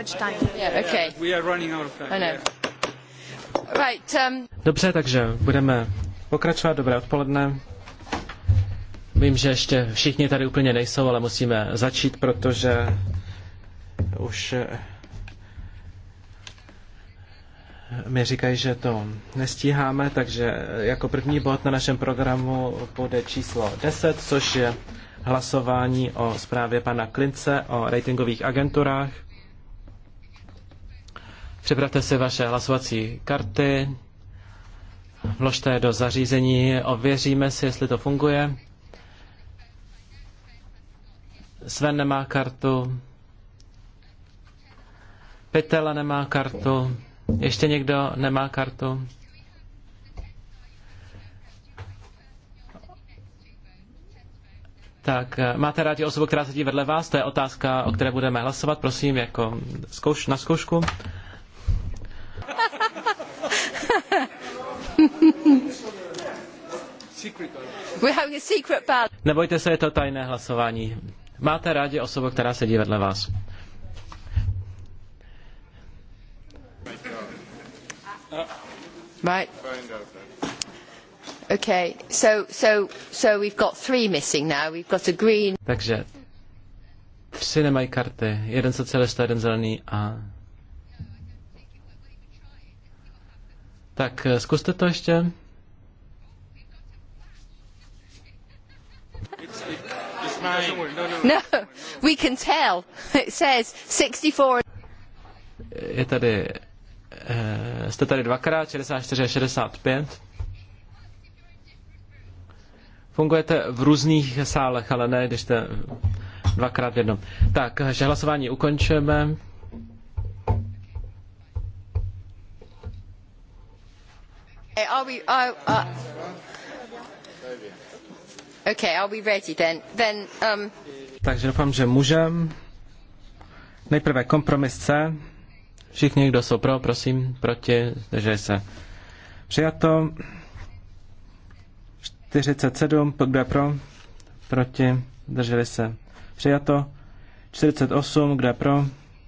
much time. Yeah, okay. We are running out of time. I know. Right, um... Dobře, takže budeme pokračovat. Dobré odpoledne. Vím, že ještě všichni tady úplně nejsou, ale musíme začít, protože už eh, mi říkají, že to nestíháme, takže eh, jako první bod na našem programu bude číslo 10, což je hlasování o zprávě pana Klince o ratingových agenturách. Připravte si vaše hlasovací karty, vložte je do zařízení, ověříme si, jestli to funguje. Sven nemá kartu, Petela nemá kartu, ještě někdo nemá kartu. Tak, máte rádi osobu, která sedí vedle vás? To je otázka, o které budeme hlasovat, prosím, jako zkouš, na zkoušku. We're having a secret ballot. Nebojte se, je to tajné hlasování. Máte rádi osobu, která sedí vedle vás. Right. Okay. So, so, so we've got three missing now. We've got a green. Takže tři nemají karty. Jeden socialista, jeden zelený a Tak eh, zkuste to ještě. No, we can tell. It says 64. Je tady, eh, jste tady dvakrát, 64 a 65. Fungujete v různých sálech, ale ne, když jste dvakrát v jednom. Tak, eh, že hlasování ukončujeme. okay, Takže doufám, že můžem. Nejprve kompromis C. Všichni, kdo jsou pro, prosím, proti, zdrželi se. Přijato. 47, kdo je pro, proti, zdrželi se. Přijato. 48, kdo je pro,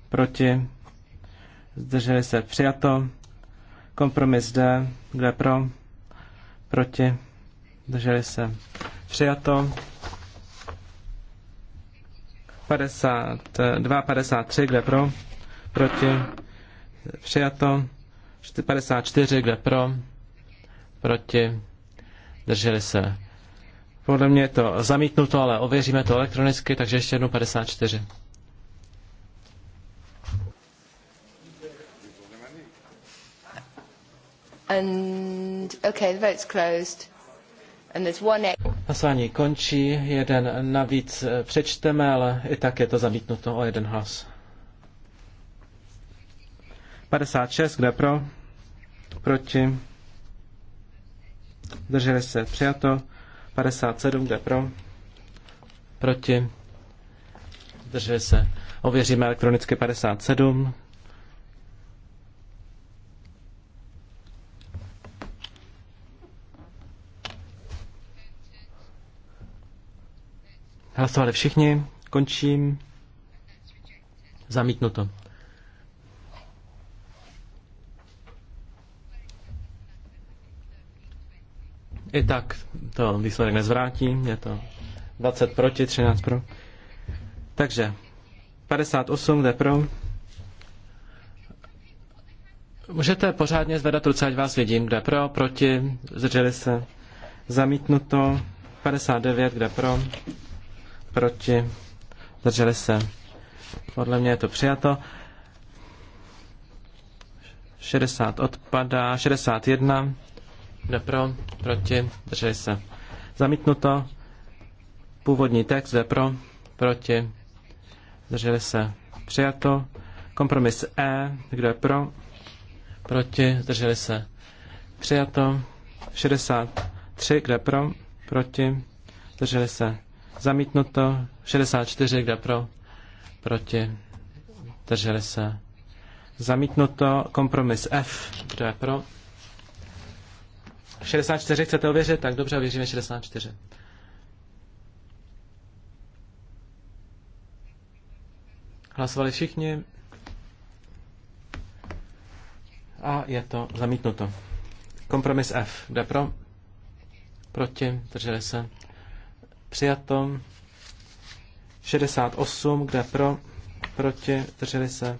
proti, zdrželi se. Přijato. Kompromis D kdo je pro? Proti? Drželi se. Přijato. 52, 53, kde pro? Proti? Přijato. 54, kde pro? Proti? Drželi se. Podle mě je to zamítnuto, ale ověříme to elektronicky, takže ještě jednou 54. And, okay, the vote's closed. And there's one... E- Hlasování končí, jeden navíc eh, přečteme, ale i tak je to zamítnuto o jeden hlas. 56, kde pro? Proti? Drželi se, přijato. 57, kde pro? Proti? Drželi se. Ověříme elektronicky 57. Hlasovali všichni, končím. Zamítnuto. I tak to výsledek nezvrátí, je to 20 proti, 13 pro. Takže 58 jde pro. Můžete pořádně zvedat ruce, ať vás vidím. Kde pro, proti, zdrželi se. Zamítnuto. 59, kde pro, proti, zdrželi se. Podle mě je to přijato. 60 odpadá, 61, jde pro, proti, zdrželi se. Zamítnuto, původní text, jde pro, proti, zdrželi se. Přijato, kompromis E, kdo je pro, proti, zdrželi se. Přijato, 63, kde pro, proti, zdrželi se. Zamítnuto 64, kde pro, proti, drželi se. Zamítnuto kompromis F, kdo je pro. 64 chcete ověřit? Tak dobře, věříme 64. Hlasovali všichni a je to zamítnuto. Kompromis F, kde pro, proti, drželi se, Přijato. 68, kde pro, proti, zdrželi se.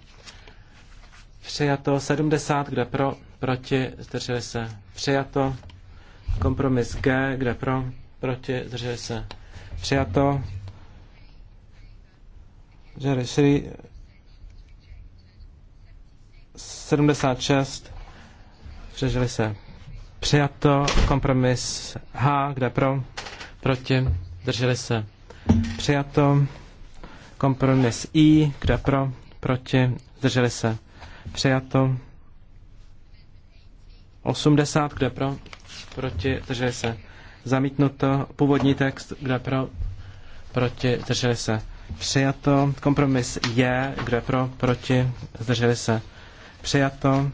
Přijato 70, kde pro, proti, zdrželi se. Přijato. Kompromis G, kde pro, proti, zdrželi se. Přijato. Žery 76, zdrželi se. Přijato. Kompromis H, kde pro, proti, Drželi se. Přijato. Kompromis I. Kdo pro? Proti. Drželi se. Přijato. 80. Kdo pro? Proti. Drželi se. Zamítnuto. Původní text. Kdo pro? Proti. Drželi se. Přijato. Kompromis je. Kdo pro? Proti. Zdrželi se. Přijato.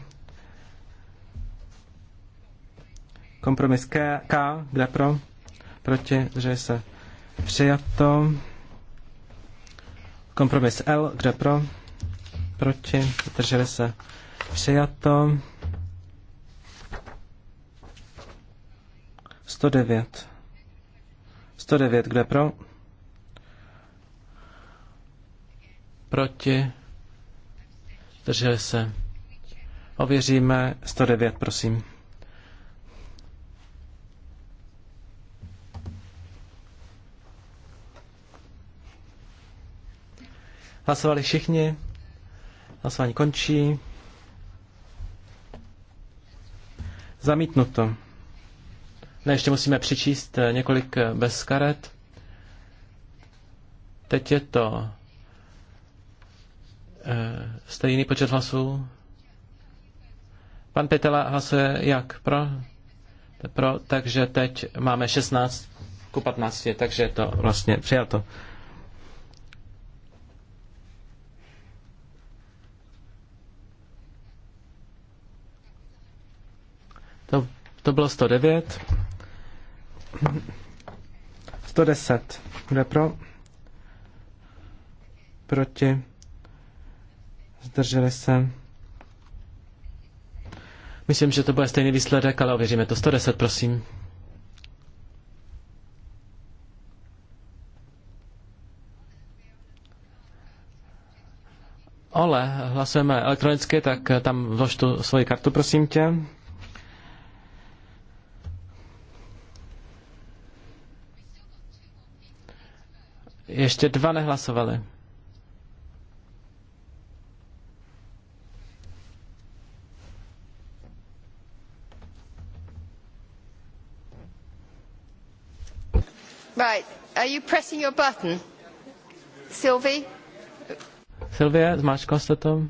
Kompromis K, K Kdo pro? Proti, zdrželi se. Přijato. Kompromis L, kde pro? Proti. Drželi se. Přijato. 109. 109, kde pro? Proti. Drželi se. Ověříme 109, prosím. Hlasovali všichni. Hlasování končí. Zamítnuto. Ne, ještě musíme přičíst eh, několik eh, bez karet. Teď je to e, stejný počet hlasů. Pan Petela hlasuje jak? Pro? Pro, takže teď máme 16 ku 15, takže je to vlastně přijato. To, to bylo 109. 110. Kdo pro? Proti? Zdrželi se? Myslím, že to bude stejný výsledek, ale ověříme to. 110, prosím. Ole, hlasujeme elektronicky, tak tam vlož tu svoji kartu, prosím tě. Ještě dva nehlasovali. Right. Are you pressing your button? Sylvie? Sylvie, zmáčkla jste to?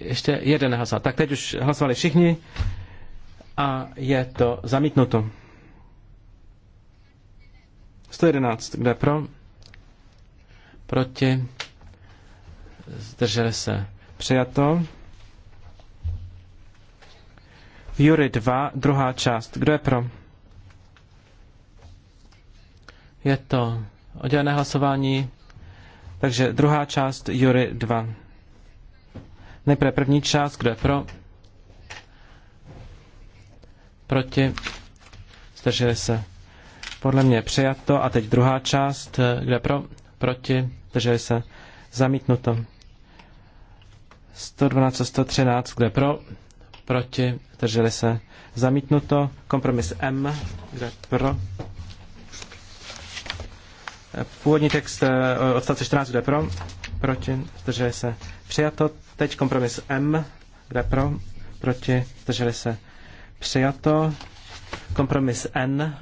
Ještě jeden hlasoval. Tak teď už hlasovali všichni a je to zamítnuto. 111. Kdo je pro? Proti? Zdrželi se. Přijato. Jury 2, druhá část. Kdo je pro? Je to oddělené hlasování. Takže druhá část Jury 2. Nejprve první část, kdo je pro? Proti? Zdrželi se podle mě přijato. A teď druhá část, eh, kde pro, proti, takže se zamítnuto. 112 a 113, kde pro, proti, drželi se zamítnuto. Kompromis M, kde pro. Eh, původní text eh, odstavce 14, kde pro, proti, drželi se přijato. Teď kompromis M, kde pro, proti, drželi se přijato. Kompromis N,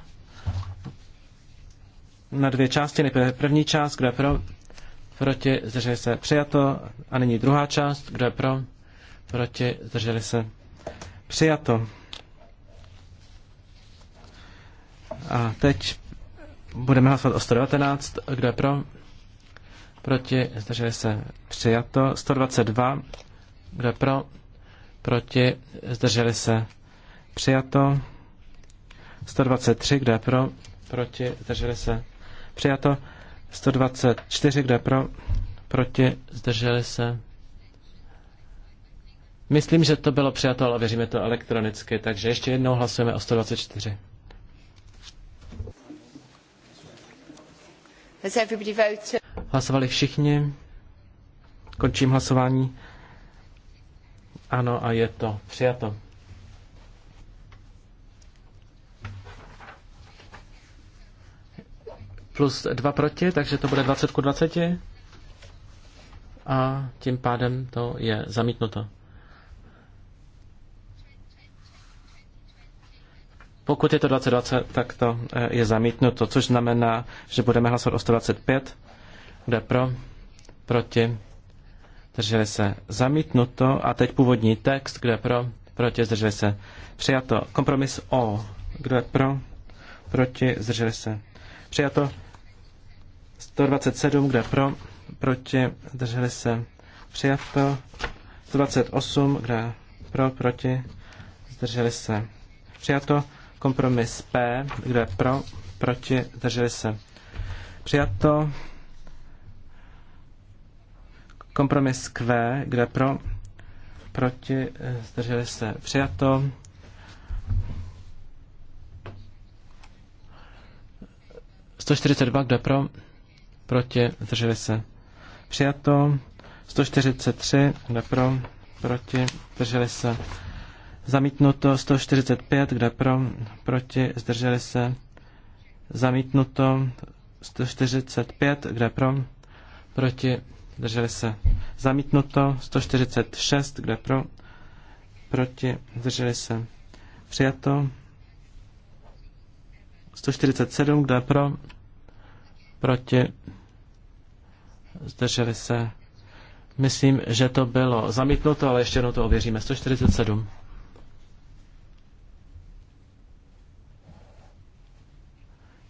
na dvě části. Nejprve první část, kdo je pro, proti, zdrželi se, přijato. A nyní druhá část, kdo je pro, proti, zdrželi se, přijato. A teď budeme hlasovat o 119, kdo je pro, proti, zdrželi se, přijato. 122, kdo je pro, proti, zdrželi se, přijato. 123, kdo je pro, proti, zdrželi se, Přijato 124, kdo je pro? Proti? Zdrželi se? Myslím, že to bylo přijato, ale věříme to elektronicky, takže ještě jednou hlasujeme o 124. Hlasovali všichni. Končím hlasování. Ano, a je to přijato. plus 2 proti, takže to bude 20 ku 20. A tím pádem to je zamítnuto. Pokud je to 2020, tak to eh, je zamítnuto, což znamená, že budeme hlasovat o 125. Kde pro? Proti? Zdrželi se zamítnuto. A teď původní text, kde pro? Proti? Zdrželi se přijato. Kompromis O. kde pro? Proti? Zdrželi se Přijato 127, kde pro, proti, drželi se. Přijato 128, kde pro, proti, zdrželi se. Přijato kompromis P, kde pro, proti, zdrželi se. Přijato kompromis Q, kde pro, proti, zdrželi se. Přijato 142, kdo pro? Proti, zdrželi se. Přijato. 143, kdo pro? Proti, zdrželi se. Zamítnuto 145, je pro, proti, zdrželi se. Zamítnuto 145, je pro, proti, zdrželi se. Zamítnuto 146, je pro, proti, zdrželi se. Přijato 147, kdo je pro? Proti? Zdrželi se. Myslím, že to bylo zamítnuto, ale ještě jednou to ověříme. 147.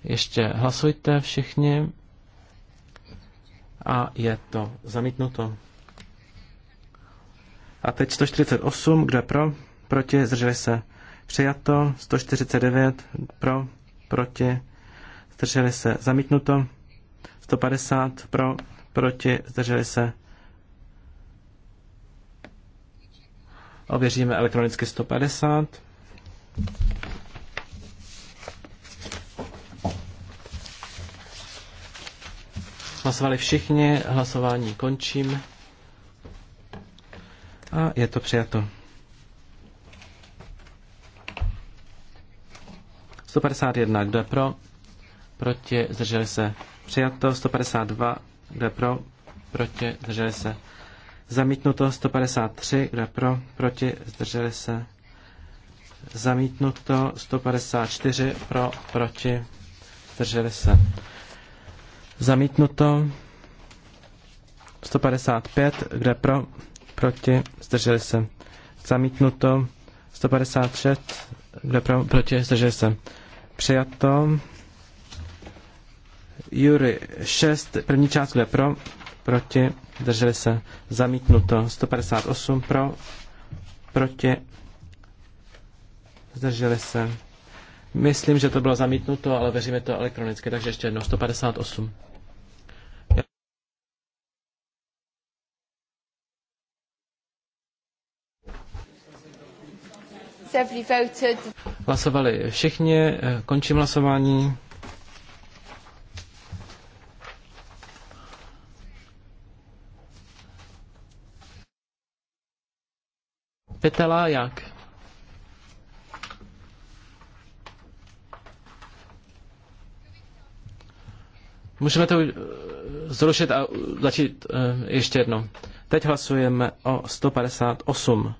Ještě hlasujte všichni. A je to zamítnuto. A teď 148, kdo je pro? Proti, zdrželi se. Přijato. 149 pro proti, zdrželi se zamítnuto, 150 pro, proti, zdrželi se. Ověříme elektronicky 150. Hlasovali všichni, hlasování končím. A je to přijato. 151, kdo je pro? Proti, zdrželi se. Přijato 152, kdo je pro? Proti, zdrželi se. Zamítnuto 153, kdo je pro? Proti, zdrželi se. Zamítnuto 154, pro, proti, zdrželi se. Zamítnuto 155, kde pro, proti, zdrželi se. Zamítnuto 156, kde pro, proti, zdrželi se přijato. Jury 6, první část kde pro, proti, drželi se, zamítnuto. 158 pro, proti, zdrželi se. Myslím, že to bylo zamítnuto, ale veříme to elektronicky, takže ještě jednou 158. Hlasovali všichni, eh, končím hlasování. Petela jak? Můžeme to eh, zrušit a začít eh, ještě jednou. Teď hlasujeme o 158.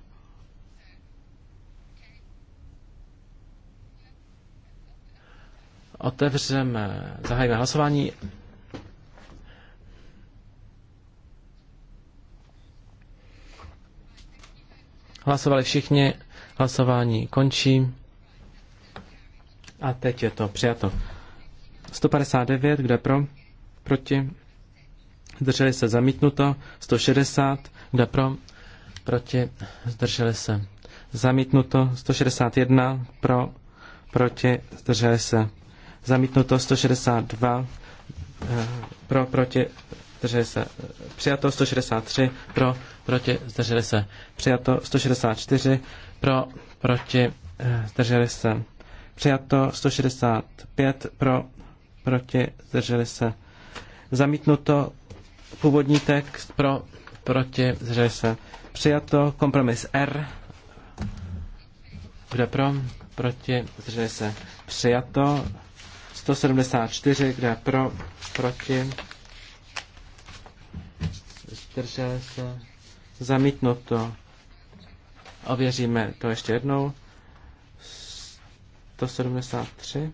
Otevřeme, zahájíme hlasování. Hlasovali všichni, hlasování končí. A teď je to přijato. 159, kde pro? Proti? Zdrželi se zamítnuto. 160, kde pro? Proti? Zdrželi se zamítnuto. 161, pro? Proti? Zdrželi se zamítnuto 162 eh, pro, proti, zdrželi se přijato 163 pro, proti, zdrželi se přijato 164 pro, proti, eh, zdrželi se přijato 165 pro, proti, zdrželi se zamítnuto původní text pro, proti, zdrželi se přijato kompromis R bude pro, proti, zdrželi se přijato 174, kde pro, proti, zdržel se, zamítnuto. Ověříme to ještě jednou. 173.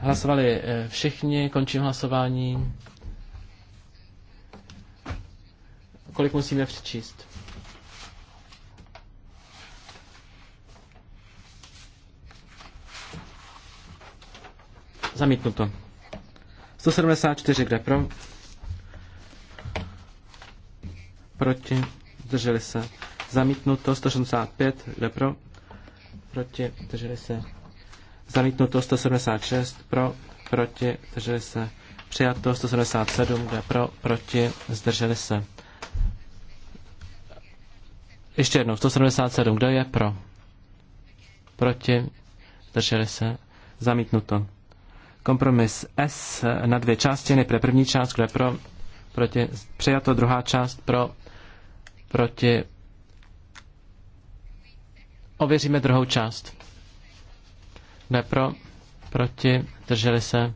Hlasovali eh, všichni, končím hlasování. Kolik musíme přečíst? Zamítnuto. 174, kde pro? Proti. Drželi se. Zamítnuto. 165, kde pro? Proti. Drželi se. Zamítnuto. 176, pro? Proti. Drželi se. Přijato. 177, kde pro? Proti. Zdrželi se. Ještě jednou. 177, kdo je pro? Proti. Zdrželi se. Zamítnuto. Kompromis S na dvě části, nejprve první část, kde pro, proti, přijato, druhá část pro, proti, ověříme druhou část. Kde pro, proti, drželi se,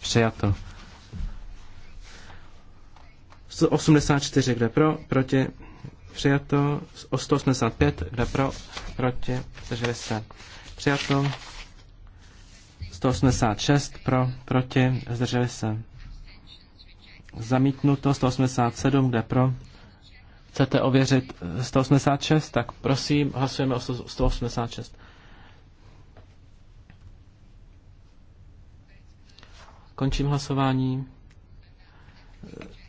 přijato. 84, kde pro, proti, přijato. 185, kde pro, proti, drželi se, přijato. 186 pro, proti, zdrželi se. Zamítnuto 187, kde pro. Chcete ověřit 186, tak prosím, hlasujeme o 186. Končím hlasování.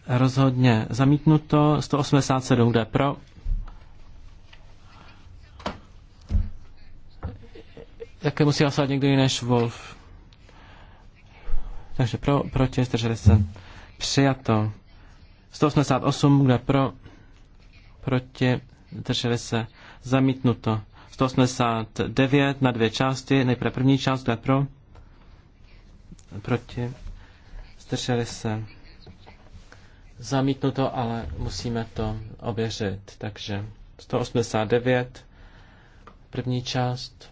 Rozhodně zamítnuto 187, jde pro. Jaké musí hlasovat někdo jiný než Wolf? Takže pro, proti, zdrželi se. Přijato. 188, kdo je pro, proti, zdrželi se. Zamítnuto. 189 na dvě části. Nejprve první část, kdo je pro, proti, zdrželi se. Zamítnuto, ale musíme to ověřit. Takže 189, první část.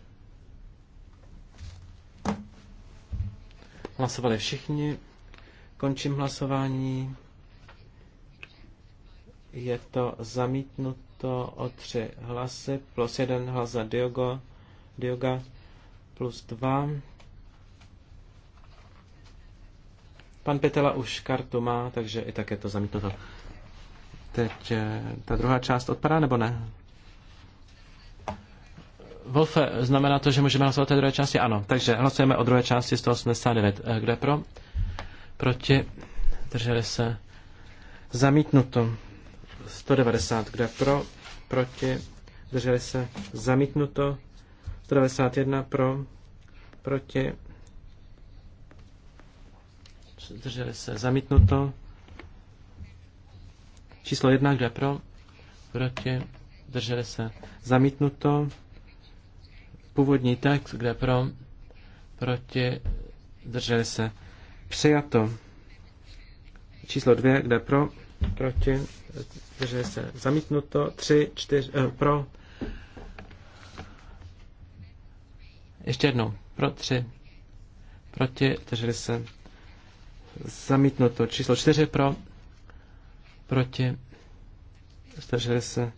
Hlasovali všichni. Končím hlasování. Je to zamítnuto o tři hlasy, plus jeden hlas za Diogo, Dioga, plus dva. Pan Petela už kartu má, takže i tak je to zamítnuto. Teď eh, ta druhá část odpadá, nebo ne? Wolfe, znamená to, že můžeme hlasovat o té druhé části? Ano. Takže hlasujeme o druhé části 189. Eh, kdo je pro? Proti? Drželi se. Zamítnuto. 190. Kdo je pro? Proti? Drželi se. Zamítnuto. 191. Pro? Proti? Drželi se. Zamítnuto. Číslo 1. Kdo je pro? Proti? Drželi se. Zamítnuto. Původní text, kde pro, proti, drželi se. Přijato. Číslo dvě, kde pro, proti, drželi se. Zamítnuto. Tři, čtyři, eh, pro. Ještě jednou. Pro tři. Proti, drželi se. Zamítnuto. Číslo čtyři pro. Proti. drželi se.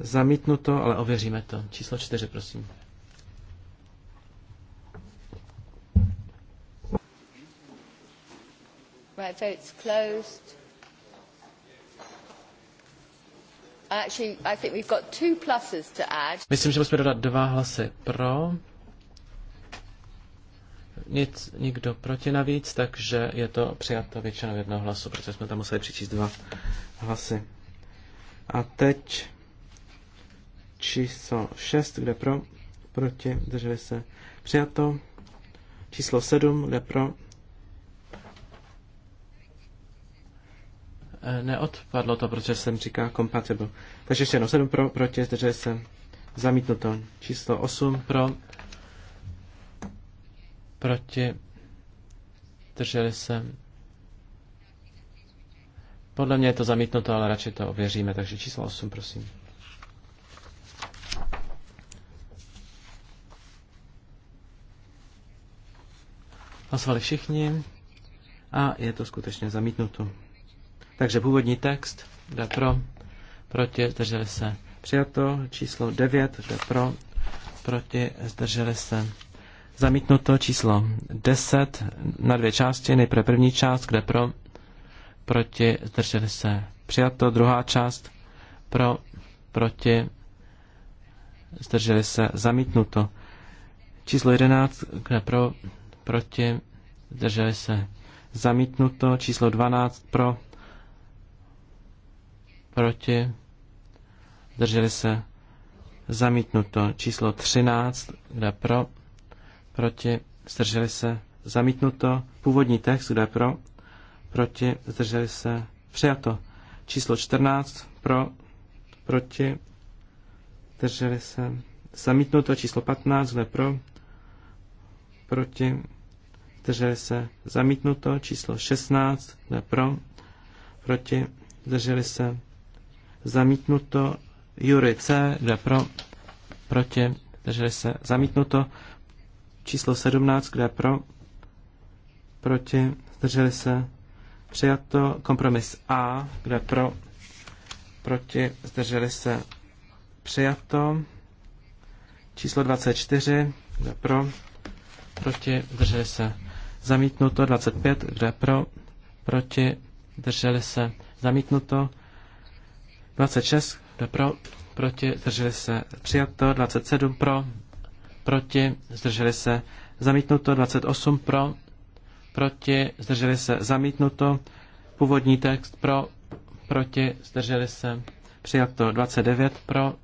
Zamítnuto, ale ověříme to. Číslo čtyři, prosím. Right, vote's closed. Actually, I think we've got two pluses to add. Myslím, že musíme dodat dva hlasy pro. Nic, nikdo proti navíc, takže je to přijato většinou jednoho hlasu, protože jsme tam museli přičíst dva hlasy. A teď číslo 6, kde pro, proti, drželi se přijato. Číslo 7, kde pro, Neodpadlo to, protože jsem říkal compatible. Takže ještě jenom 7 pro, proti, takže jsem zamítl to. Číslo 8 pro, proti, drželi se. Podle mě je to zamítnuto, ale radši to ověříme, takže číslo 8, prosím. Hlasovali všichni a je to skutečně zamítnuto. Takže původní text jde pro, proti, zdrželi se přijato, číslo 9 jde pro, proti, zdrželi se zamítnuto, číslo 10 na dvě části, nejprve první část, kde pro, proti, zdrželi se přijato, druhá část, pro, proti, zdrželi se zamítnuto. Číslo 11, kde pro, proti, zdrželi se zamítnuto, číslo 12 pro, proti, zdrželi se, zamítnuto. Číslo 13, kde pro, proti, zdrželi se, zamítnuto. Původní text, kde pro, proti, zdrželi se, přijato. Číslo 14, pro, proti, zdrželi se, zamítnuto. Číslo 15, kde pro, proti, zdrželi se, zamítnuto. Číslo 16, kde pro, proti, zdrželi se, zamítnuto, Jury C, kde pro, proti, drželi se, zamítnuto, číslo 17, kde pro, proti, drželi se, přijato, kompromis A, kde pro, proti, zdrželi se, přijato, číslo 24, kde pro, proti, drželi se, zamítnuto, 25, kde pro, proti, drželi se, zamítnuto, 26 kdo pro, proti, zdrželi se přijato, 27 pro, proti, zdrželi se zamítnuto, 28 pro, proti, zdrželi se zamítnuto, původní text pro, proti, zdrželi se přijato, 29 pro,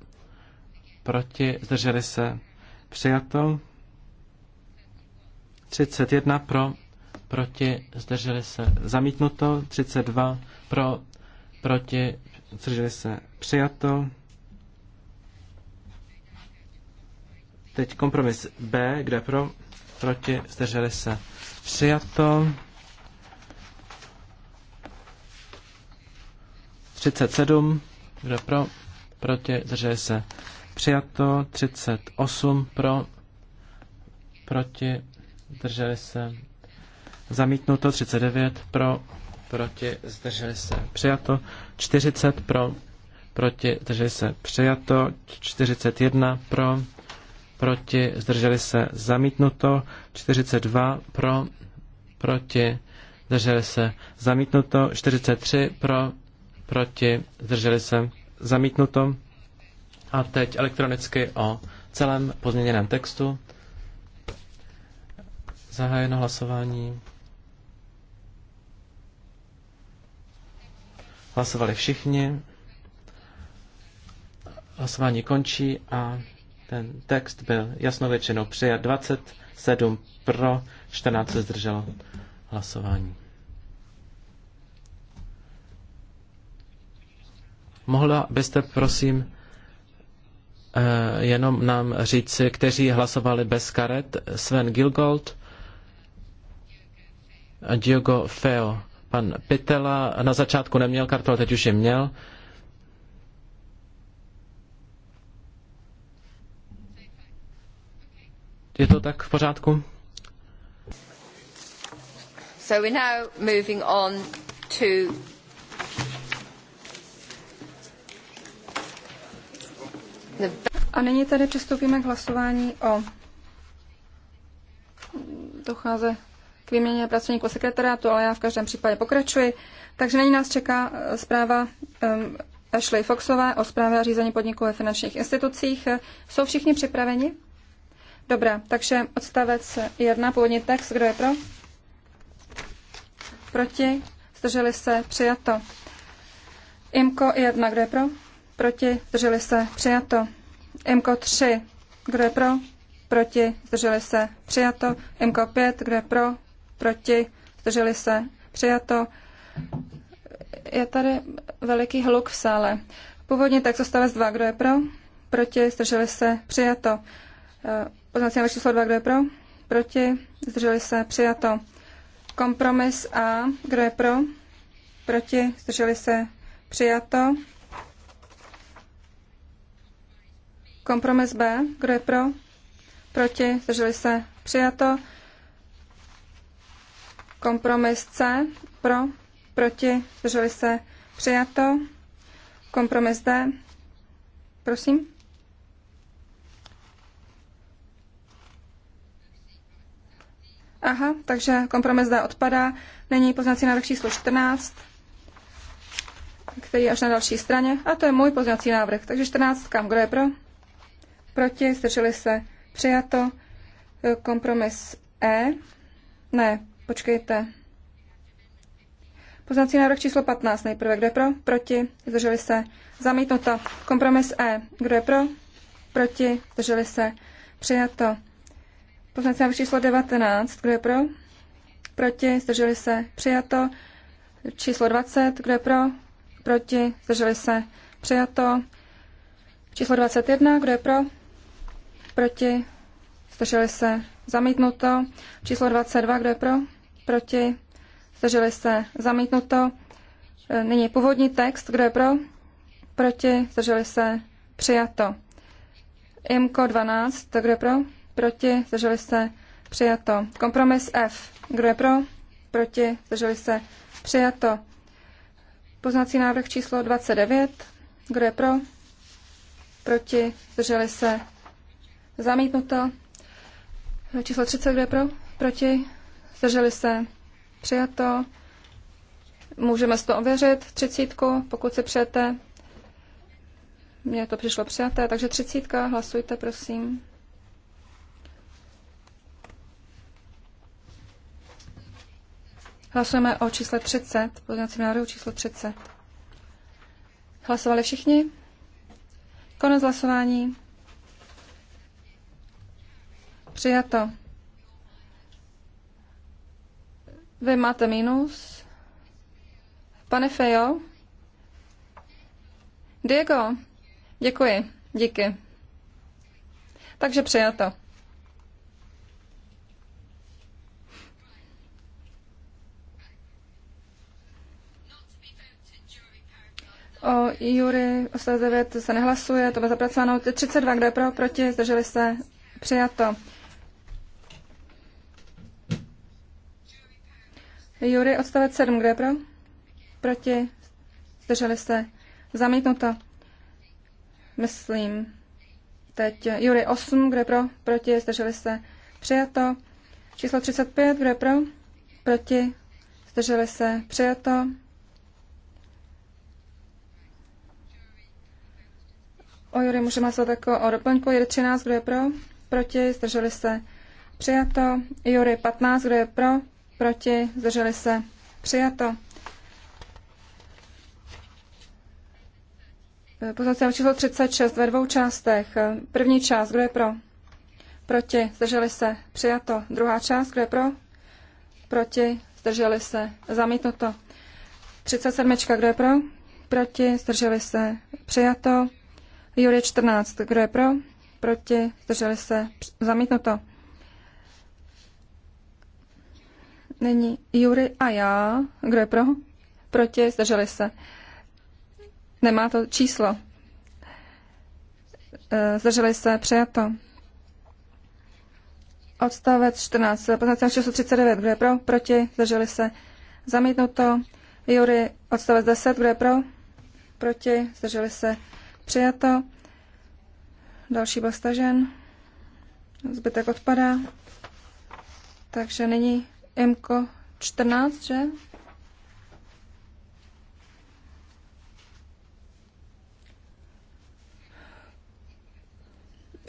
proti, zdrželi se přijato, 31 pro, proti, zdrželi se zamítnuto, 32 pro, proti, zdrželi se přijato. Teď kompromis B, kde pro, proti, zdrželi se přijato. 37, kdo pro, proti, zdrželi se přijato. 38 pro, proti, zdrželi se zamítnuto. 39 pro, proti, zdrželi se, přijato. 40 pro, proti, zdrželi se, přijato. 41 pro, proti, zdrželi se, zamítnuto. 42 pro, proti, zdrželi se, zamítnuto. 43 pro, proti, zdrželi se, zamítnuto. A teď elektronicky o celém pozměněném textu. Zahájeno hlasování. Hlasovali všichni. Hlasování končí a ten text byl jasnou většinou přijat. 27 pro, 14 se zdrželo hlasování. Mohla byste, prosím, eh, jenom nám říci, kteří hlasovali bez karet? Sven Gilgold a Diogo Feo. Pan Pitela na začátku neměl kartu, ale teď už je měl. Je to tak v pořádku? So we're now moving on to A nyní tady přistoupíme k hlasování o docháze k výměně pracovníků sekretariátu, ale já v každém případě pokračuji. Takže nyní nás čeká eh, zpráva um, Ashley Foxové o zprávě a řízení podniků ve finančních institucích. Jsou všichni připraveni? Dobrá, takže odstavec jedna původní text, kdo je pro? Proti? Zdrželi se? Přijato. IMKO 1, kdo je pro? Proti? Zdrželi se? Přijato. IMKO 3, kdo je pro? Proti? Zdrželi se? Přijato. IMKO 5, kdo je pro? proti, zdrželi se, přijato. Je tady veliký hluk v sále. Původně tak zostavec 2, kdo je pro, proti, zdrželi se, přijato. Eh, Poznací návrh číslo 2, kdo je pro, proti, zdrželi se, přijato. Kompromis A, kdo je pro, proti, zdrželi se, přijato. Kompromis B, kdo je pro, proti, zdrželi se, přijato. Kompromis C pro, proti, zdrželi se přijato. Kompromis D. Prosím. Aha, takže kompromis D odpadá. Není poznací návrh číslo 14, který je až na další straně. A to je můj poznací návrh. Takže 14, kam, kdo je pro? Proti, zdrželi se, přijato. Kompromis E. Ne, Počkejte. Poznací návrh číslo 15. Nejprve, kdo je pro? Proti. Zdrželi se. Zamítnuto. Kompromis E. Kdo je pro? Proti. Zdrželi se. Přijato. Poznací návrh číslo 19. Kdo je pro? Proti. Zdrželi se. Přijato. Číslo 20. Kdo je pro? Proti. Zdrželi se. Přijato. Číslo 21. Kdo je pro? Proti. Zdrželi se. Zamítnuto. Číslo 22. Kdo je pro? proti, zdrželi se zamítnuto. E, nyní původní text, kdo je pro, proti, zdrželi se přijato. IMKO 12, kdo je pro, proti, zdrželi se přijato. Kompromis F, kdo je pro, proti, zdrželi se přijato. Poznací návrh číslo 29, kdo je pro, proti, zdrželi se zamítnuto. E, číslo 30, kdo je pro, proti, zdrželi se, přijato. Můžeme si to ověřit, třicítku, pokud si přijete. Mně to přišlo přijaté, takže třicítka, hlasujte, prosím. Hlasujeme o čísle 30, pozdravím návrhu číslo 30. Hlasovali všichni? Konec hlasování. Přijato. Vy máte minus. Pane Fejo? Diego? Děkuji. Díky. Takže přijato. O Jury 89 se nehlasuje, to bylo zapracováno. 32, kdo je pro, proti, zdrželi se, přijato. Jury odstavec 7, kde je pro? Proti? Zdrželi se? Zamítnuto. Myslím. Teď Jury 8, kde je pro? Proti? Zdrželi se? Přijato. Číslo 35, kde je pro? Proti? Zdrželi se? Přijato. O Jury můžeme se jako o doplňku. Jury 13, kdo je pro? Proti? Zdrželi se? Přijato. Jury 15, kdo je pro? proti, zdrželi se, přijato. Pozvací číslo 36 ve dvou částech. První část, kdo je pro? Proti, zdrželi se, přijato. Druhá část, kdo je pro? Proti, zdrželi se, zamítnuto. 37, kdo je pro? Proti, zdrželi se, přijato. Jury 14, kdo je pro? Proti, zdrželi se, zamítnuto. Není Jury a já. Kdo je pro? Proti? Zdrželi se. Nemá to číslo. E, zdrželi se. Přijato. Odstavec 14. Poznací 39. Kdo je pro? Proti? Zdrželi se. Zamítnuto. Jury odstavec 10. Kdo je pro? Proti? Zdrželi se. Přijato. Další byl stažen. Zbytek odpadá. Takže nyní MKO 14, že?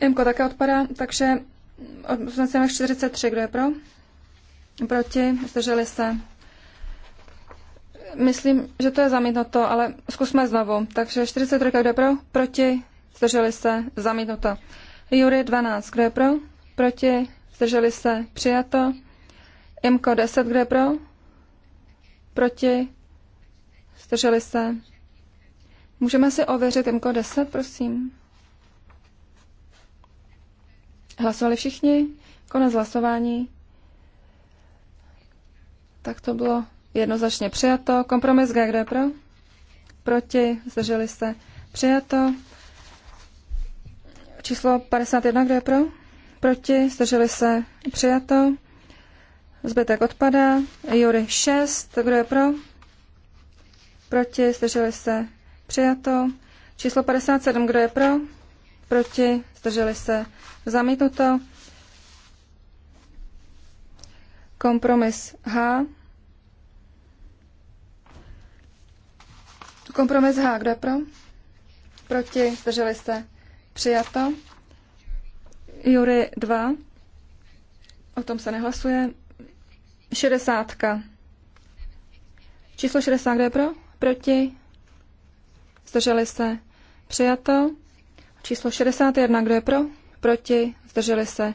Mko také odpadá, takže usneseme 43, kdo je pro? Proti, zdrželi se. Myslím, že to je zamítnuto, ale zkusme znovu. Takže 43, kdo je pro? Proti, zdrželi se, zamítnuto. Jury 12, kdo je pro? Proti, zdrželi se, přijato. Imko 10, kde pro? Proti? Zdrželi se? Můžeme si ověřit Imko 10, prosím. Hlasovali všichni? Konec hlasování. Tak to bylo jednoznačně přijato. Kompromis G, kde pro? Proti? Zdrželi se? Přijato. Číslo 51, kde pro? Proti? Zdrželi se? Přijato. Zbytek odpadá. Jury 6. Kdo je pro? Proti. Zdrželi se. Přijato. Číslo 57. Kdo je pro? Proti. Zdrželi se. Zamítnuto. Kompromis H. Kompromis H. Kdo je pro? Proti. Zdrželi se. Přijato. Jury 2. O tom se nehlasuje. 60. Číslo 60, kdo je pro? Proti? Zdrželi se? Přijato. Číslo 61, kdo je pro? Proti? Zdrželi se?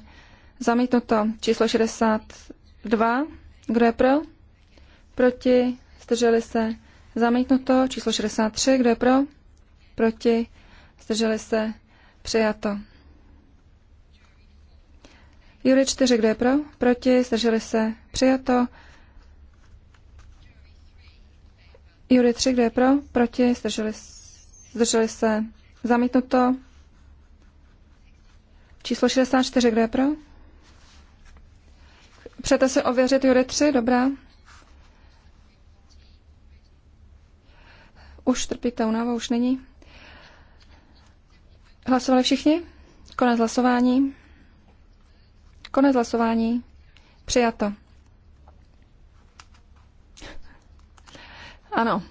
Zamítnuto. Číslo 62, kdo je pro? Proti? Zdrželi se? Zamítnuto. Číslo 63, kdo je pro? Proti? Zdrželi se? Přijato. Juli 4, kdo je pro? Proti, zdrželi se, přijato. Juli 3, kdo je pro? Proti, zdrželi, zdrželi se, zamítnuto. Číslo 64, kdo je pro? Přete si ověřit Juli 3, dobrá. Už trpíte únava, už není. Hlasovali všichni? Konec hlasování. Konec hlasování. Přijato. Ano.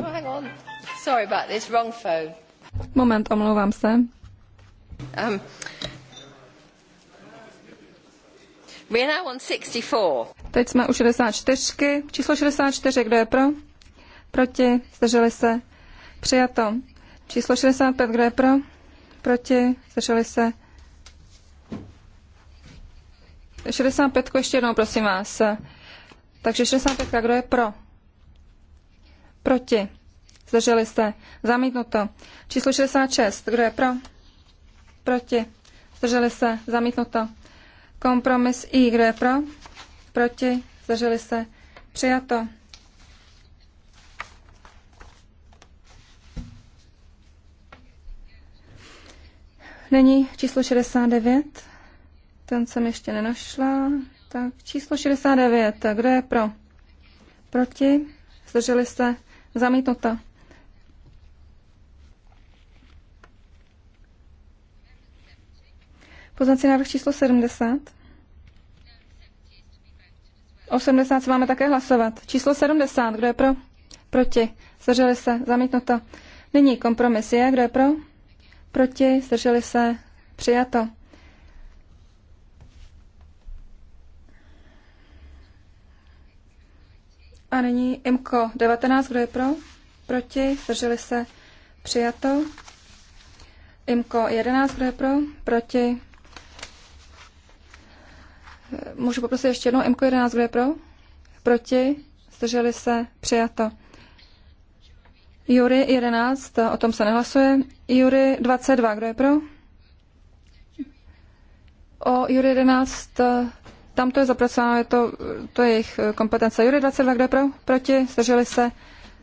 Oh, hang on. Sorry about this. Wrong phone. Moment, omlouvám se. Um, we are now on 64. Teď jsme u 64. Číslo 64, kdo je pro? Proti? Zdrželi se? Přijato. Číslo 65, kdo je pro? Proti? Zdrželi se? 65 ještě jednou, prosím vás. Takže 65, kdo je pro? Proti? Zdrželi se? Zamítnuto. Číslo 66, kdo je pro? Proti? Zdrželi se? Zamítnuto. Kompromis I, kdo je pro? Proti? Zdrželi se? Přijato. Není číslo 69. Ten jsem ještě nenašla. Tak číslo 69. Kdo je pro? Proti? Zdrželi se? Zamítnuta. Poznací návrh číslo 70. 80 se máme také hlasovat. Číslo 70. Kdo je pro? Proti. Zdrželi se. Zamítnuto. Nyní kompromis je. Kdo je pro? Proti? Zdrželi se? Přijato. A nyní IMKO 19, kdo je pro? Proti? Zdrželi se? Přijato. IMKO 11, kdo je pro? Proti? Můžu poprosit ještě jednou. IMKO 11, kdo je pro? Proti? Zdrželi se? Přijato. Jury 11, o tom se nehlasuje. Jury 22, kdo je pro? O Jury 11, tam to je zapracováno, je to, to je jejich kompetence. Jury 22, kdo je pro? Proti, zdrželi se,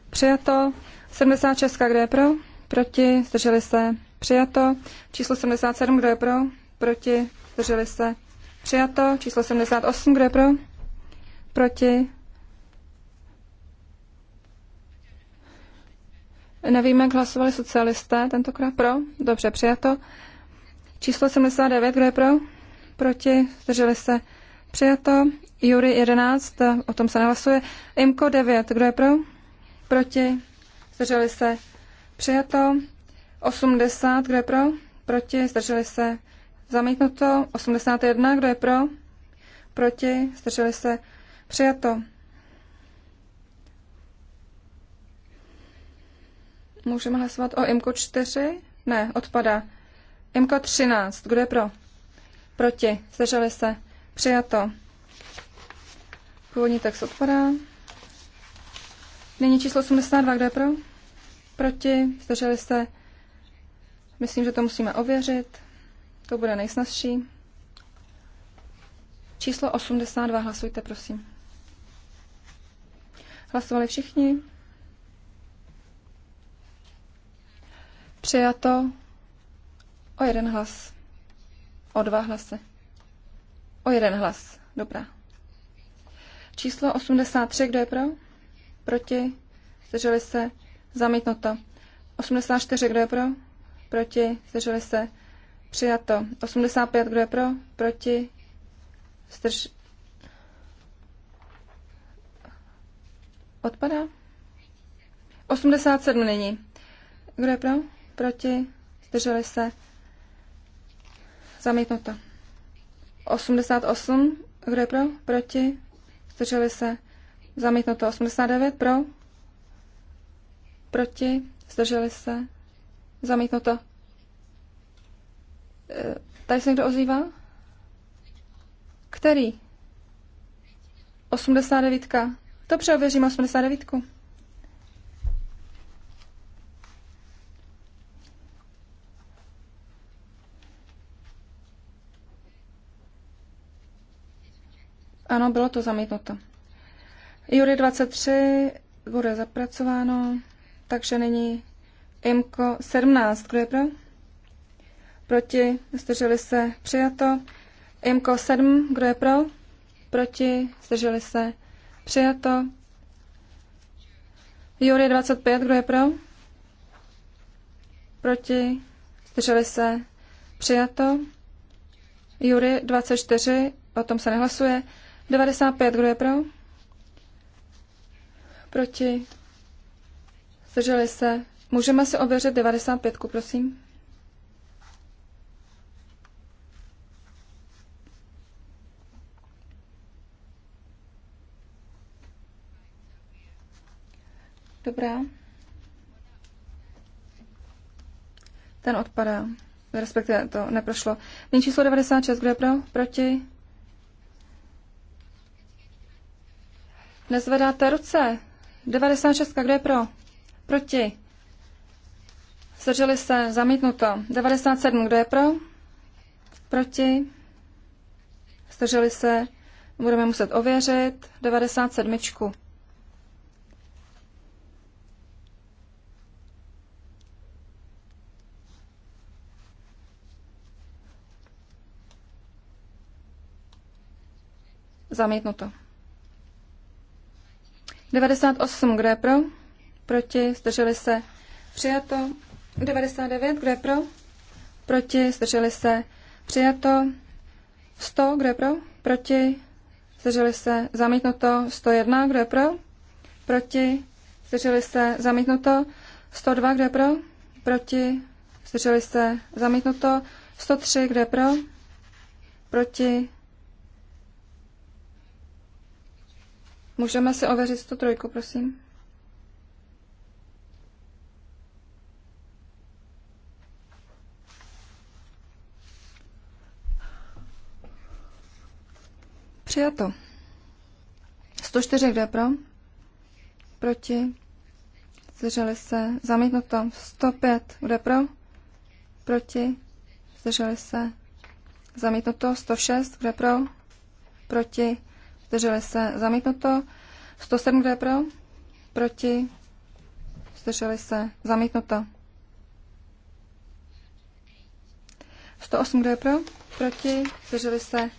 přijato. 76, kdo je pro? Proti, zdrželi se, přijato. Číslo 77, kdo je pro? Proti, zdrželi se, přijato. Číslo 78, kdo je pro? Proti, Nevím, jak hlasovali socialisté, tentokrát pro. Dobře, přijato. Číslo 79, kdo je pro? Proti, zdrželi se. Přijato. Jury 11, o tom se nehlasuje. Imko 9, kdo je pro? Proti, zdrželi se. Přijato. 80, kdo je pro? Proti, zdrželi se. Zamítnuto. 81, kdo je pro? Proti, zdrželi se. Přijato. Můžeme hlasovat o IMKO 4? Ne, odpada. IMKO 13. Kdo je pro? Proti. Zdrželi se. Přijato. Původní text odpadá. Nyní číslo 82. Kdo je pro? Proti. Zdrželi se. Myslím, že to musíme ověřit. To bude nejsnazší. Číslo 82. Hlasujte, prosím. Hlasovali všichni. Přijato o jeden hlas. O dva hlasy. O jeden hlas. Dobrá. Číslo 83, kdo je pro? Proti? Zdrželi se? Zamítnuto. 84, kdo je pro? Proti? Zdrželi se? Přijato. 85, kdo je pro? Proti? Zdrž... Odpadá? 87 nyní. Kdo je pro? proti, zdrželi se, zamítnuto. 88, kdo je pro, proti, zdrželi se, zamítnuto. 89, pro, proti, zdrželi se, zamítnuto. E, tady se někdo ozývá? Který? 89. Dobře, ověřím 89. Ano, bylo to zamítnuto. Jury 23 bude zapracováno, takže nyní IMKO 17. Kdo je pro? Proti? Zdrželi se? Přijato. IMKO 7. Kdo je pro? Proti? Zdrželi se? Přijato. Jury 25. Kdo je pro? Proti? Zdrželi se? Přijato. Jury 24. O tom se nehlasuje. 95, kdo je pro? Proti? Zdrželi se? Můžeme si ověřit 95, prosím? Dobrá. Ten odpadá, respektive to neprošlo. Nyní číslo 96, kdo je pro? Proti? Nezvedáte ruce. 96. Kdo je pro? Proti. Zdrželi se. Zamítnuto. 97. Kdo je pro? Proti. Zdrželi se. Budeme muset ověřit. 97. Zamítnuto. 98, kdo je pro? Proti, zdrželi se. Přijato. 99, kdo je pro? Proti, zdrželi se. Přijato. 100, kdo je pro? Proti, zdrželi se. Zamítnuto. 101, kdo je pro? Proti, zdrželi se. Zamítnuto. 102, kdo je pro? Proti, zdrželi se. Zamítnuto. 103, kdo je pro? Proti, Můžeme si ověřit tu trojku, prosím. Přijato. 104, kde pro? Proti. Zdrželi se. Zamítnuto. 105, kde pro? Proti. Zdrželi se. Zamítnuto. 106, kde pro? Proti zdrželi se, zamítnuto. 107, kdo je pro, proti, zdrželi se, zamítnuto. 108, kdo je pro, proti, zdrželi se,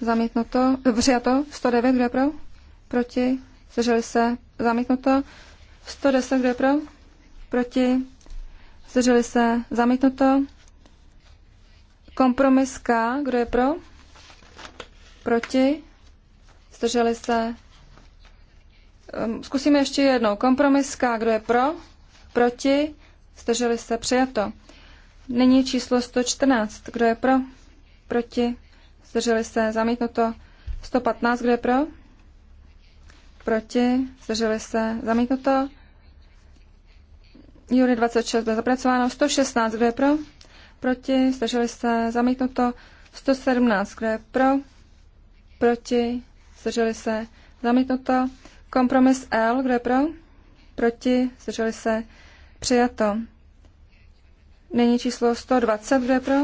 zamítnuto, eh, přijato. 109, kdo je pro, proti, zdrželi se, zamítnuto. 110, kdo je pro, proti, zdrželi se, zamítnuto. Kompromis K, kdo je pro? Proti? Zdrželi se? Ehm, zkusíme ještě jednou. Kompromiska. Kdo je pro? Proti? Zdrželi se? Přijato. Nyní číslo 114. Kdo je pro? Proti? Zdrželi se? Zamítnuto. 115. Kdo je pro? Proti? Zdrželi se? Zamítnuto. Jury 26 bylo zapracováno. 116. Kdo je pro? Proti? Zdrželi se? Zamítnuto. 117. Kdo je pro? Proti? zdrželi se, zamítnuto. Kompromis L, kdo je pro? Proti, zdrželi se, přijato. Nyní číslo 120, kdo je pro?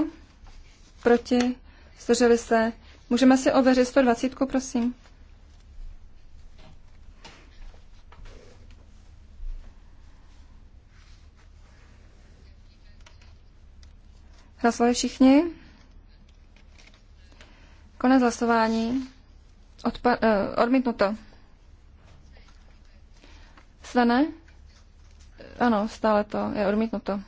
Proti, zdrželi se. Můžeme si ověřit 120, prosím. Hlasovali všichni? Konec hlasování. Odpa- eh, odmítnuto. Svene? Ano, stále to je odmítnuto.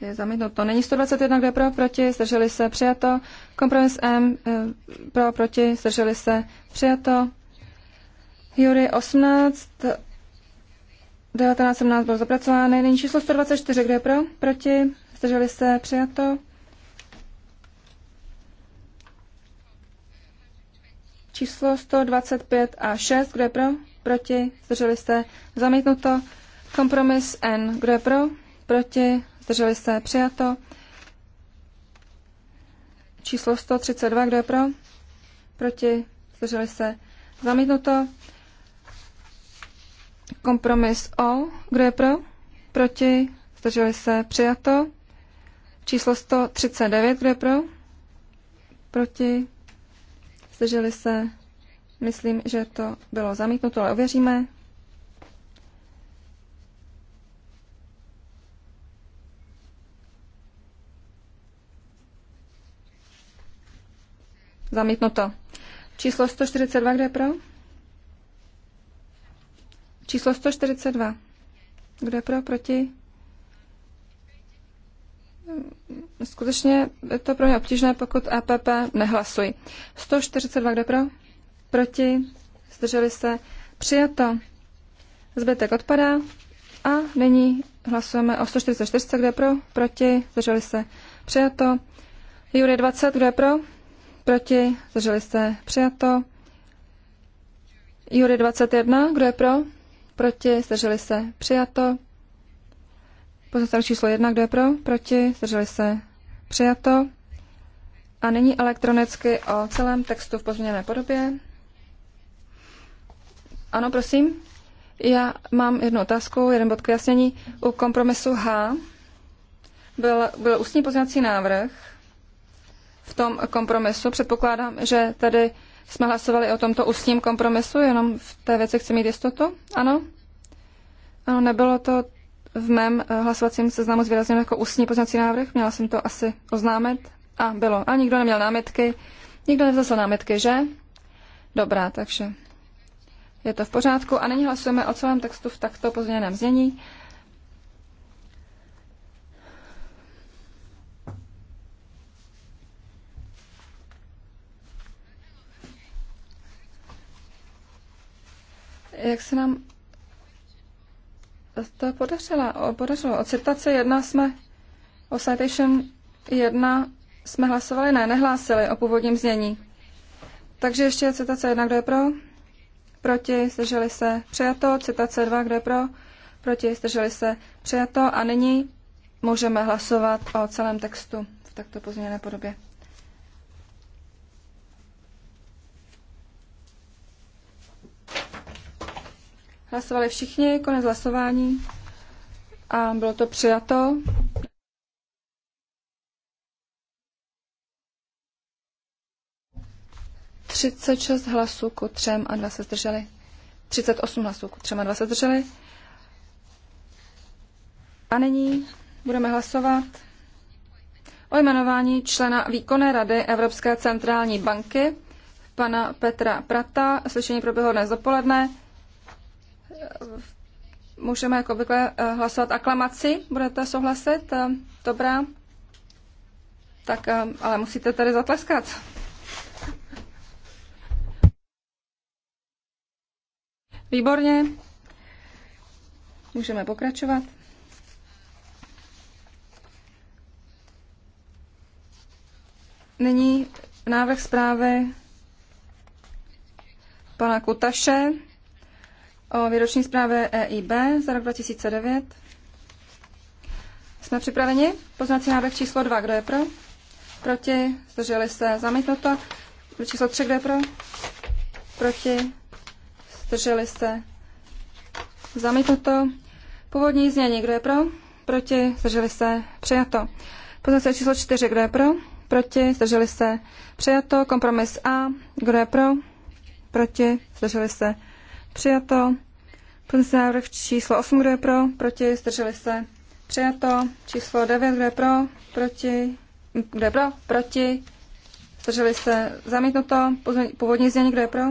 Je zamítnuto. Není 121, kde pro, proti, zdrželi se, přijato. Kompromis M, eh, pro, proti, zdrželi se, přijato. Jury 18, 19, 17 bylo zapracováno. Není číslo 124, kde pro, proti, zdrželi se, přijato. Číslo 125 a 6, kdo je pro? Proti, zdrželi se, zamítnuto. Kompromis N, kdo je pro? Proti, zdrželi se, přijato. Číslo 132, kdo je pro? Proti, zdrželi se, zamítnuto. Kompromis O, kdo je pro? Proti, zdrželi se, přijato. Číslo 139, kdo je pro? Proti, zdrželi se, myslím, že to bylo zamítnuto, ale ověříme. Zamítnuto. Číslo 142, kde je pro? Číslo 142. Kdo je pro, proti? skutečně je to pro mě obtížné, pokud A.P.P. E nehlasují. 142, kde pro? Proti? Zdrželi se? Přijato. Zbytek odpadá. A nyní hlasujeme o 144, kde pro? Proti? Zdrželi se? Přijato. Jury 20, kde pro? Proti? Zdrželi se? Přijato. Jury 21, kdo je pro? Proti, zdrželi se, přijato. Pozostal číslo 1, kdo je pro? Proti, zdrželi se, Přijato. A nyní elektronicky o celém textu v pozměněné podobě. Ano, prosím. Já mám jednu otázku, jeden bod k jasnění. U kompromisu H byl, byl ústní pozměňovací návrh v tom kompromisu. Předpokládám, že tady jsme hlasovali o tomto ústním kompromisu, jenom v té věci chci mít jistotu. Ano? Ano, nebylo to v mém eh, hlasovacím seznamu zvýrazněno jako ústní poznací návrh, měla jsem to asi oznámit a bylo. A nikdo neměl námitky, nikdo nevzal námitky, že? Dobrá, takže je to v pořádku. A nyní hlasujeme o celém textu v takto pozměněném znění. Jak se nám to podařila, podařilo. O citaci jedna jsme, o citation jedna jsme hlasovali, ne, nehlásili o původním znění. Takže ještě citace jedna, kdo je pro? Proti, zdrželi se, přijato. Citace dva, kdo je pro? Proti, zdrželi se, přijato. A nyní můžeme hlasovat o celém textu v takto pozměněné podobě. Hlasovali všichni, konec hlasování a bylo to přijato. Třicet šest hlasů ku třem a dva se zdrželi. Třicet osm hlasů ku třem a dva se zdrželi. A nyní budeme hlasovat o jmenování člena výkonné rady Evropské centrální banky, pana Petra Prata. Slyšení proběhlo dnes dopoledne můžeme jako obvykle eh, hlasovat aklamaci. Budete souhlasit? Eh, dobrá. Tak, eh, ale musíte tady zatleskat. Výborně. Můžeme pokračovat. Nyní návrh zprávy pana Kutaše o výroční zprávě EIB za rok 2009. Jsme připraveni? Poznací návrh číslo 2, kdo je pro? Proti? Zdrželi se? Zamítnuto. Číslo 3, kdo je pro? Proti? Zdrželi se? Zamítnuto. Původní znění, kdo je pro? Proti? Zdrželi se? Přijato. Poznací číslo 4, kdo je pro? Proti? Zdrželi se? Přijato. Kompromis A, kdo je pro? Proti? Zdrželi se? Přijato. Pozměňovací návrh číslo 8, kdo je pro? Proti? Zdrželi se? Přijato. Číslo 9, kdo je pro? Proti? Kdo je pro? Proti? Zdrželi se? Zamítnuto. Původní znění, kdo je pro?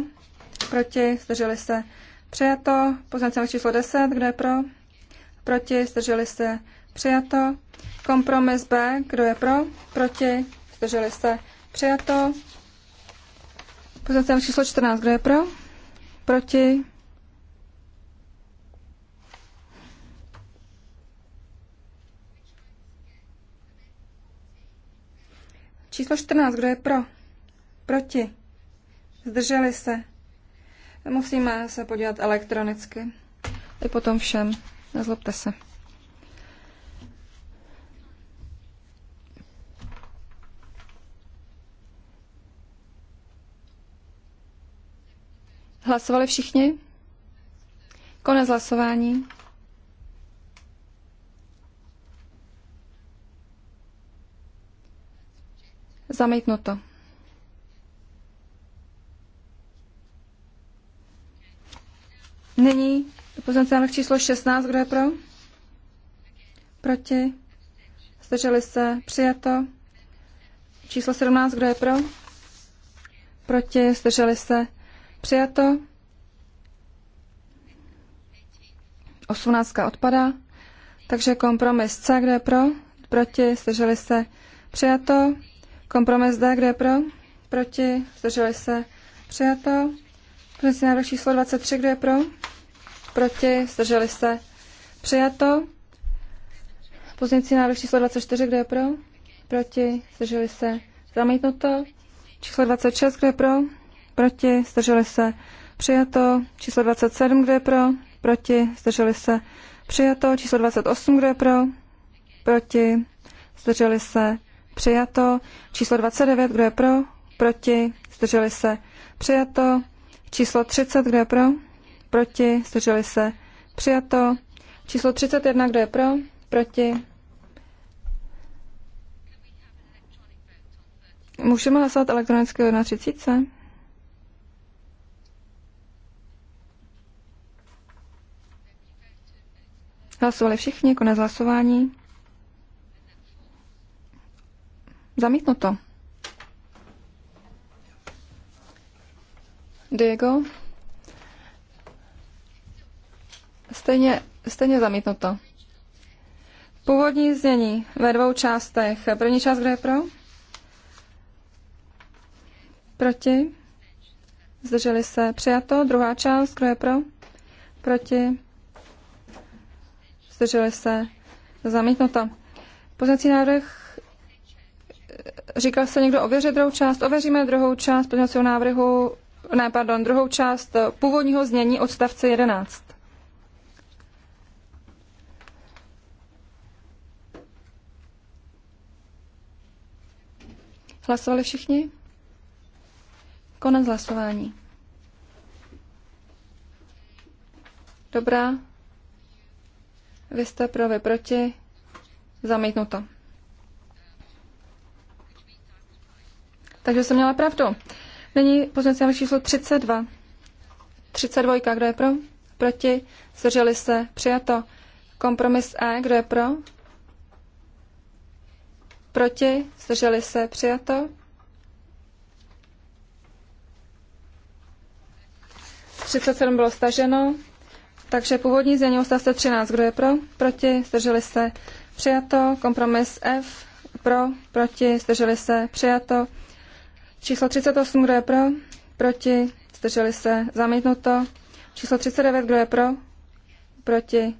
Proti? Zdrželi se? Přijato. Pozměňovací návrh číslo 10, kdo je pro? Proti? Zdrželi se? Přijato. Kompromis B, kdo je pro? Proti? Zdrželi se? Přijato. Pozměňovací číslo 14, kdo je pro? Proti? Číslo 14. Kdo je pro? Proti? Zdrželi se? Musíme se podívat elektronicky. I potom všem. Nezlobte se. Hlasovali všichni? Konec hlasování. Zamítnuto. Nyní pozměňovací návrh číslo 16. Kdo je pro? Proti? Zdrželi se? Přijato. Číslo 17. Kdo je pro? Proti? Zdrželi se? Přijato. Osmnáctka odpadá. Takže kompromis C, kde je pro? Proti, zdrželi se. Přijato. Kompromis D, kde je pro? Proti, zdrželi se. Přijato. Pozměňovací návrh číslo 23, kdo je pro? Proti, zdrželi se. Přijato. Pozměňovací návrh číslo 24, kdo je pro? Proti, zdrželi se. Zamítnuto. Číslo 26, kdo je pro? proti, zdrželi se, přijato. Číslo 27, kdo je pro, proti, zdrželi se, přijato. Číslo 28, kdo je pro, proti, zdrželi se, přijato. Číslo 29, kdo je pro, proti, zdrželi se, přijato. Číslo 30, kdo je pro, proti, zdrželi se, přijato. Číslo 31, kdo je pro, proti, Můžeme hlasovat elektronicky na 30? Hlasovali všichni, konec hlasování. Zamítnuto. Diego. Stejně, stejně zamítnuto. Původní znění ve dvou částech. První část, kde je pro? Proti? Zdrželi se. Přijato. Druhá část, kdo je pro? Proti? zdrželi se, zamítnuto. Poznací návrh, říkal se někdo ověřit druhou část, ověříme druhou část poznacího návrhu, ne, pardon, druhou část původního znění odstavce 11. Hlasovali všichni? Konec hlasování. Dobrá, vy jste pro, vy proti. Zamítnuto. Takže jsem měla pravdu. Nyní pozměnce číslo 32. 32, kdo je pro? Proti? Zdrželi se? Přijato. Kompromis E, kdo je pro? Proti? Zdrželi se? Přijato. sedm bylo staženo. Takže původní znění odstavce 13. Kdo je pro? Proti? Zdrželi se? Přijato. Kompromis F. Pro? Proti? Zdrželi se? Přijato. Číslo 38. Kdo je pro? Proti? Zdrželi se? Zamítnuto. Číslo 39. Kdo je pro? Proti?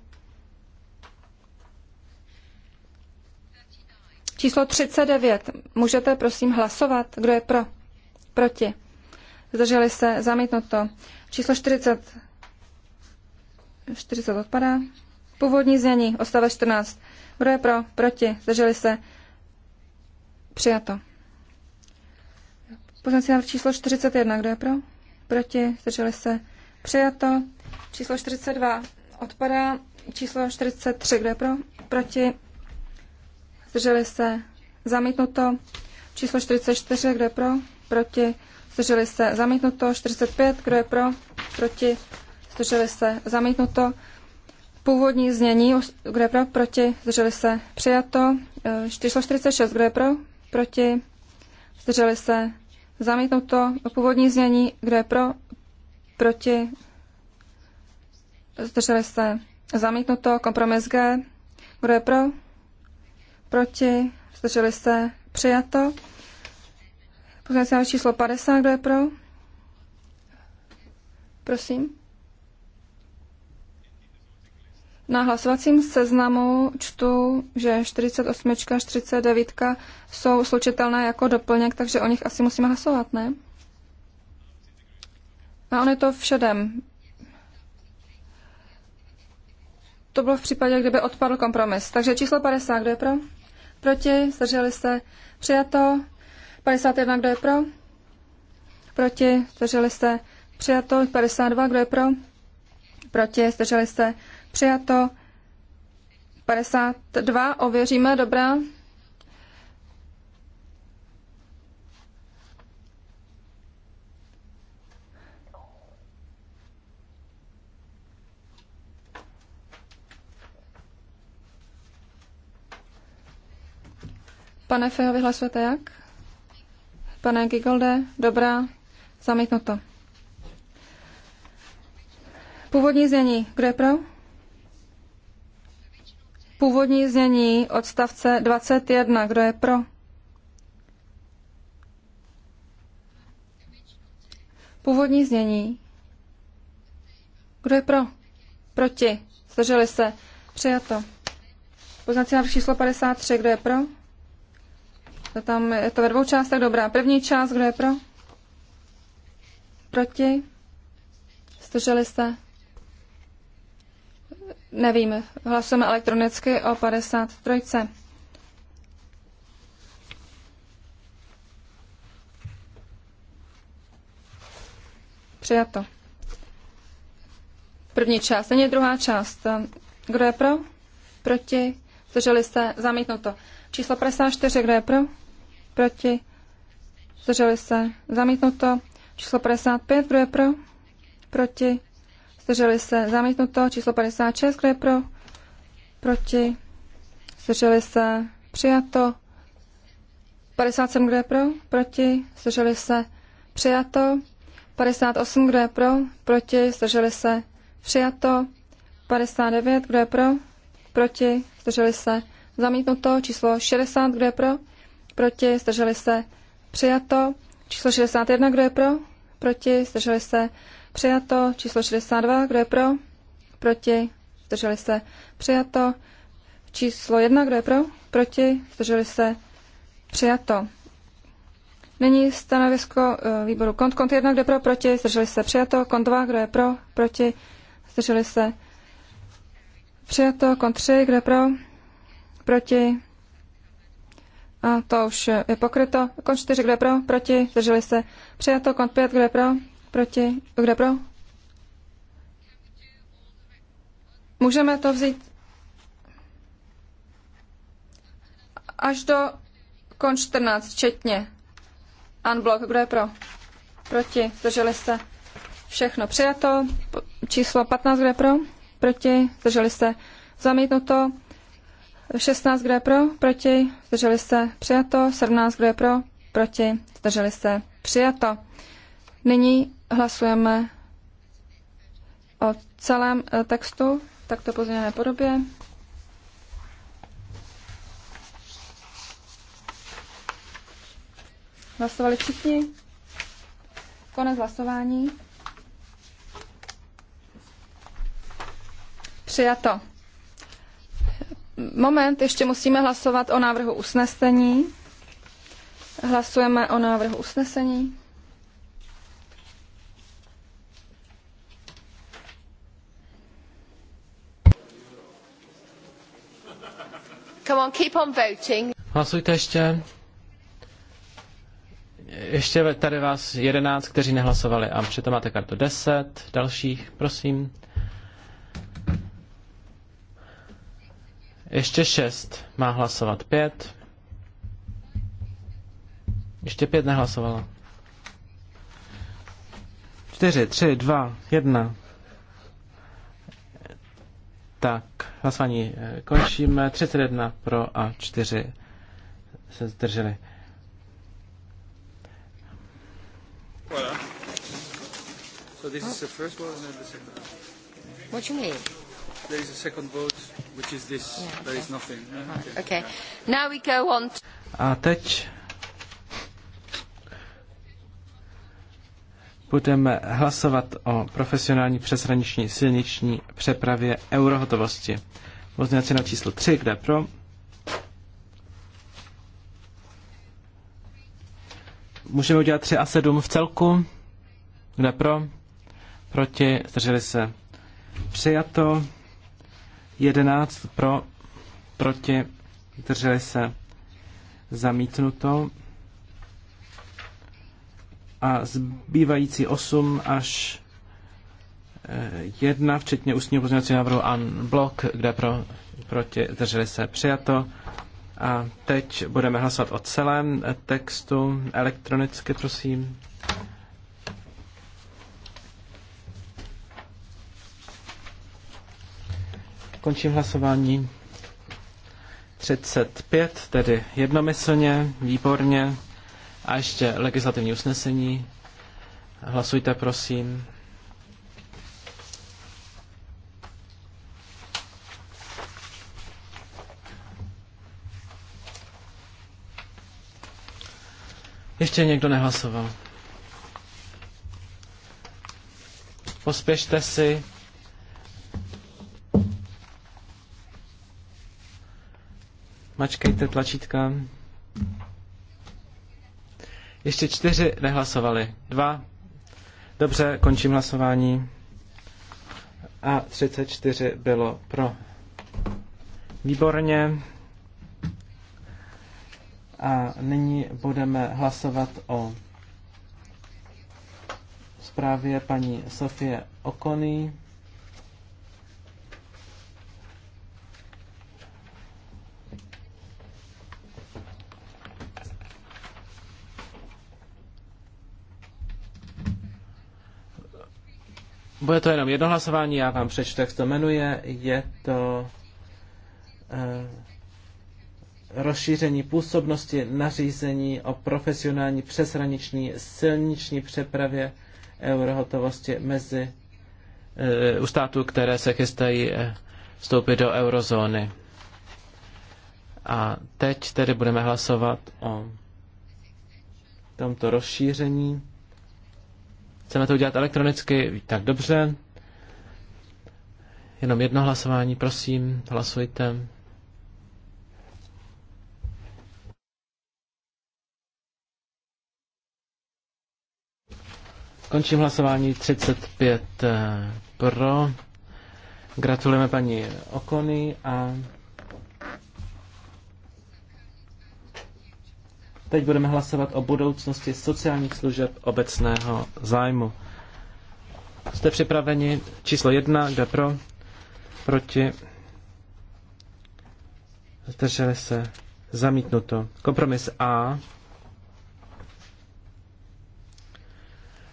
Číslo 39. Můžete prosím hlasovat. Kdo je pro? Proti? Zdrželi se? Zamítnuto. Číslo 40. 40 odpadá. Původní znění, odstavec 14. Kdo je pro? Proti? Zdrželi se? Přijato. Poznací návrh číslo 41. Kdo je pro? Proti? Zdrželi se? Přijato. Číslo 42 odpadá. Číslo 43. Kdo je pro? Proti? Zdrželi se? Zamítnuto. Číslo 44. Kdo je pro? Proti? Zdrželi se? Zamítnuto. 45. Kdo je pro? Proti? zdrželi se, zamítnuto. Původní znění, kdo je pro, proti, zdrželi se, přijato. E, číslo 46, kdo je pro, proti, zdrželi se, zamítnuto. Původní znění, kdo je pro, proti, zdrželi se, zamítnuto. Kompromis G, kdo je pro, proti, zdrželi se, přijato. Pozměňovací číslo 50, kdo je pro? Prosím. Na hlasovacím seznamu čtu, že 48 a 49 jsou slučitelné jako doplněk, takže o nich asi musíme hlasovat, ne? A on je to všedem. To bylo v případě, kdyby odpadl kompromis. Takže číslo 50, kdo je pro? Proti, zdrželi se, přijato. 51, kdo je pro? Proti, zdrželi se, přijato. 52, kdo je pro? Proti, zdrželi se, Přijato 52. Ověříme, dobrá. Pane Fejo, vyhlasujete jak? Pane Gigolde, dobrá, zamítnuto. Původní znění, kdo je pro? Původní znění odstavce 21. Kdo je pro? Původní znění. Kdo je pro? Proti. Zdrželi se. Přijato. Poznací návrh číslo 53. Kdo je pro? To tam je to ve dvou částech. Dobrá. První část. Kdo je pro? Proti. Zdrželi se. Nevím, hlasujeme elektronicky o 53. Přijato. První část, není druhá část. Kdo je pro? Proti? Zdrželi se? Zamítnuto. Číslo 54, kdo je pro? Proti? Zdrželi se? Zamítnuto. Číslo 55, kdo je pro? Proti? zdrželi se, zamítnuto, číslo 56, kdo je pro, proti, zdrželi se, přijato, 57, kdo je pro, proti, zdrželi se, přijato, 58, kdo je pro, proti, zdrželi se, přijato, 59, kdo je pro, proti, zdrželi se, zamítnuto, číslo 60, kdo je pro, proti, zdrželi se, přijato, číslo 61, kdo je pro, proti, zdrželi se, Přijato číslo 62, kdo je pro? Proti? Zdrželi se. Přijato číslo 1, kdo je pro? Proti? Zdrželi se. Přijato. Nyní stanovisko eh, výboru kont. Kont 1, kdo je pro? Proti? Zdrželi se. Přijato. Kont 2, kdo je pro? Proti? Zdrželi se. Přijato. Kont 3, kdo je pro? Proti? A to už je pokryto. Kon 4, kdo je pro? Proti? Zdrželi se. Přijato. Kon 5, kdo je pro? Proti? kde pro? Můžeme to vzít až do kon 14, včetně. Unblock, kdo je pro? Proti, zdrželi se. Všechno přijato. Číslo 15, kdo je pro? Proti, zdrželi se. Zamítnuto. 16, kdo je pro? Proti, zdrželi se. Přijato. 17, kdo je pro? Proti, zdrželi se. Přijato. Nyní hlasujeme o celém eh, textu v takto pozměněné podobě. Hlasovali všichni? Konec hlasování. Přijato. Moment, ještě musíme hlasovat o návrhu usnesení. Hlasujeme o návrhu usnesení. Come on, keep on voting. Hlasujte ještě. Ještě tady vás jedenáct, kteří nehlasovali a přitom máte kartu deset. Dalších, prosím. Ještě šest má hlasovat pět. Ještě pět nehlasovalo. Čtyři, tři, dva, jedna. Tak, hlasování eh, končíme. 31 pro a 4 se zdrželi. Voilà. So this is the first one and the second one. What do you mean? There is a second vote, which is this. Yeah, okay. There is nothing. okay. okay. Now we go on. A teď budeme hlasovat o profesionální přeshraniční silniční přepravě eurohotovosti. Pozměňovací na číslo 3, kde pro? Můžeme udělat 3 a 7 v celku. Kde pro? Proti, zdrželi se. Přijato. 11 pro, proti, zdrželi se. Zamítnuto a zbývající 8 až 1, eh, včetně ústního pozměňovacího návrhu an blok, kde pro, proti drželi se přijato. A teď budeme hlasovat o celém textu elektronicky, prosím. Končím hlasování. 35, tedy jednomyslně, výborně. A ještě legislativní usnesení. Hlasujte, prosím. Ještě někdo nehlasoval. Pospěšte si. Mačkejte tlačítka. Ještě čtyři nehlasovali. Dva. Dobře, končím hlasování. A 34 bylo pro. Výborně. A nyní budeme hlasovat o zprávě paní Sofie Okony. Bude to jenom jedno hlasování, já vám přečtu, jak to jmenuje. Je to e, rozšíření působnosti nařízení o profesionální přeshraniční silniční přepravě eurohotovosti mezi e, u států, které se chystají e, vstoupit do eurozóny. A teď tedy budeme hlasovat o tomto rozšíření. Chceme to udělat elektronicky, tak dobře. Jenom jedno hlasování, prosím, hlasujte. Končím hlasování 35 eh, pro. Gratulujeme paní Okony a Teď budeme hlasovat o budoucnosti sociálních služeb obecného zájmu. Jste připraveni? Číslo jedna, kde pro? Proti? Zdrželi se. Zamítnuto. Kompromis A.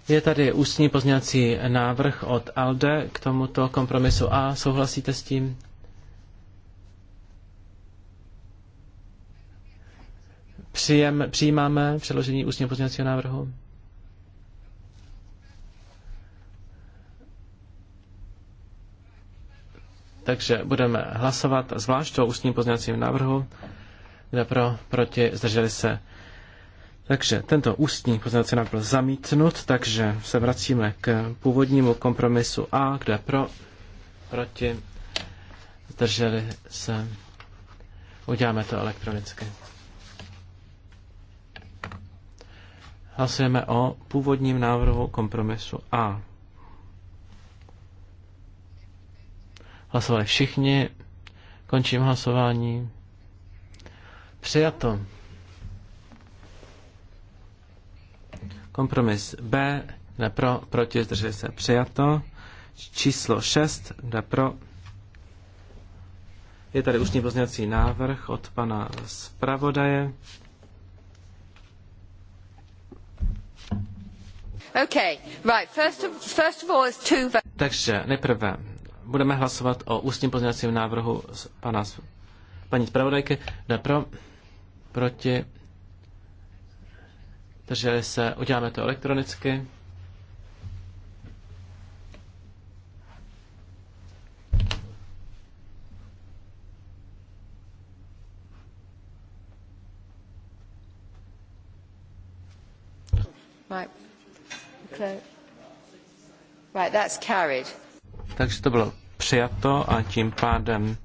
Je tady ústní pozněcí návrh od ALDE k tomuto kompromisu A. Souhlasíte s tím? Přijem, přijímáme předložení ústního pozměňovacího návrhu? Takže budeme hlasovat zvlášť o ústním pozměňovacím návrhu, kde pro, proti, zdrželi se. Takže tento ústní pozměňovací návrh byl zamítnut, takže se vracíme k původnímu kompromisu A, kde pro, proti, zdrželi se. Uděláme to elektronicky. Hlasujeme o původním návrhu kompromisu A. Hlasovali všichni. Končím hlasování. Přijato. Kompromis B, Jde pro, proti, zdrželi se, přijato. Číslo 6, Jde pro. Je tady ústní pozměňovací návrh od pana zpravodaje. Takže nejprve budeme hlasovat o ústním pozměňovacím návrhu pana, paní zpravodajky. Jde pro, proti. Takže se uděláme to elektronicky. Right, that's carried. Takže to bylo přijato a tím pádem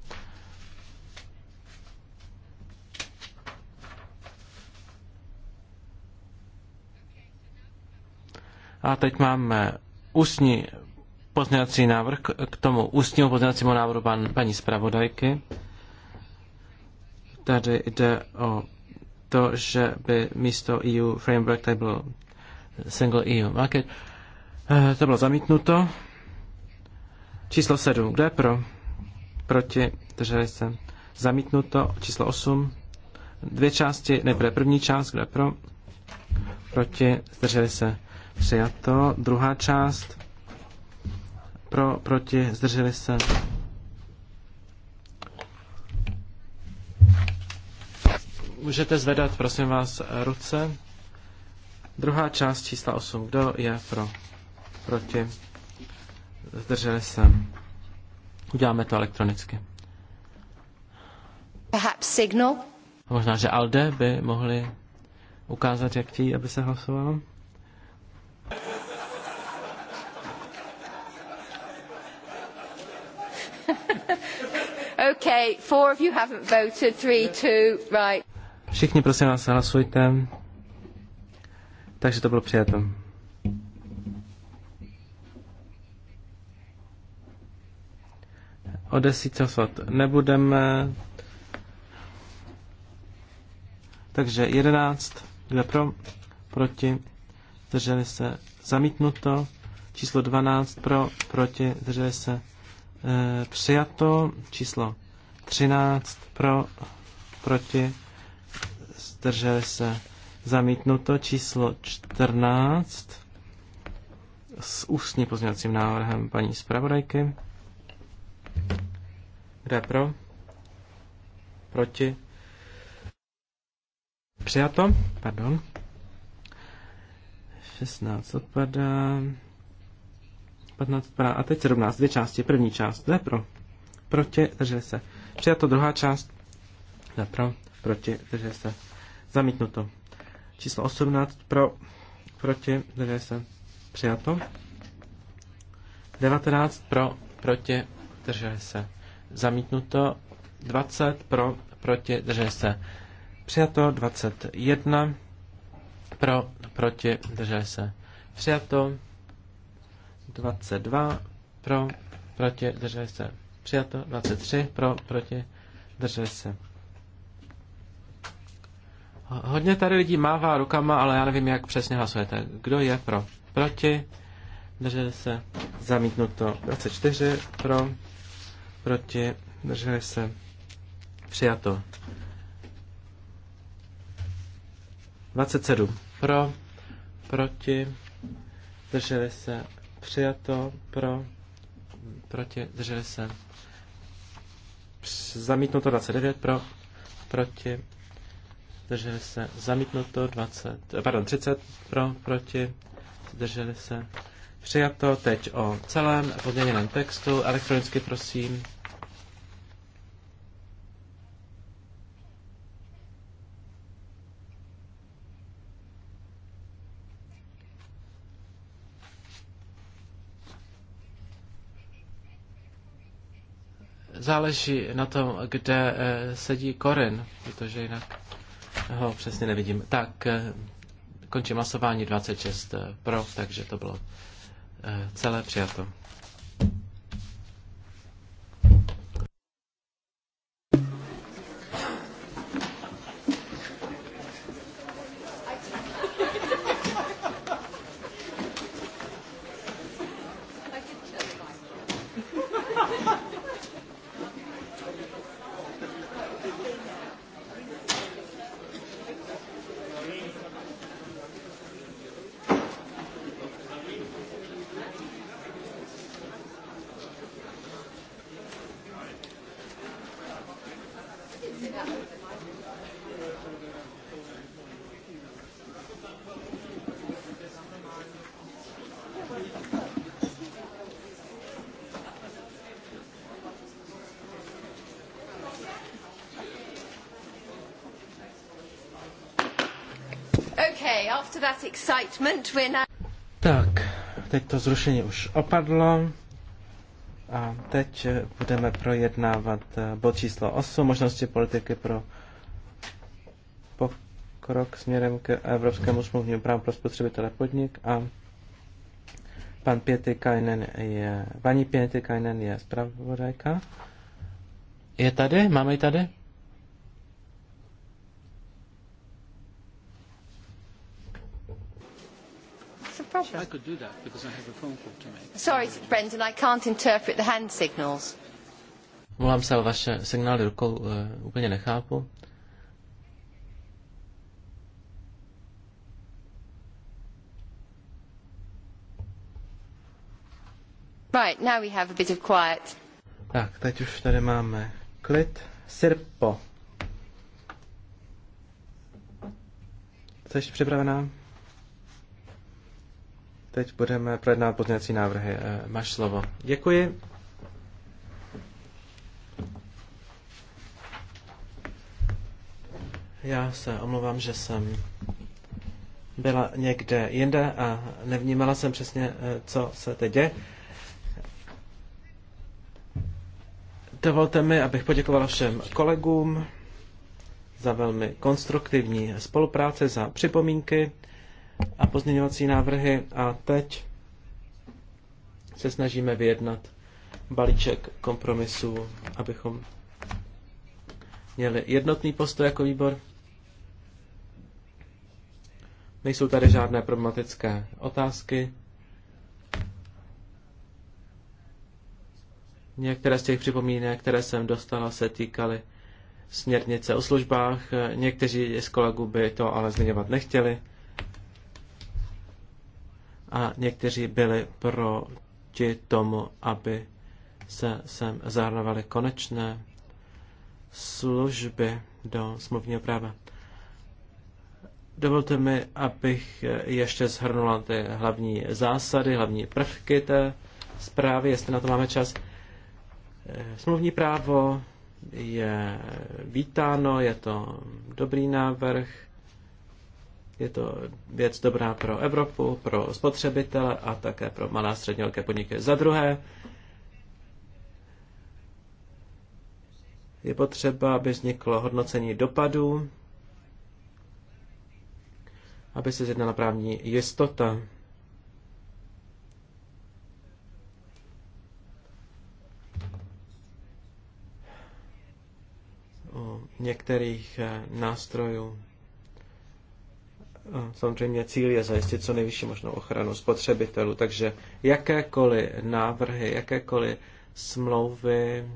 A teď máme ústní pozměňovací návrh k tomu ústnímu pozměňovacímu návrhu pan, paní zpravodajky. Tady jde o to, že by místo EU framework tady bylo Single EU Market. Eh, to bylo zamítnuto. Číslo 7. Kdo je pro? Proti. Drželi se. Zamítnuto. Číslo 8. Dvě části. Nejprve první část. Kdo je pro? Proti. Zdrželi se. Přijato. Druhá část. Pro, proti. Zdrželi se. Můžete zvedat, prosím vás, ruce. Druhá část čísla 8. Kdo je pro? Proti? Zdrželi se. Uděláme to elektronicky. Perhaps signal? možná, že ALDE by mohli ukázat, jak chtějí, aby se hlasovalo. okay, four of you haven't voted, three, two, right. Všichni prosím vás hlasujte. Takže to bylo přijato. O desíce sot nebudeme. Takže jedenáct. Kde pro? Proti. Zdrželi se. Zamítnuto. Číslo 12 pro, proti, zdrželi se. E, přijato. Číslo 13 pro, proti, zdrželi se Zamítnuto číslo 14 s ústní pozměňovacím návrhem paní zpravodajky. Kde pro? Proti? Přijato? Pardon. 16 odpadá. 15 odpadá. A teď 17. Dvě části. První část. Kde pro? Proti? Drželi se. Přijato druhá část. Kde pro? Proti? Drželi se. Zamítnuto. Číslo 18 pro, proti, zdrželi se, přijato. 19 pro, proti, zdrželi se, zamítnuto. 20 pro, proti, zdrželi se, přijato. 21 pro, proti, zdrželi se, přijato. 22 pro, proti, zdrželi se, přijato. 23 pro, proti, zdrželi se, Hodně tady lidí mává rukama, ale já nevím, jak přesně hlasujete. Kdo je pro? Proti? Drželi se. Zamítnuto 24 pro. Proti? Drželi se. Přijato. 27 pro. Proti? Drželi se. Přijato. Pro. Proti? Drželi se. Zamítnuto 29 pro. Proti? zdrželi se, zamítnuto 20, eh, pardon, 30 pro, proti, zdrželi se, přijato. Teď o celém pozměněném textu, elektronicky prosím. záleží na tom, kde eh, sedí Korin, protože jinak ho přesně nevidím. Tak eh, končím hlasování 26 eh, pro, takže to bylo eh, celé přijato. Tak, teď to zrušení už opadlo. A teď budeme projednávat eh, bod číslo 8, možnosti politiky pro pokrok směrem k Evropskému smluvnímu právu pro spotřebitele podnik a pan Pěty Kajnen je, paní Pěty Kajnen je zpravodajka. Je tady? Máme ji tady? could do that because I have a phone call to make. Sorry, Brendan, I can't interpret the hand signals. Volám se vaše signály rukou, uh, úplně nechápu. Right, now we have a bit of quiet. Tak, teď už tady máme klid. Sirpo. Jsi připravená? Teď budeme projednávat pozměňovací návrhy. Eh, máš slovo. Děkuji. Já se omlouvám, že jsem byla někde jinde a nevnímala jsem přesně, eh, co se teď děje. Dovolte mi, abych poděkovala všem kolegům za velmi konstruktivní spolupráci, za připomínky a pozměňovací návrhy a teď se snažíme vyjednat balíček kompromisů, abychom měli jednotný postoj jako výbor. Nejsou tady žádné problematické otázky. Některé z těch připomínek, které jsem dostala, se týkaly směrnice o službách. Někteří z kolegů by to ale zmiňovat nechtěli a někteří byli proti tomu, aby se sem zahrnovaly konečné služby do smluvního práva. Dovolte mi, abych ještě zhrnula ty hlavní zásady, hlavní prvky té zprávy, jestli na to máme čas. Smluvní právo je vítáno, je to dobrý návrh, je to věc dobrá pro Evropu, pro spotřebitele a také pro malé a střední velké podniky. Za druhé, je potřeba, aby vzniklo hodnocení dopadů, aby se zjednala právní jistota. některých eh, nástrojů samozřejmě cíl je zajistit co nejvyšší možnou ochranu spotřebitelů, takže jakékoliv návrhy, jakékoliv smlouvy,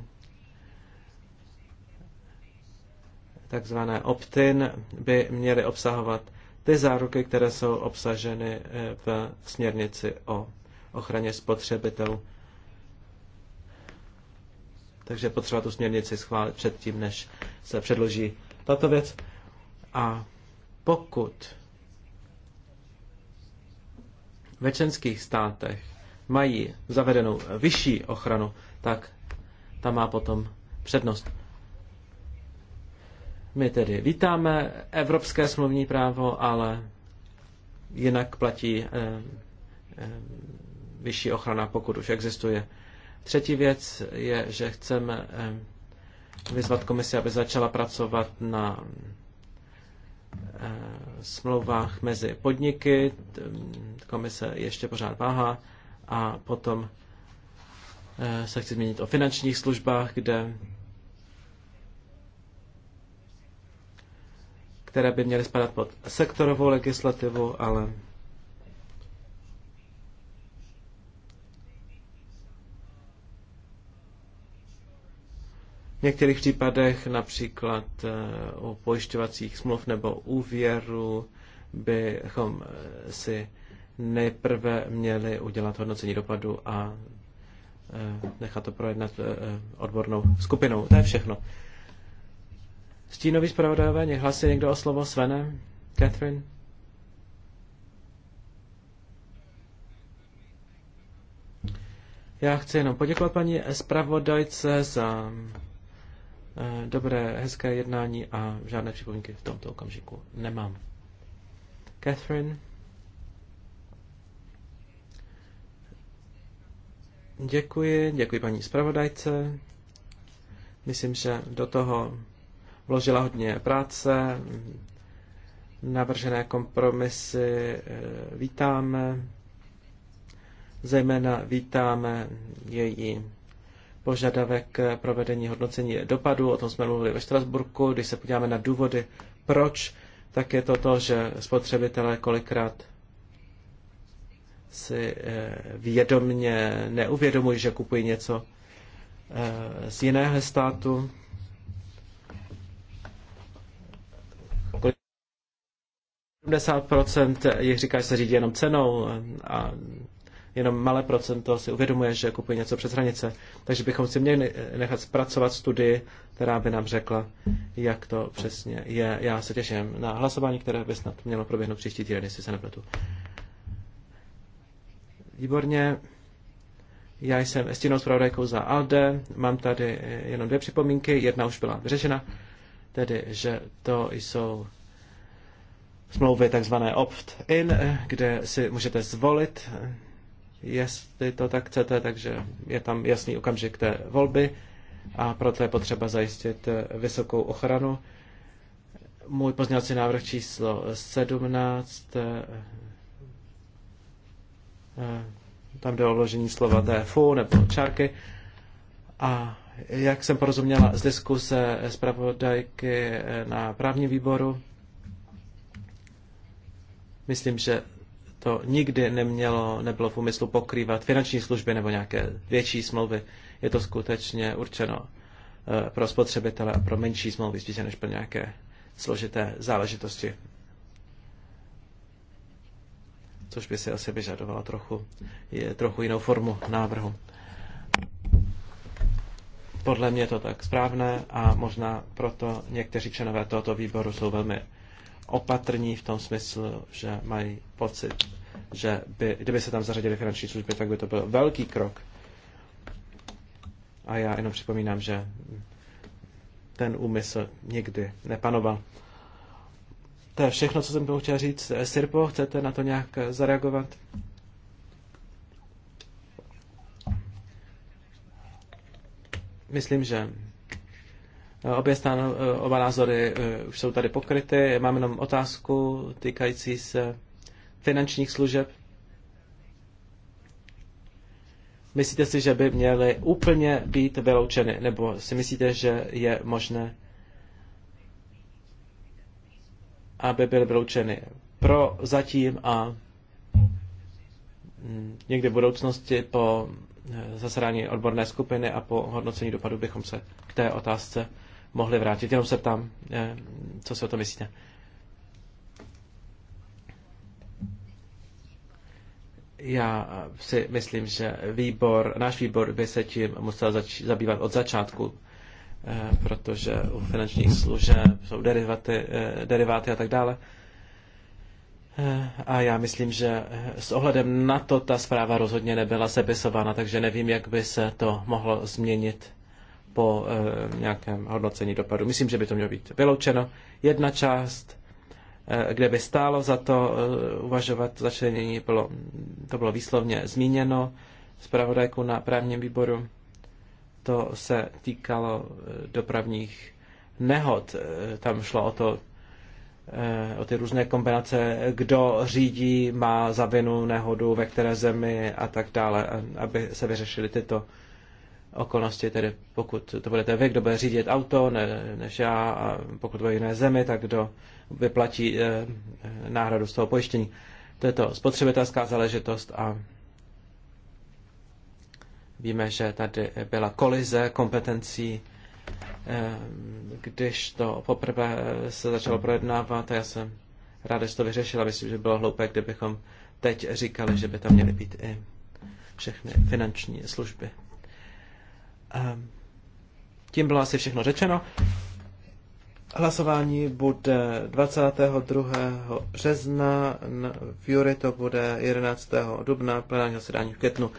takzvané opt-in, by měly obsahovat ty záruky, které jsou obsaženy eh, v směrnici o ochraně spotřebitelů. Takže potřeba tu směrnici schválit předtím, než se předloží tato věc. A pokud ve členských státech mají zavedenou vyšší ochranu, tak ta má potom přednost. My tedy vítáme evropské smluvní právo, ale jinak platí eh, eh, vyšší ochrana, pokud už existuje. Třetí věc je, že chceme eh, vyzvat komisi, aby začala pracovat na smlouvách mezi podniky komise ještě pořád váhá a potom eh, se chci zmínit o finančních službách, kde které by měly spadat pod sektorovou legislativu, ale V některých případech, například eh, u pojišťovacích smluv nebo úvěru, bychom eh, si nejprve měli udělat hodnocení dopadu a e, nechat to projednat e, odbornou skupinou. To je všechno. Stínový zpravodajové, hlasí někdo o slovo Svene? Catherine? Já chci jenom poděkovat paní zpravodajce za e, dobré, hezké jednání a žádné připomínky v tomto okamžiku nemám. Catherine? Děkuji, děkuji paní zpravodajce. Myslím, že do toho vložila hodně práce. Navržené kompromisy e, vítáme. Zejména vítáme její požadavek provedení hodnocení dopadu. O tom jsme mluvili ve Štrasburku. Když se podíváme na důvody, proč, tak je to to, že spotřebitelé kolikrát si eh, vědomně neuvědomují, že kupují něco eh, z jiného státu. Kolik 70% jich říká, že se řídí jenom cenou eh, a jenom malé procento si uvědomuje, že kupuje něco přes hranice. Takže bychom si měli nechat zpracovat studii, která by nám řekla, jak to přesně je. Já se těším na hlasování, které by snad mělo proběhnout příští týden, jestli se nepletu. Výborně. Já jsem stínou zpravodajkou za ALDE. Mám tady jenom dvě připomínky. Jedna už byla vyřešena, tedy, že to jsou smlouvy takzvané opt-in, kde si můžete zvolit, jestli to tak chcete, takže je tam jasný okamžik té volby a proto je potřeba zajistit vysokou ochranu. Můj pozněvací návrh číslo 17 Eh, tam jde o vložení slova DFU nebo čárky. A jak jsem porozuměla z diskuse zpravodajky eh, na právním výboru, myslím, že to nikdy nemělo, nebylo v úmyslu pokrývat finanční služby nebo nějaké větší smlouvy. Je to skutečně určeno eh, pro spotřebitele a pro menší smlouvy, spíše než pro nějaké složité záležitosti což by si asi vyžadovalo trochu, je, trochu jinou formu návrhu. Podle mě je to tak správné a možná proto někteří členové tohoto výboru jsou velmi opatrní v tom smyslu, že mají pocit, že by, kdyby se tam zařadili finanční služby, tak by to byl velký krok. A já jenom připomínám, že ten úmysl nikdy nepanoval. To je všechno, co jsem tomu chtěl říct. Sirpo, chcete na to nějak zareagovat? Myslím, že obě stán, oba názory eh, už jsou tady pokryty. Mám jenom otázku týkající se finančních služeb. Myslíte si, že by měly úplně být vyloučeny, nebo si myslíte, že je možné aby byly vyloučeny pro zatím a mm, někdy v budoucnosti po eh, zasedání odborné skupiny a po hodnocení dopadu bychom se k té otázce mohli vrátit. Jenom se ptám, eh, co si o to myslíte. Já si myslím, že výbor, náš výbor by se tím musel zač- zabývat od začátku Eh, protože u finančních služeb jsou derivaty, eh, deriváty a tak dále. Eh, a já myslím, že s ohledem na to ta zpráva rozhodně nebyla sepisována, takže nevím, jak by se to mohlo změnit po nějakém hodnocení dopadu. Myslím, že by to mělo být vyloučeno. Jedna část, kde by stálo za to uvažovat začlenění, bylo, to bylo výslovně zmíněno zpravodajku na právním výboru to se týkalo eh, dopravních nehod. Eh, tam šlo o to, eh, o ty různé kombinace, kdo řídí, má za vinu nehodu, ve které zemi a tak dále, aby se vyřešily tyto okolnosti, tedy pokud to budete vy, kdo bude řídit auto ne, než já, a pokud bude jiné zemi, tak kdo vyplatí e, náhradu z toho pojištění. To je to spotřebitelská záležitost a Víme, že tady byla kolize kompetencí, eh, když to poprvé se začalo projednávat a já jsem ráda, že to vyřešila. Myslím, že bylo hloupé, kdybychom teď říkali, že by tam měly být i všechny finanční služby. Ehm, tím bylo asi všechno řečeno. Hlasování bude 22. března, v Jury to bude 11. dubna, plenární zasedání v květnu.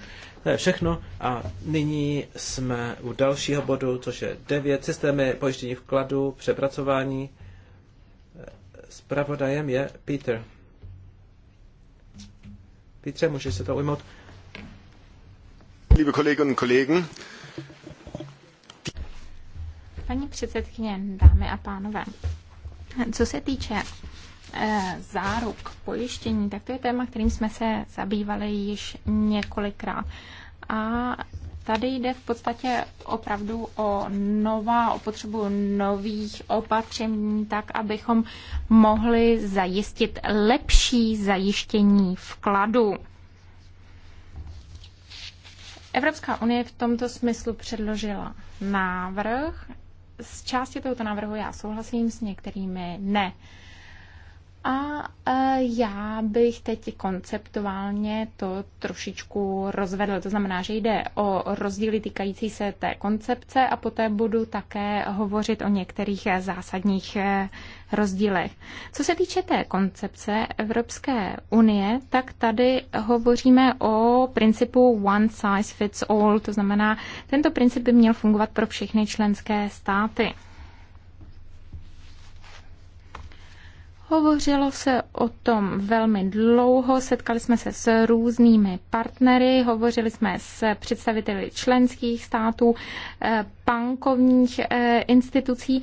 To je všechno a nyní jsme u dalšího bodu, což je devět Systémy pojištění vkladu, přepracování. Spravodajem je Peter. Peter, můžeš se to ujmout? Liebe Kolleginnen und Kollegen, Paní předsedkyně, dámy a pánové, co se týče eh, záruk pojištění, tak to je téma, kterým jsme se zabývali již několikrát. A tady jde v podstatě opravdu o nová, o potřebu nových opatření, tak abychom mohli zajistit lepší zajištění vkladu. Evropská unie v tomto smyslu předložila návrh. Z části tohoto návrhu já souhlasím, s některými ne. A e, já bych teď konceptuálně to trošičku rozvedl. To znamená, že jde o rozdíly týkající se té koncepce a poté budu také hovořit o některých zásadních e, rozdílech. Co se týče té koncepce Evropské unie, tak tady hovoříme o principu one size fits all. To znamená, tento princip by měl fungovat pro všechny členské státy. Hovořilo se o tom velmi dlouho, setkali jsme se s různými partnery, hovořili jsme s představiteli členských států, eh, bankovních eh, institucí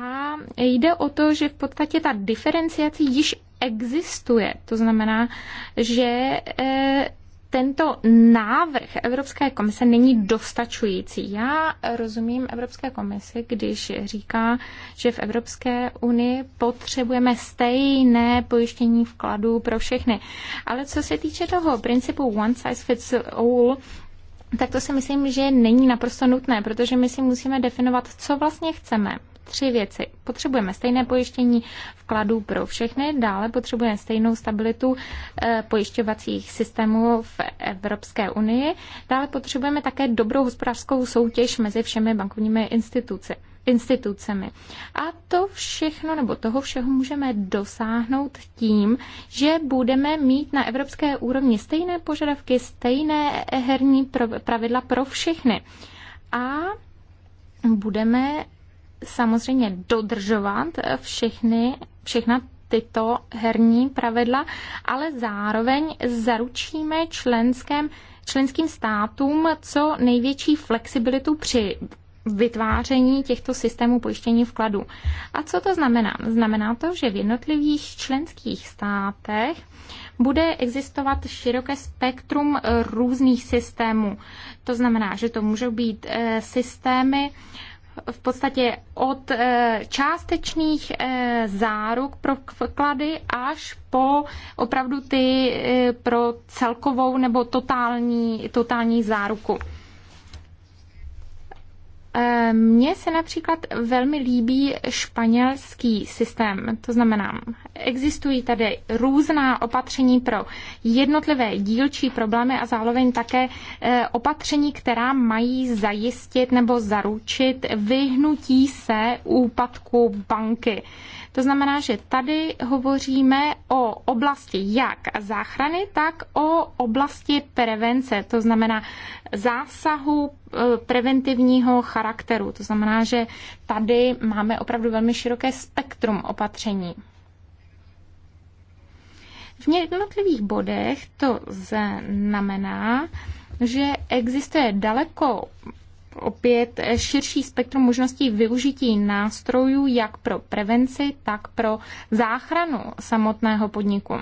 a jde o to, že v podstatě ta diferenciace již existuje. To znamená, že eh, tento návrh Evropské komise není dostačující. Já rozumím Evropské komisi, když říká, že v Evropské unii potřebujeme stejné pojištění vkladů pro všechny. Ale co se týče toho principu one size fits all, tak to si myslím, že není naprosto nutné, protože my si musíme definovat, co vlastně chceme tři věci. Potřebujeme stejné pojištění vkladů pro všechny, dále potřebujeme stejnou stabilitu eh, pojišťovacích systémů v Evropské unii, dále potřebujeme také dobrou hospodářskou soutěž mezi všemi bankovními instituci institucemi. A to všechno, nebo toho všeho můžeme dosáhnout tím, že budeme mít na evropské úrovni stejné požadavky, stejné herní pravidla pro všechny. A budeme samozřejmě dodržovat všechny, všechna tyto herní pravidla, ale zároveň zaručíme členském, členským státům co největší flexibilitu při vytváření těchto systémů pojištění vkladů. A co to znamená? Znamená to, že v jednotlivých členských státech bude existovat široké spektrum různých systémů. To znamená, že to můžou být eh, systémy v podstatě od eh, částečných eh, záruk pro vklady až po opravdu ty eh, pro celkovou nebo totální, totální záruku. Mně se například velmi líbí španělský systém, to znamená, existují tady různá opatření pro jednotlivé dílčí problémy a zároveň také eh, opatření, která mají zajistit nebo zaručit vyhnutí se úpadku banky. To znamená, že tady hovoříme o oblasti jak záchrany, tak o oblasti prevence, to znamená zásahu e, preventivního charakteru. To znamená, že tady máme opravdu velmi široké spektrum opatření. V jednotlivých bodech to znamená, že existuje daleko opět širší spektrum možností využití nástrojů jak pro prevenci, tak pro záchranu samotného podniku.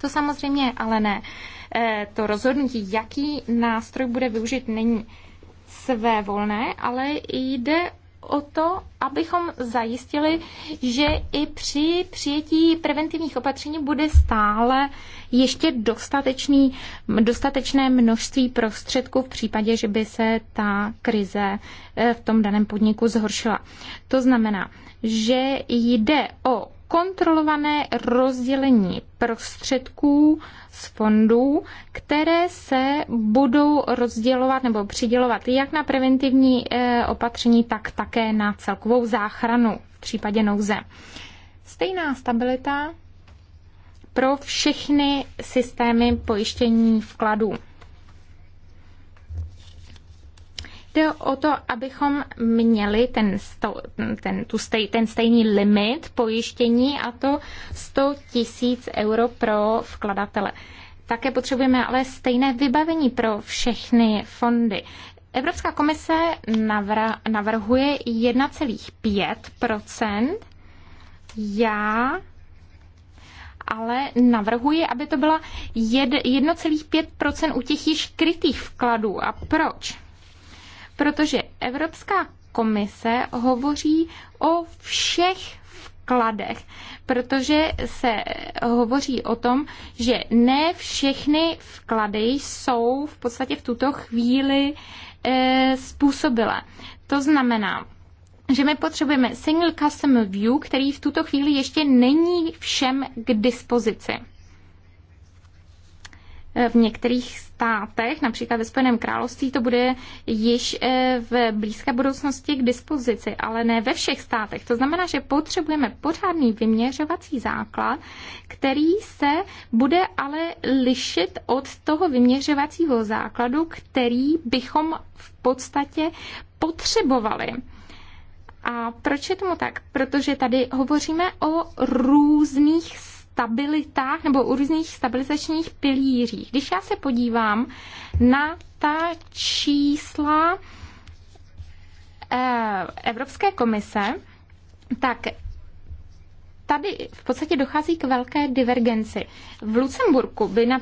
To samozřejmě ale ne. Eh, to rozhodnutí, jaký nástroj bude využit, není své volné, ale jde o to, abychom zajistili, že i při přijetí preventivních opatření bude stále ještě dostatečný, dostatečné množství prostředků v případě, že by se ta krize eh, v tom daném podniku zhoršila. To znamená, že jde o kontrolované rozdělení prostředků z fondů, které se budou rozdělovat nebo přidělovat jak na preventivní eh, opatření, tak také na celkovou záchranu v případě nouze. Stejná stabilita pro všechny systémy pojištění vkladů. Jde o to, abychom měli ten, sto, ten, tu stej, ten stejný limit pojištění a to 100 tisíc euro pro vkladatele. Také potřebujeme ale stejné vybavení pro všechny fondy. Evropská komise navra, navrhuje 1,5 Já ale navrhuji, aby to byla 1,5 u těch již krytých vkladů. A proč? protože Evropská komise hovoří o všech vkladech, protože se hovoří o tom, že ne všechny vklady jsou v podstatě v tuto chvíli e, způsobilé. To znamená, že my potřebujeme single custom view, který v tuto chvíli ještě není všem k dispozici v některých státech, například ve Spojeném království, to bude již eh, v blízké budoucnosti k dispozici, ale ne ve všech státech. To znamená, že potřebujeme pořádný vyměřovací základ, který se bude ale lišit od toho vyměřovacího základu, který bychom v podstatě potřebovali. A proč je tomu tak? Protože tady hovoříme o různých stabilitách nebo u různých stabilizačních pilířích. Když já se podívám na ta čísla eh, Evropské komise, tak tady v podstatě dochází k velké divergenci. V Lucemburku by na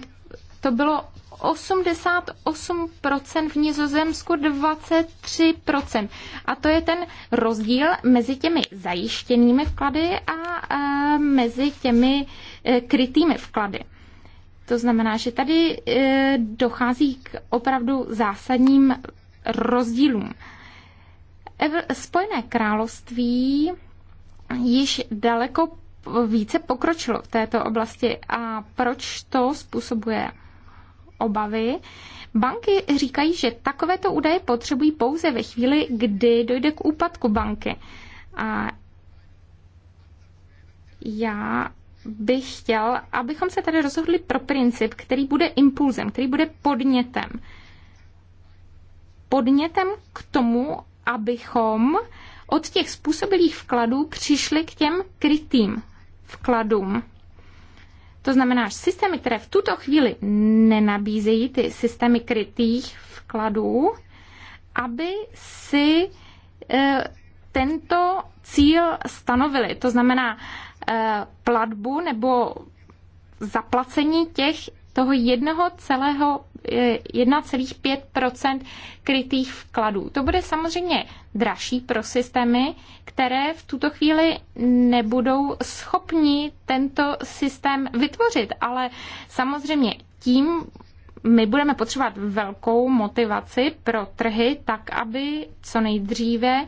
to bylo 88%, v Nizozemsku 23%. A to je ten rozdíl mezi těmi zajištěnými vklady a e, mezi těmi e, krytými vklady. To znamená, že tady e, dochází k opravdu zásadním rozdílům. Spojené království již daleko více pokročilo v této oblasti a proč to způsobuje? obavy. Banky říkají, že takovéto údaje potřebují pouze ve chvíli, kdy dojde k úpadku banky. A já bych chtěl, abychom se tady rozhodli pro princip, který bude impulzem, který bude podnětem. Podnětem k tomu, abychom od těch způsobilých vkladů přišli k těm krytým vkladům. To znamená, že systémy, které v tuto chvíli nenabízejí ty systémy krytých vkladů, aby si eh, tento cíl stanovili. To znamená eh, platbu nebo zaplacení těch toho jednoho celého 1,5 eh, krytých vkladů. To bude samozřejmě dražší pro systémy, které v tuto chvíli nebudou schopni tento systém vytvořit. Ale samozřejmě tím my budeme potřebovat velkou motivaci pro trhy, tak aby co nejdříve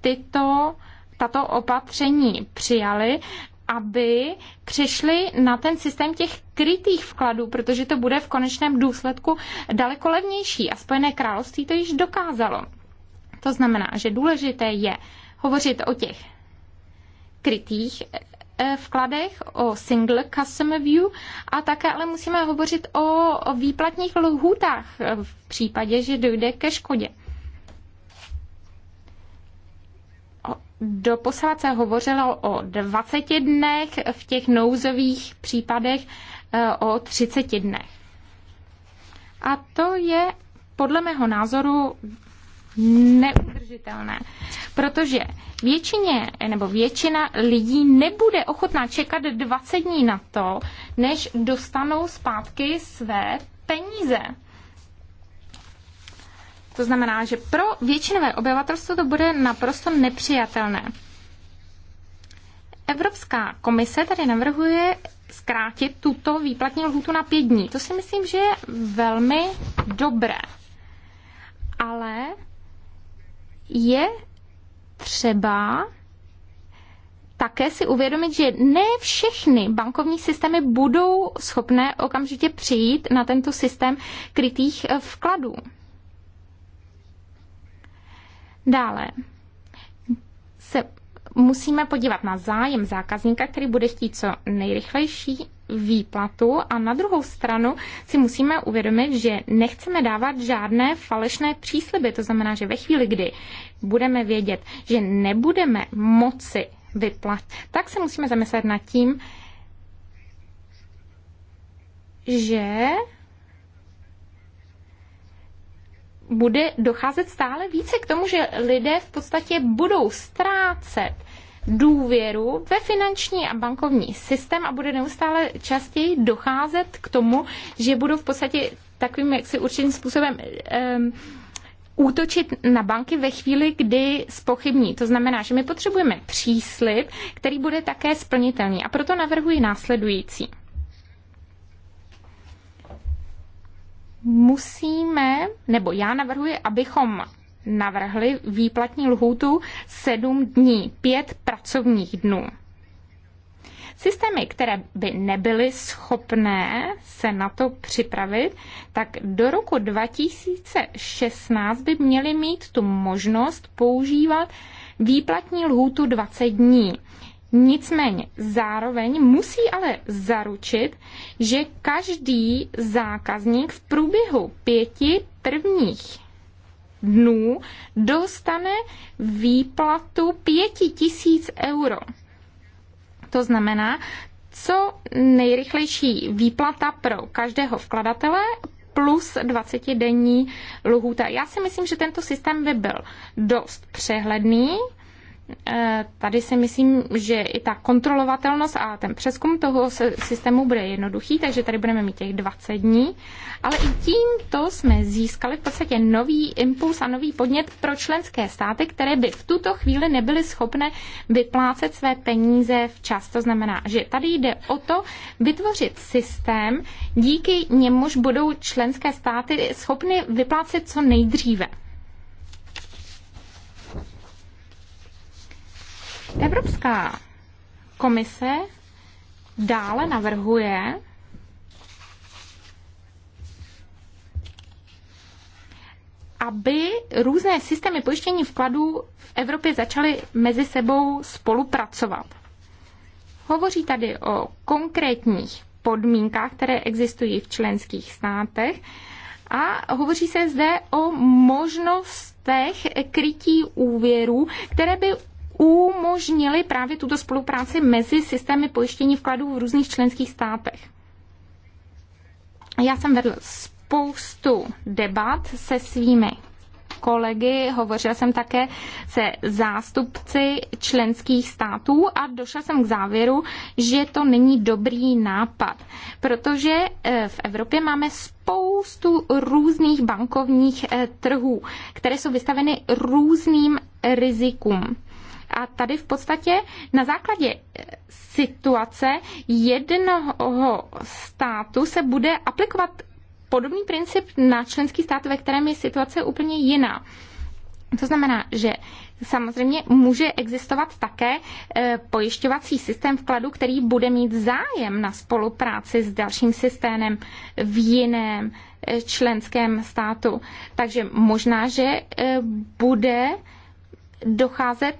tyto, tato opatření přijali, aby přišli na ten systém těch krytých vkladů, protože to bude v konečném důsledku daleko levnější a Spojené království to již dokázalo. To znamená, že důležité je hovořit o těch krytých eh, eh, vkladech, o single customer view a také ale musíme hovořit o, výplatních lhůtách eh, v případě, že dojde ke škodě. Do se hovořilo o 20 dnech, v těch nouzových případech o 30 dnech. A to je podle mého názoru neudržitelné, protože většině nebo většina lidí nebude ochotná čekat 20 dní na to, než dostanou zpátky své peníze. To znamená, že pro většinové obyvatelstvo to bude naprosto nepřijatelné. Evropská komise tady navrhuje zkrátit tuto výplatní lhůtu na pět dní. To si myslím, že je velmi dobré. Ale je třeba také si uvědomit, že ne všechny bankovní systémy budou schopné okamžitě přijít na tento systém krytých eh, vkladů. Dále se musíme podívat na zájem zákazníka, který bude chtít co nejrychlejší výplatu a na druhou stranu si musíme uvědomit, že nechceme dávat žádné falešné přísliby. To znamená, že ve chvíli, kdy budeme vědět, že nebudeme moci vyplat, tak se musíme zamyslet nad tím, že bude docházet stále více k tomu, že lidé v podstatě budou ztrácet důvěru ve finanční a bankovní systém a bude neustále častěji docházet k tomu, že budou v podstatě takovým jaksi určitým způsobem um, útočit na banky ve chvíli, kdy spochybní. To znamená, že my potřebujeme příslip, který bude také splnitelný. A proto navrhuji následující. Musíme, nebo já navrhuji, abychom navrhli výplatní lhůtu 7 dní, 5 pracovních dnů. Systémy, které by nebyly schopné se na to připravit, tak do roku 2016 by měly mít tu možnost používat výplatní lhůtu 20 dní. Nicméně zároveň musí ale zaručit, že každý zákazník v průběhu pěti prvních dnů dostane výplatu 5000 euro. To znamená, co nejrychlejší výplata pro každého vkladatele plus 20-denní lhůta. Já si myslím, že tento systém by byl dost přehledný, Eh, tady si myslím, že i ta kontrolovatelnost a ten přeskum toho systému bude jednoduchý, takže tady budeme mít těch 20 dní, ale i tímto jsme získali v podstatě nový impuls a nový podnět pro členské státy, které by v tuto chvíli nebyly schopné vyplácet své peníze včas. To znamená, že tady jde o to vytvořit systém, díky němuž budou členské státy schopny vyplácet co nejdříve. Evropská komise dále navrhuje, aby různé systémy pojištění vkladů v Evropě začaly mezi sebou spolupracovat. Hovoří tady o konkrétních podmínkách, které existují v členských státech a hovoří se zde o možnostech krytí úvěrů, které by umožnili právě tuto spolupráci mezi systémy pojištění vkladů v různých členských státech. Já jsem vedl spoustu debat se svými kolegy, hovořila jsem také se zástupci členských států a došla jsem k závěru, že to není dobrý nápad, protože eh, v Evropě máme spoustu různých bankovních eh, trhů, které jsou vystaveny různým rizikům. A tady v podstatě na základě eh, situace jednoho státu se bude aplikovat podobný princip na členský stát, ve kterém je situace úplně jiná. To znamená, že samozřejmě může existovat také eh, pojišťovací systém vkladu, který bude mít zájem na spolupráci s dalším systémem v jiném eh, členském státu. Takže možná, že bude docházet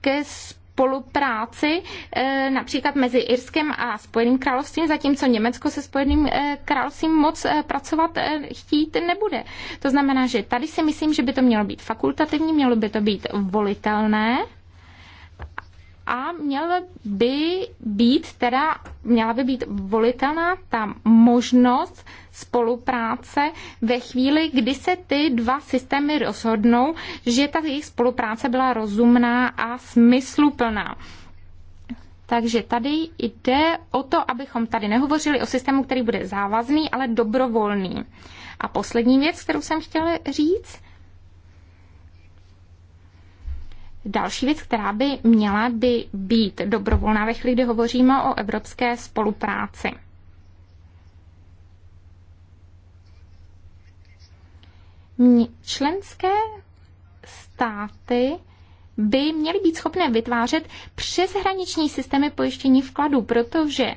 ke spolupráci e, například mezi Irskem a Spojeným královstvím, zatímco Německo se Spojeným e, královstvím moc e, pracovat chtít nebude. To znamená, že tady si myslím, že by to mělo být fakultativní, mělo by to být volitelné a měla by být teda, měla by být volitelná ta možnost spolupráce ve chvíli, kdy se ty dva systémy rozhodnou, že ta jejich spolupráce byla rozumná a smysluplná. Takže tady jde o to, abychom tady nehovořili o systému, který bude závazný, ale dobrovolný. A poslední věc, kterou jsem chtěla říct, Další věc, která by měla by být dobrovolná ve chvíli, kdy hovoříme o evropské spolupráci. členské státy by měly být schopné vytvářet přeshraniční systémy pojištění vkladů, protože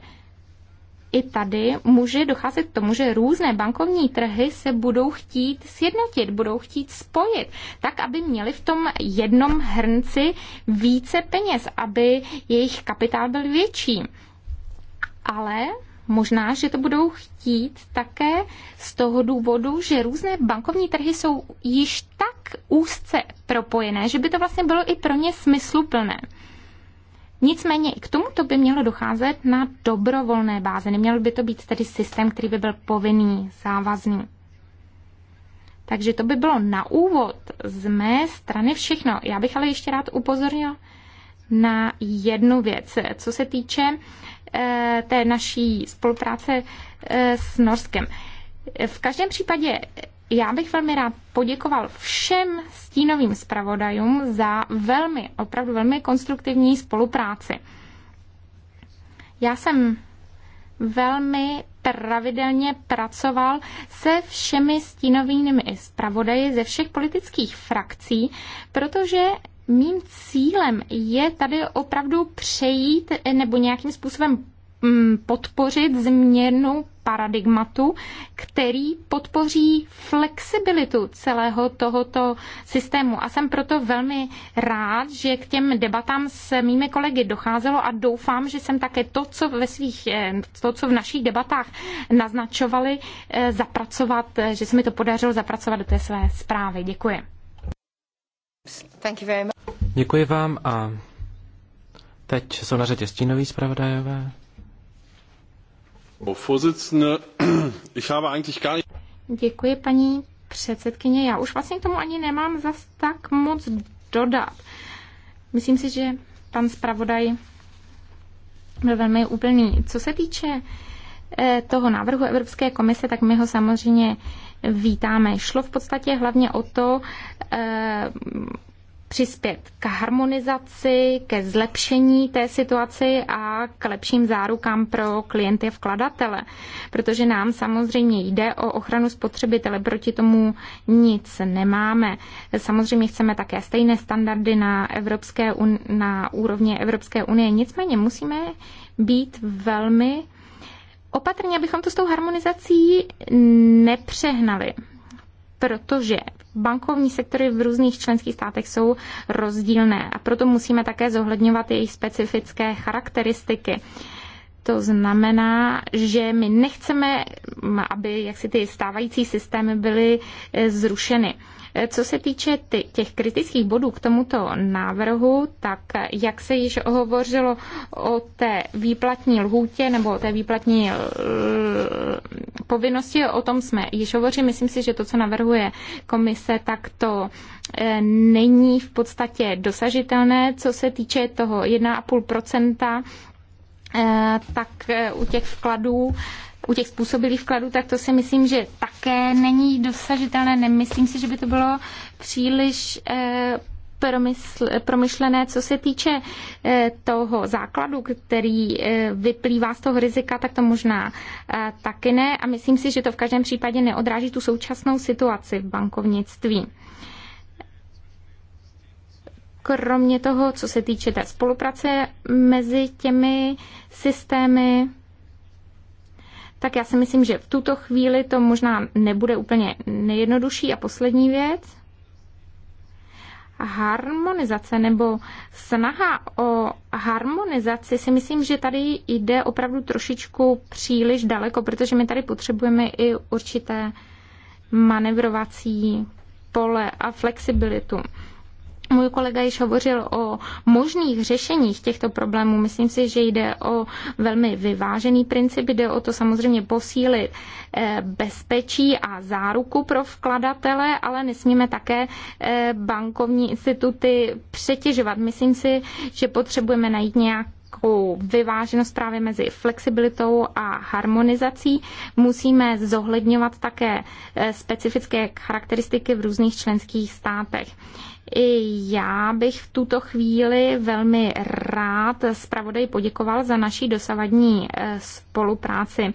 i tady může docházet k tomu, že různé bankovní trhy se budou chtít sjednotit, budou chtít spojit, tak aby měli v tom jednom hrnci více peněz, aby jejich kapitál byl větší. Ale Možná, že to budou chtít také z toho důvodu, že různé bankovní trhy jsou již tak úzce propojené, že by to vlastně bylo i pro ně smysluplné. Nicméně i k tomuto by mělo docházet na dobrovolné bázi. Neměl by to být tedy systém, který by byl povinný, závazný. Takže to by bylo na úvod z mé strany všechno. Já bych ale ještě rád upozornil na jednu věc, co se týče Eh, té naší spolupráce eh, s Norskem. V každém případě já bych velmi rád poděkoval všem stínovým zpravodajům za velmi, opravdu velmi konstruktivní spolupráci. Já jsem velmi pravidelně pracoval se všemi stínovými zpravodaji ze všech politických frakcí, protože Mým cílem je tady opravdu přejít eh, nebo nějakým způsobem mm, podpořit změnu paradigmatu, který podpoří flexibilitu celého tohoto systému. A jsem proto velmi rád, že k těm debatám s mými kolegy docházelo a doufám, že jsem také to, co, ve svých, eh, to, co v našich debatách naznačovali, eh, zapracovat, že se mi to podařilo zapracovat do té své zprávy. Děkuji. Děkuji vám a teď jsou na řadě stínoví zpravodajové. Děkuji, paní předsedkyně. Já už vlastně k tomu ani nemám zas tak moc dodat. Myslím si, že pan zpravodaj byl velmi úplný. Co se týče eh, toho návrhu Evropské komise, tak my ho samozřejmě vítáme. Šlo v podstatě hlavně o to, eh, přispět k harmonizaci, ke zlepšení té situaci a k lepším zárukám pro klienty a vkladatele, protože nám samozřejmě jde o ochranu spotřebitele, proti tomu nic nemáme. Samozřejmě chceme také stejné standardy na, Evropské, na úrovni Evropské unie, nicméně musíme být velmi opatrně, abychom to s tou harmonizací nepřehnali, protože bankovní sektory v různých členských státech jsou rozdílné a proto musíme také zohledňovat jejich specifické charakteristiky. To znamená, že my nechceme, aby jaksi ty stávající systémy byly e, zrušeny. E, co se týče těch kritických bodů k tomuto návrhu, tak jak se již hovořilo o té výplatní lhůtě nebo o té výplatní e, povinnosti, o tom jsme již hovořili. Myslím si, že to, co navrhuje komise, tak to není v podstatě dosažitelné, co se týče toho 1,5 Eh, tak eh, u těch vkladů, u těch způsobilých vkladů, tak to si myslím, že také není dosažitelné. Nemyslím si, že by to bylo příliš eh, promyšlené, co se týče toho základu, který vyplývá z toho rizika, tak to možná taky ne. A myslím si, že to v každém případě neodráží tu současnou situaci v bankovnictví kromě toho, co se týče té spolupráce mezi těmi systémy, tak já si myslím, že v tuto chvíli to možná nebude úplně nejjednodušší. A poslední věc, harmonizace nebo snaha o harmonizaci si myslím, že tady jde opravdu trošičku příliš daleko, protože my tady potřebujeme i určité manevrovací pole a flexibilitu. Můj kolega již hovořil o možných řešeních těchto problémů. Myslím si, že jde o velmi vyvážený princip. Jde o to samozřejmě posílit eh, bezpečí a záruku pro vkladatele, ale nesmíme také eh, bankovní instituty přetěžovat. Myslím si, že potřebujeme najít nějak nějakou vyváženost právě mezi flexibilitou a harmonizací. Musíme zohledňovat také eh, specifické charakteristiky v různých členských státech. I já bych v tuto chvíli velmi rád zpravodaj poděkoval za naší dosavadní e, spolupráci.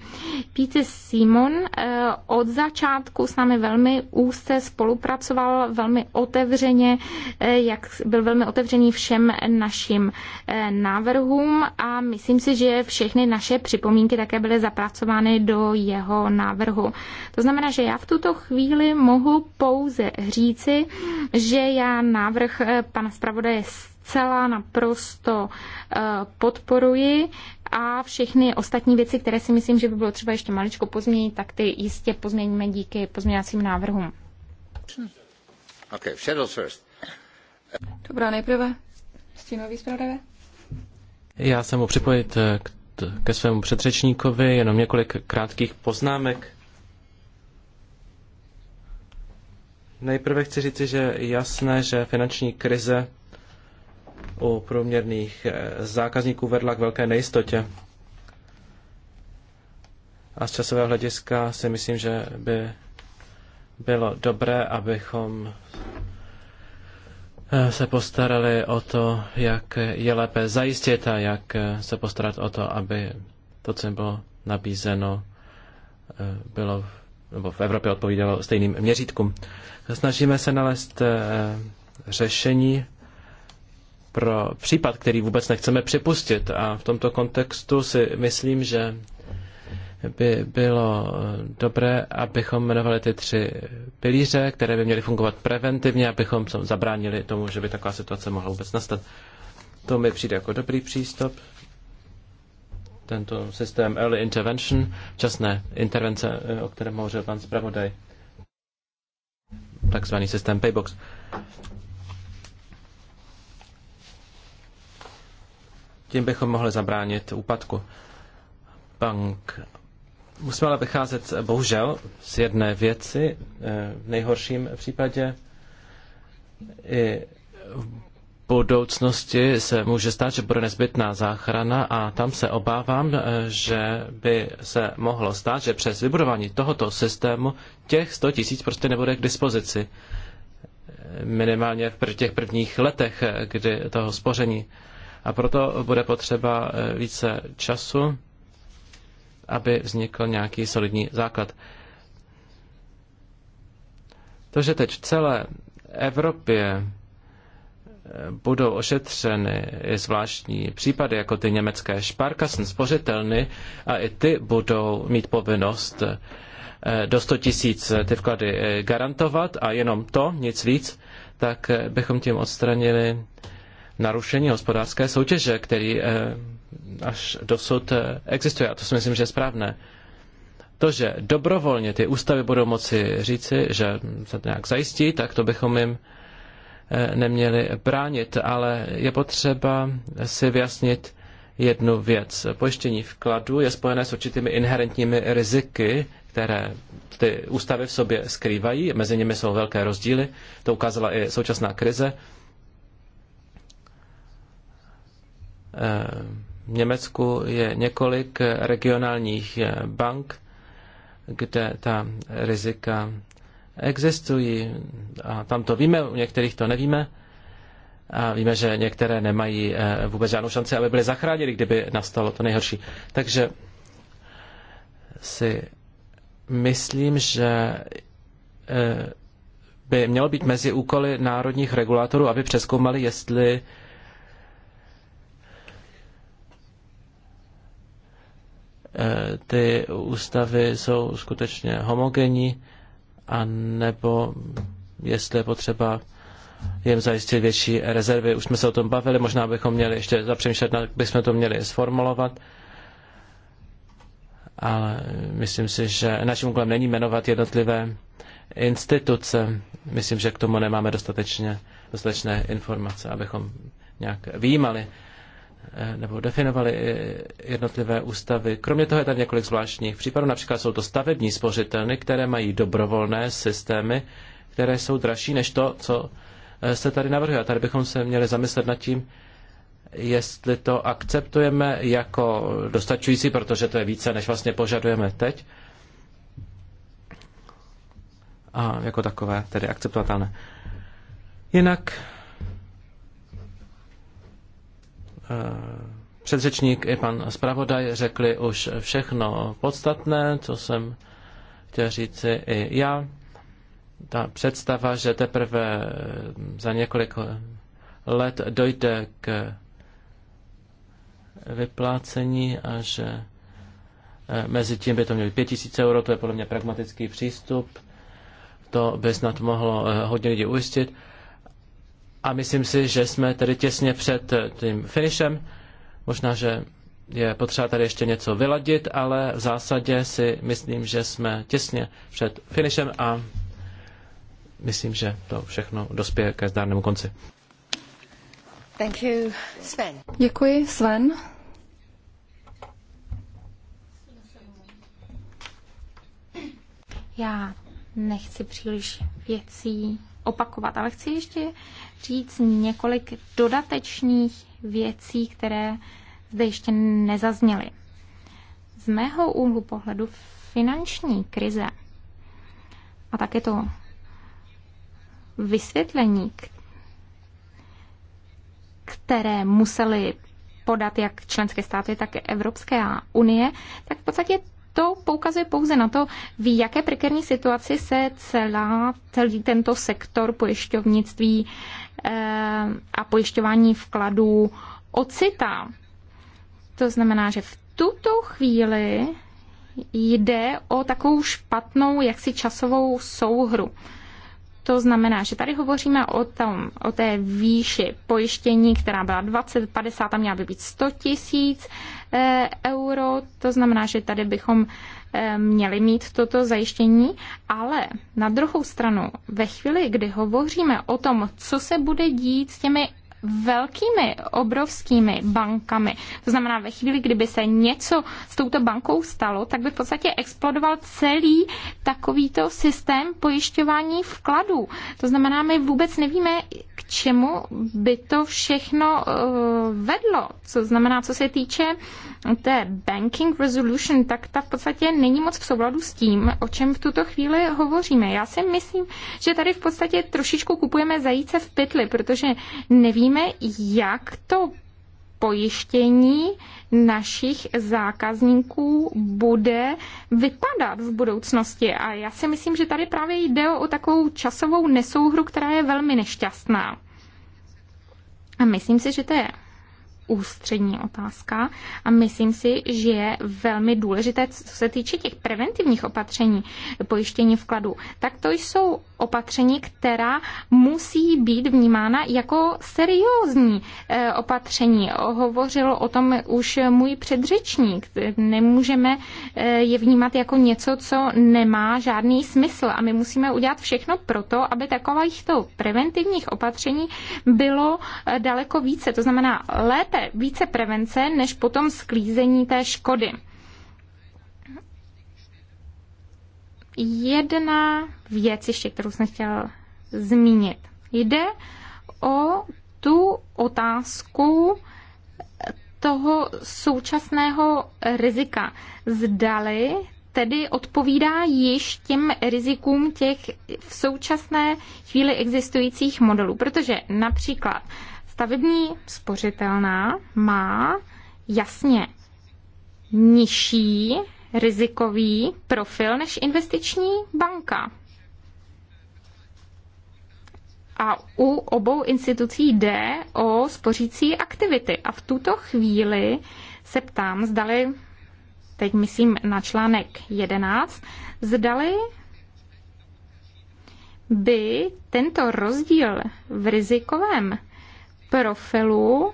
Píci Simon e, od začátku s námi velmi úzce spolupracoval, velmi otevřeně, e, jak byl velmi otevřený všem našim návrhům a myslím si, že všechny naše připomínky také byly zapracovány do jeho návrhu. To znamená, že já v tuto chvíli mohu pouze říci, že já návrh eh, pana zpravodaje zcela naprosto eh, podporuji a všechny ostatní věci, které si myslím, že by bylo třeba ještě maličko pozměnit, tak ty jistě pozměníme díky pozměňovacím návrhům. Okay, shadows first. Dobrá, nejprve stínový zpravodajové. Já jsem mu připojit eh, k, ke svému předřečníkovi, jenom několik krátkých poznámek. Nejprve chci říci, že je jasné, že finanční krize u průměrných eh, zákazníků vedla k velké nejistotě. A z časového hlediska si myslím, že by bylo dobré, abychom eh, se postarali o to, jak je lépe zajistit a jak eh, se postarat o to, aby to, co jim bylo nabízeno, bylo nebo v Evropě odpovídalo stejným měřítkům. Snažíme se nalézt eh, řešení pro případ, který vůbec nechceme připustit. A v tomto kontextu si myslím, že by bylo eh, dobré, abychom jmenovali ty tři pilíře, které by měly fungovat preventivně, abychom zabránili tomu, že by taková situace mohla vůbec nastat. To mi přijde jako dobrý přístup tento systém early intervention, časné intervence, eh, o kterém hovořil pan zpravodaj, takzvaný systém Paybox. Tím bychom mohli zabránit úpadku bank. Musíme ale vycházet bohužel z jedné věci, eh, v nejhorším případě i budoucnosti se může stát, že bude nezbytná záchrana a tam se obávám, eh, že by se mohlo stát, že přes vybudování tohoto systému těch 100 tisíc prostě nebude k dispozici. Minimálně v těch prvních letech, eh, kdy toho spoření. A proto bude potřeba eh, více času, aby vznikl nějaký solidní základ. To, že teď v celé Evropě budou ošetřeny i zvláštní případy, jako ty německé jsou spořitelny, a i ty budou mít povinnost eh, do 100 tisíc ty vklady eh, garantovat a jenom to, nic víc, tak eh, bychom tím odstranili narušení hospodářské soutěže, který až dosud existuje. A to si myslím, že je správné. To, že dobrovolně ty ústavy budou moci říci, že se to nějak zajistí, tak to bychom jim neměli bránit, ale je potřeba si vyjasnit jednu věc. Pojištění vkladu je spojené s určitými inherentními riziky, které ty ústavy v sobě skrývají. Mezi nimi jsou velké rozdíly. To ukázala i současná krize. V Německu je několik regionálních bank, kde ta rizika existují, a tam to víme, u některých to nevíme, a víme, že některé nemají eh, vůbec žádnou šanci, aby byly zachráněny, kdyby nastalo to nejhorší. Takže si myslím, že eh, by mělo být mezi úkoly národních regulátorů, aby přeskoumali, jestli eh, ty ústavy jsou skutečně homogenní a nebo jestli je potřeba jim zajistit větší rezervy. Už jsme se o tom bavili, možná bychom měli ještě zapřemýšlet, jak bychom to měli sformulovat. Ale myslím si, že naším úkolem není jmenovat jednotlivé instituce. Myslím, že k tomu nemáme dostatečně, dostatečné informace, abychom nějak výjímali Eh, nebo definovali eh, jednotlivé ústavy. Kromě toho je tam několik zvláštních případů, například jsou to stavební spořitelny, které mají dobrovolné systémy, které jsou dražší než to, co eh, se tady navrhuje. A tady bychom se měli zamyslet nad tím, jestli to akceptujeme jako dostačující, protože to je více, než vlastně požadujeme teď. A jako takové, tedy akceptovatelné. Jinak Eh, předřečník i pan zpravodaj řekli už všechno podstatné, co jsem chtěl říci i já. Ta představa, že teprve eh, za několik let dojde k vyplácení a že eh, mezi tím by to mělo 5000 euro, to je podle mě pragmatický přístup, to by snad mohlo hodně lidí ujistit. A myslím si, že jsme tedy těsně před eh, tím finishem. Možná, že je potřeba tady ještě něco vyladit, ale v zásadě si myslím, že jsme těsně před finišem a myslím, že to všechno dospěje ke zdárnému konci. Thank you, Sven. Děkuji, Sven. Já nechci příliš věcí opakovat, ale chci ještě říct několik dodatečných věcí, které zde ještě nezazněly. Z mého úhlu pohledu finanční krize a také to vysvětlení, které museli podat jak členské státy, tak Evropská unie, tak v podstatě to poukazuje pouze na to, v jaké prekérní situaci se celá, celý tento sektor pojišťovnictví Eh, a pojišťování vkladů ocitá. To znamená, že v tuto chvíli jde o takovou špatnou jaksi časovou souhru. To znamená, že tady hovoříme o, tom, o té výši pojištění, která byla 20, 50, tam měla by být 100 tisíc eh, euro. To znamená, že tady bychom Eh, měli mít toto zajištění, ale na druhou stranu, ve chvíli, kdy hovoříme o tom, co se bude dít s těmi velkými, obrovskými bankami. To znamená, ve chvíli, kdyby se něco s touto bankou stalo, tak by v podstatě explodoval celý takovýto systém pojišťování vkladů. To znamená, my vůbec nevíme, k čemu by to všechno eh, vedlo. Co znamená, co se týče té Banking Resolution, tak ta v podstatě není moc v souladu s tím, o čem v tuto chvíli hovoříme. Já si myslím, že tady v podstatě trošičku kupujeme zajíce v pytli, protože nevíme, jak to pojištění našich zákazníků bude vypadat v budoucnosti. A já si myslím, že tady právě jde o takovou časovou nesouhru, která je velmi nešťastná. A myslím si, že to je ústřední otázka a myslím si, že je velmi důležité, co se týče těch preventivních opatření pojištění vkladů, tak to jsou opatření, která musí být vnímána jako seriózní eh, opatření. Hovořil o tom už můj předřečník. Nemůžeme eh, je vnímat jako něco, co nemá žádný smysl a my musíme udělat všechno proto, aby takovýchto preventivních opatření bylo eh, daleko více. To znamená lépe více prevence, než potom sklízení té škody. jedna věc ještě, kterou jsem chtěla zmínit. Jde o tu otázku toho současného rizika. Zdali tedy odpovídá již těm rizikům těch v současné chvíli existujících modelů. Protože například stavební spořitelná má jasně nižší rizikový profil než investiční banka. A u obou institucí jde o spořící aktivity. A v tuto chvíli se ptám, zdali, teď myslím na článek 11, zdali by tento rozdíl v rizikovém profilu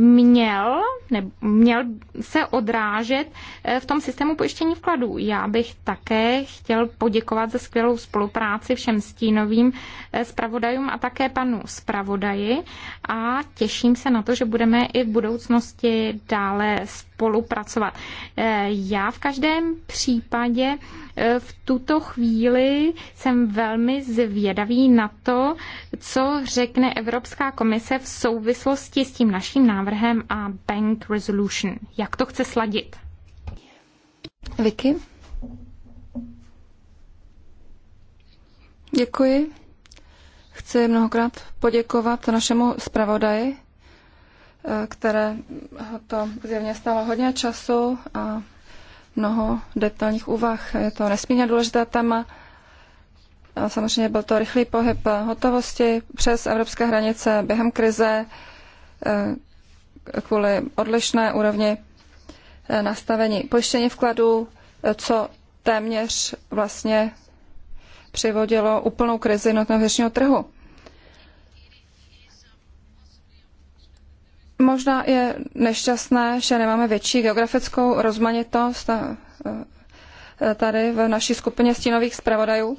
měl, ne, měl se odrážet eh, v tom systému pojištění vkladů. Já bych také chtěl poděkovat za skvělou spolupráci všem stínovým eh, zpravodajům a také panu zpravodaji a těším se na to, že budeme i v budoucnosti dále spolupracovat spolupracovat. Eh, já v každém případě eh, v tuto chvíli jsem velmi zvědavý na to, co řekne Evropská komise v souvislosti s tím naším návrhem a Bank Resolution. Jak to chce sladit? Vicky? Děkuji. Chci mnohokrát poděkovat našemu zpravodaji které to zjevně stálo hodně času a mnoho detailních úvah. Je to nesmírně důležité téma. A samozřejmě byl to rychlý pohyb hotovosti přes evropské hranice během krize eh, kvůli odlišné úrovni eh, nastavení pojištění vkladů, co téměř vlastně přivodilo úplnou krizi jednotného vnitřního trhu. Možná je nešťastné, že nemáme větší geografickou rozmanitost eh, eh, tady v naší skupině stínových zpravodajů,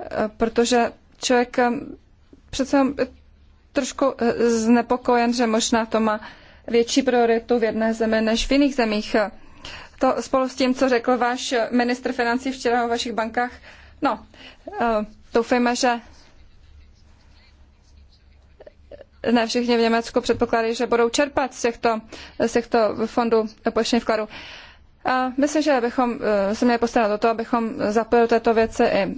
eh, protože člověk přece trošku znepokojen, že možná to má větší prioritu v jedné zemi než v jiných zemích. To spolu s tím, co řekl váš ministr financí včera o vašich bankách, no, doufejme, že ne všichni v Německu předpokládají, že budou čerpat z těchto, z těchto fondů pojištění vkladů. A myslím, že bychom eh, se měli postarat o to, abychom zapojili této věci i, eh,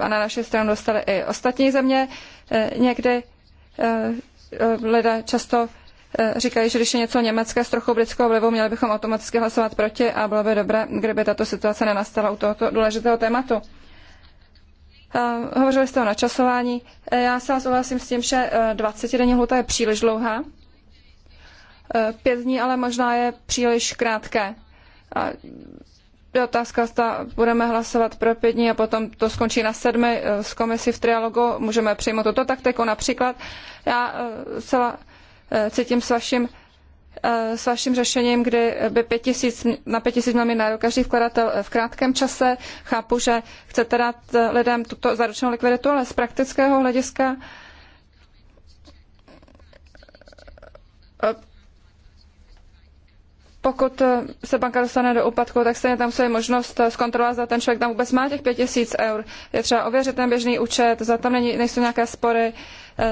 a na naši stranu dostali i ostatní země. Eh, někdy lidé často říkají, že když je něco německé s trochu britskou vlivu, měli bychom automaticky hlasovat proti a bylo by dobré, kdyby tato situace nenastala u tohoto důležitého tématu. Hovořili jste o načasování. E, já se vás souhlasím s tím, že 20 e, denní lhuta je příliš dlouhá. E, pět dní ale možná je příliš krátké. A je otázka, zda budeme hlasovat pro pět dní a potom to skončí na sedmi s komisí v trialogu. Můžeme přijmout toto taktiku například. Já celá cítím s vaším Eh, s vaším řešením, kdy by 000 na tisíc měl mít nárok každý vkladatel eh, v krátkém čase. Chápu, že chcete dát eh, lidem tuto zaručenou likviditu, ale z praktického hlediska pokud se banka dostane do úpadku, tak stejně tam je možnost zkontrolovat, zda ten člověk tam vůbec má těch 5000 eur. Je třeba ověřit ten běžný účet, zda tam není, nejsou nějaké spory,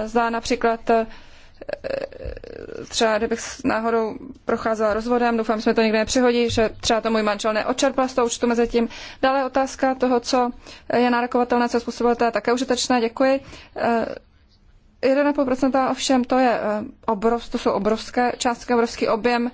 zda například třeba kdybych náhodou procházela rozvodem, doufám, že jsme to nikdy nepřihodí, že třeba to můj manžel neočerpal z toho účtu mezi tím. Dále otázka toho, co je nárokovatelné, co je také užitečné, děkuji. 1,5% eh, ovšem to, je eh, obrov, to jsou obrovské částky, obrovský objem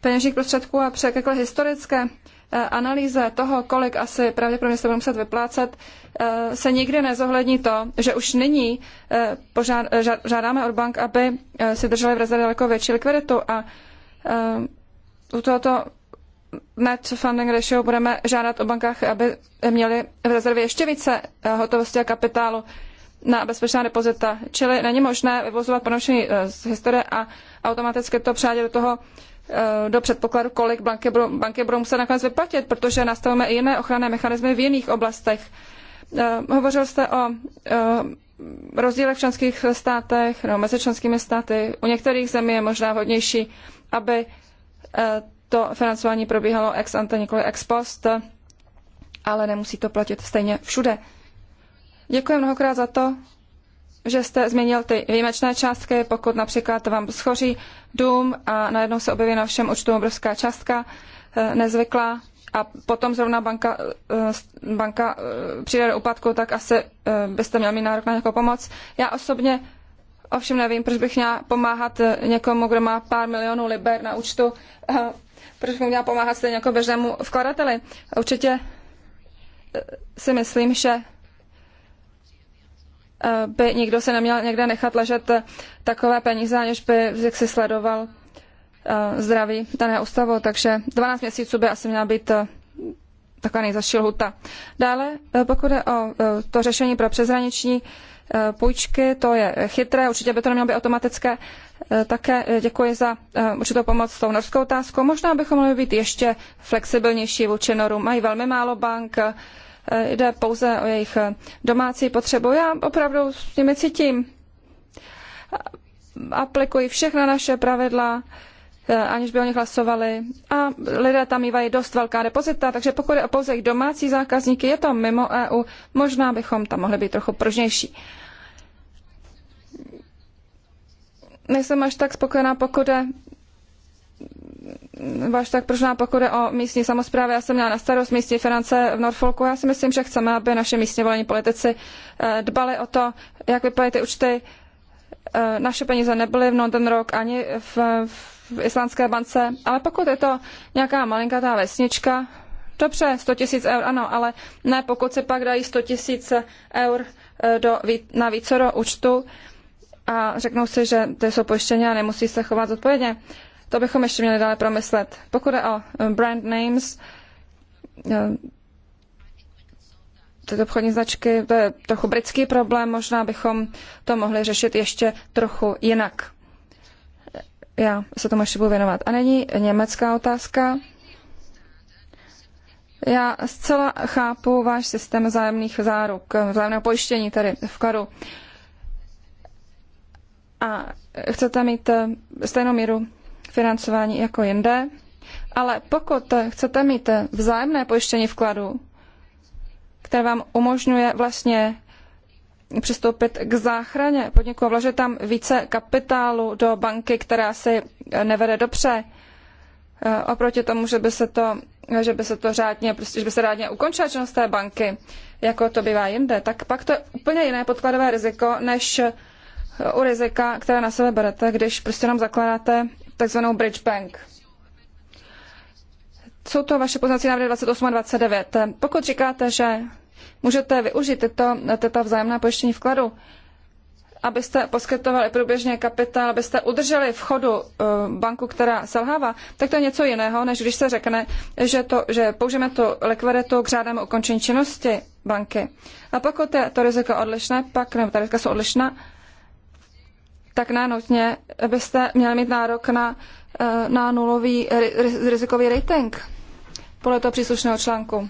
peněžních prostředků a při jakékoliv historické Eh, analýze toho, kolik asi pravděpodobně se bude muset vyplácet, eh, se nikdy nezohlední to, že už nyní eh, žádáme od bank, aby si drželi v rezervě daleko větší likviditu a u tohoto net funding ratio budeme žádat o bankách, aby měli v rezervě ještě více hotovosti a kapitálu na bezpečná depozita. Čili není možné vyvozovat ponošení z historie a automaticky to přádět do toho do předpokladu, kolik banky budou, banky budou muset nakonec vyplatit, protože nastavujeme i jiné ochranné mechanismy v jiných oblastech. Eh, hovořil jste o eh, rozdílech v členských státech, no, mezi členskými státy. U některých zemí je možná vhodnější, aby eh, to financování probíhalo ex ante, nikoli ex post, ale nemusí to platit stejně všude. Děkuji mnohokrát za to, že jste změnil ty výjimečné částky, pokud například vám schoří dům a najednou se objeví na všem účtu obrovská částka, eh, nezvyklá, a potom zrovna banka, eh, banka eh, přijde do úpadku, tak asi byste měl mít nárok na nějakou pomoc. Já osobně ovšem nevím, proč bych měla pomáhat někomu, kdo má pár milionů liber na účtu, proč bych měla pomáhat stejně jako běžnému vkladateli. Určitě si myslím, že Eh, by nikdo se neměl někde nechat ležet takové peníze, aniž by jak si sledoval eh, zdraví dané ústavu. Takže 12 měsíců by asi měla být eh, taková nejzaší lhuta. Dále, pokud je o to řešení pro přezraniční půjčky, to je chytré, určitě by to nemělo být automatické. Také děkuji za určitou pomoc s tou norskou otázkou. Možná bychom mohli být ještě flexibilnější vůči Norům. Mají velmi málo bank, Eh, jde pouze o jejich eh, domácí potřebu. Já opravdu s nimi cítím. Aplikují všechna naše pravidla, eh, aniž by o nich hlasovali. A lidé tam mývají dost velká depozita, takže pokud je o pouze jejich domácí zákazníky, je to mimo EU. Možná bychom tam mohli být trochu pružnější. Nejsem až tak spokojená, pokud je váš tak proč nám pokud o místní samozprávy. Já jsem měla na starost místní finance v Norfolku. Já si myslím, že chceme, aby naše místně volení politici eh, dbali o to, jak vypadají ty účty. Eh, naše peníze nebyly v Northern Rock ani v, v islandské bance, ale pokud je to nějaká malinkatá vesnička, dobře, 100 tisíc eur, ano, ale ne pokud se pak dají 100 tisíc eur eh, do, na vícero účtu a řeknou si, že to jsou pojištění a nemusí se chovat zodpovědně. To bychom ještě měli dále promyslet. Pokud je o eh, brand names, eh, tyto obchodní značky, to je trochu britský problém, možná bychom to mohli řešit ještě trochu jinak. Já se tomu ještě budu věnovat. A není německá otázka. Já zcela chápu váš systém vzájemných záruk, eh, vzájemného pojištění tady v Karu. A chcete mít stejnou míru financování jako jinde, ale pokud chcete mít vzájemné pojištění vkladu, které vám umožňuje vlastně přistoupit k záchraně podniku a vložit tam více kapitálu do banky, která si nevede dobře, eh, oproti tomu, že by se to, že by se to řádně, prostě, že by se rádně ukončila činnost té banky, jako to bývá jinde, tak pak to je úplně jiné podkladové riziko, než u rizika, které na sebe berete, když prostě nám zakládáte takzvanou Bridge Bank. Jsou to vaše poznací návrhy 28 a 29. Pokud říkáte, že můžete využít tyto, tyto vzájemná pojištění vkladu, abyste poskytovali průběžně kapitál, abyste udrželi v chodu eh, banku, která selhává, tak to je něco jiného, než když se řekne, že, to, že použijeme tu likviditu k řádnému ukončení činnosti banky. A pokud je to riziko odlišné, pak, nebo ta rizika jsou odlišná, tak ne nutně byste měli mít nárok na, eh, na nulový rizikový rating podle toho příslušného článku,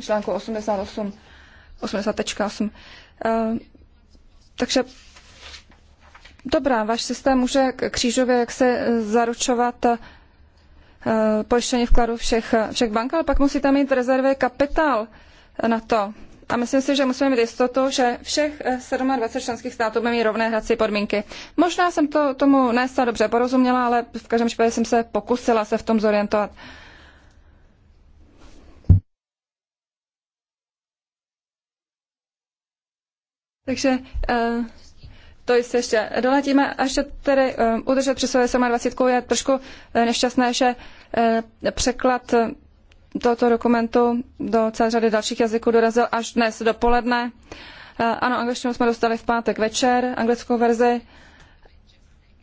článku 88, 80.8. Eh, takže dobrá, váš systém může křížově jak se eh, zaručovat pojištění vkladu všech, všech bank, ale pak musíte mít rezervy kapitál na to a myslím si, že musíme mít jistotu, že všech 27 eh, členských států bude mít rovné hrací podmínky. Možná jsem to tomu nesta dobře porozuměla, ale v každém případě jsem se pokusila se v tom zorientovat. Takže eh, to jistě ještě doletíme. A ještě tedy eh, udržet při své 27 je trošku nešťastné, že překlad tohoto dokumentu do celé řady dalších jazyků dorazil až dnes dopoledne. Eh, ano, angličtinu jsme dostali v pátek večer, anglickou verzi.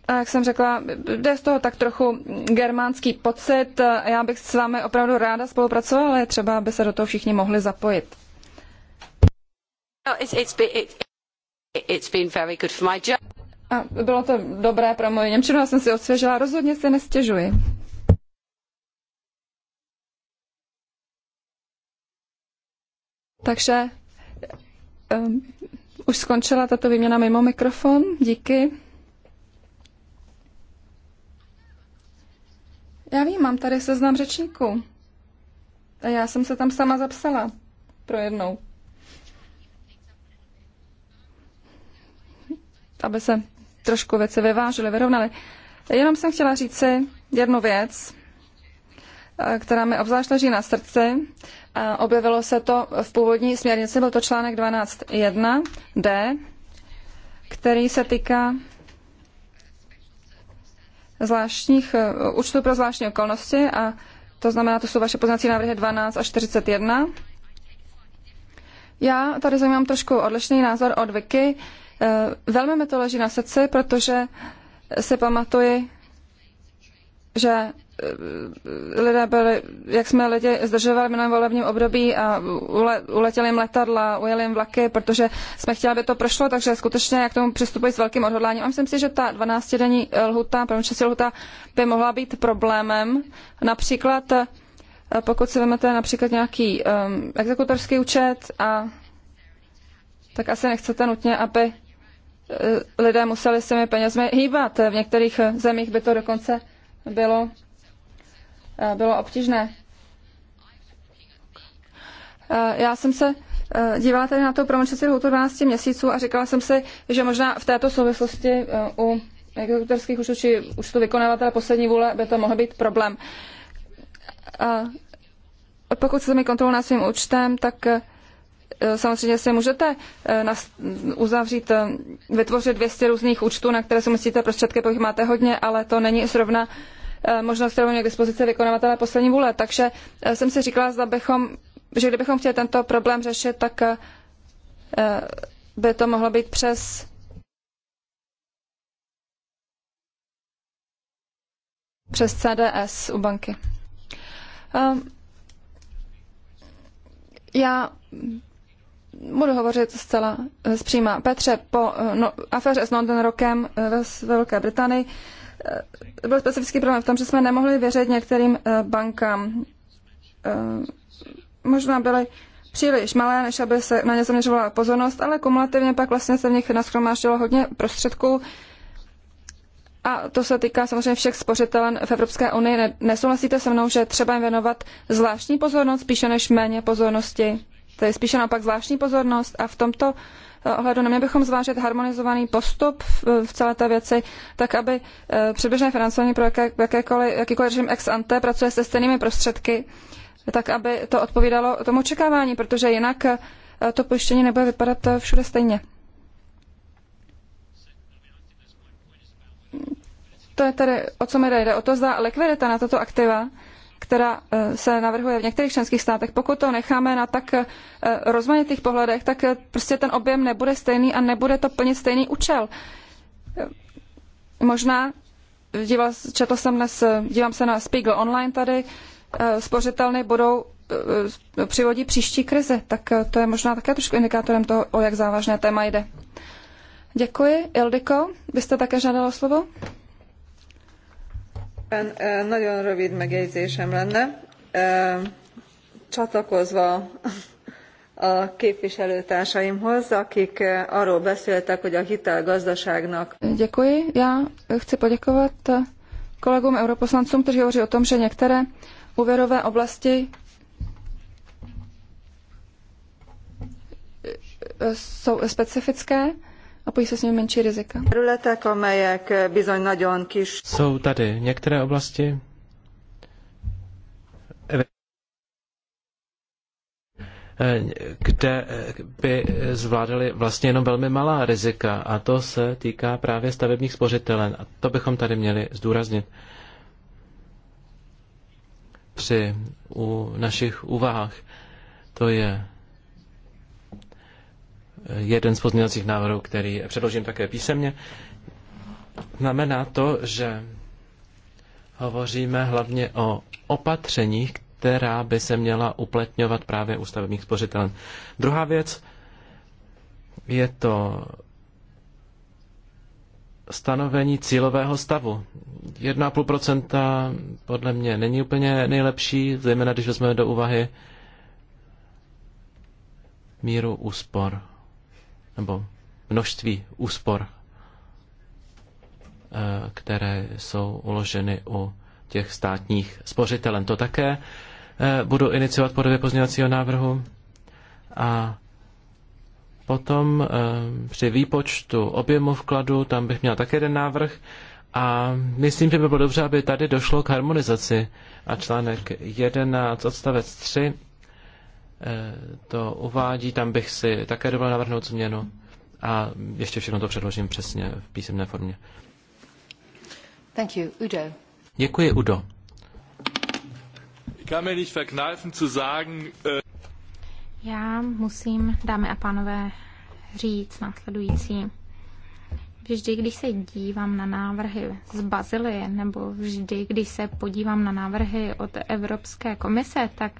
A jak jsem řekla, jde z toho tak trochu germánský pocit. Eh, já bych s vámi opravdu ráda spolupracovala, ale třeba, by se do toho všichni mohli zapojit. A bylo to dobré pro moji Němčinu, já jsem si odsvěžila, rozhodně se nestěžuji. Takže um, už skončila tato výměna mimo mikrofon. Díky. Já vím, mám tady seznam řečníků. A já jsem se tam sama zapsala. Pro jednou. Aby se trošku věci vyvážily, vyrovnaly. Jenom jsem chtěla říci jednu věc, eh, která mi obzvlášť leží na srdci. Objevilo se to v původní směrnici, byl to článek 12.1d, který se týká zvláštních, eh, účtů pro zvláštní okolnosti a to znamená, to jsou vaše poznací návrhy 12 a 41. Já tady zajímám trošku odlišný názor od Vicky. Eh, velmi mi to leží na srdci, protože si pamatuji, že Eh, lidé byli, jak jsme lidi zdržovali v minulém volebním období a ule, uletěli jim letadla, ujeli jim vlaky, protože jsme chtěli, aby to prošlo, takže skutečně jak tomu přistupují s velkým odhodláním. A myslím si, že ta 12-denní eh, lhuta, promčasí lhuta, by mohla být problémem. Například, eh, pokud si vezmete například nějaký um, exekutorský účet a tak asi nechcete nutně, aby lidé museli s těmi penězmi hýbat. V některých zemích by to dokonce bylo Eh, bylo obtížné. Eh, já jsem se eh, dívala tady na to promlčecí lhůtu 12 měsíců a říkala jsem si, že možná v této souvislosti u exekutorských účtů či účtu vykonavatele poslední vůle by to mohl být problém. A pokud se mi kontrolu nad svým účtem, tak samozřejmě si můžete uzavřít, vytvořit 200 různých účtů, na které si musíte prostředky, pokud máte hodně, ale to není zrovna Eh, možnost, kterou měli k dispozici vykonavatelé poslední vůle. Takže eh, jsem si říkala, zda bychom, že kdybychom chtěli tento problém řešit, tak eh, by to mohlo být přes přes CDS u banky. Ehm, já budu hovořit zcela zpříma. Petře, po no, aféře s London Rokem ve Velké Británii Eh, byl specifický problém v tom, že jsme nemohli věřit některým eh, bankám. Eh, možná byly příliš malé, než aby se na ně zaměřovala pozornost, ale kumulativně pak vlastně se v nich naschromáždilo hodně prostředků. A to se týká samozřejmě všech spořitelen v Evropské unii. Nesouhlasíte se mnou, že třeba jim věnovat zvláštní pozornost spíše než méně pozornosti? To je spíše naopak zvláštní pozornost a v tomto Eh, ohledu neměli bychom zvážit harmonizovaný postup v eh, celé té věci, tak aby eh, předběžné financování pro jaké, jakékoliv, jakýkoliv režim ex ante pracuje se stejnými prostředky, tak aby to odpovídalo tomu očekávání, protože jinak to pojištění nebude vypadat všude stejně. To je tedy, o co mi jde? Jde o to, zda likvidita na toto aktiva která eh, se navrhuje v některých členských státech, pokud to necháme na tak eh, rozmanitých pohledech, tak eh, prostě ten objem nebude stejný a nebude to plně stejný účel. Možná, díval, četl jsem dnes, dívám se na Spiegel online tady, spořitelny budou přivodí příští krize. tak to je možná také trošku indikátorem toho, o jak závažné téma jde. Děkuji. Ildiko, byste také žádala slovo? Nagyon rövid megjegyzésem lenne. Csatlakozva a képviselőtársaimhoz, akik arról beszéltek, hogy a hitelgazdaságnak... Děkuji. Já chci poděkovat kolegům europoslancům, kteří hovoří o tom, že některé úvěrové oblasti e, jsou specifické a pojí se s nimi menší rizika. Jsou tady některé oblasti, kde by zvládali vlastně jenom velmi malá rizika a to se týká právě stavebních spořitelen a to bychom tady měli zdůraznit při u našich úvahách. To je jeden z pozměňovacích návrhů, který předložím také písemně. Znamená to, že hovoříme hlavně o opatřeních, která by se měla uplatňovat právě u stavebních spořitelen. Druhá věc je to stanovení cílového stavu. 1,5% podle mě není úplně nejlepší, zejména když vezmeme do úvahy míru úspor nebo množství úspor, eh, které jsou uloženy u těch státních spořitelen. To také eh, budu iniciovat podobě pozměňovacího návrhu a potom eh, při výpočtu objemu vkladu, tam bych měl také jeden návrh a myslím, že by bylo dobře, aby tady došlo k harmonizaci a článek 11 odstavec 3 Eh, to uvádí, tam bych si také dovolil navrhnout změnu a ještě všechno to předložím přesně v písemné formě. Thank you, Udo. Děkuji, Udo. Äh, Já musím, dámy a pánové, říct následující. Vždy, když se dívám na návrhy z Bazilie, nebo vždy, když se podívám na návrhy od Evropské komise, tak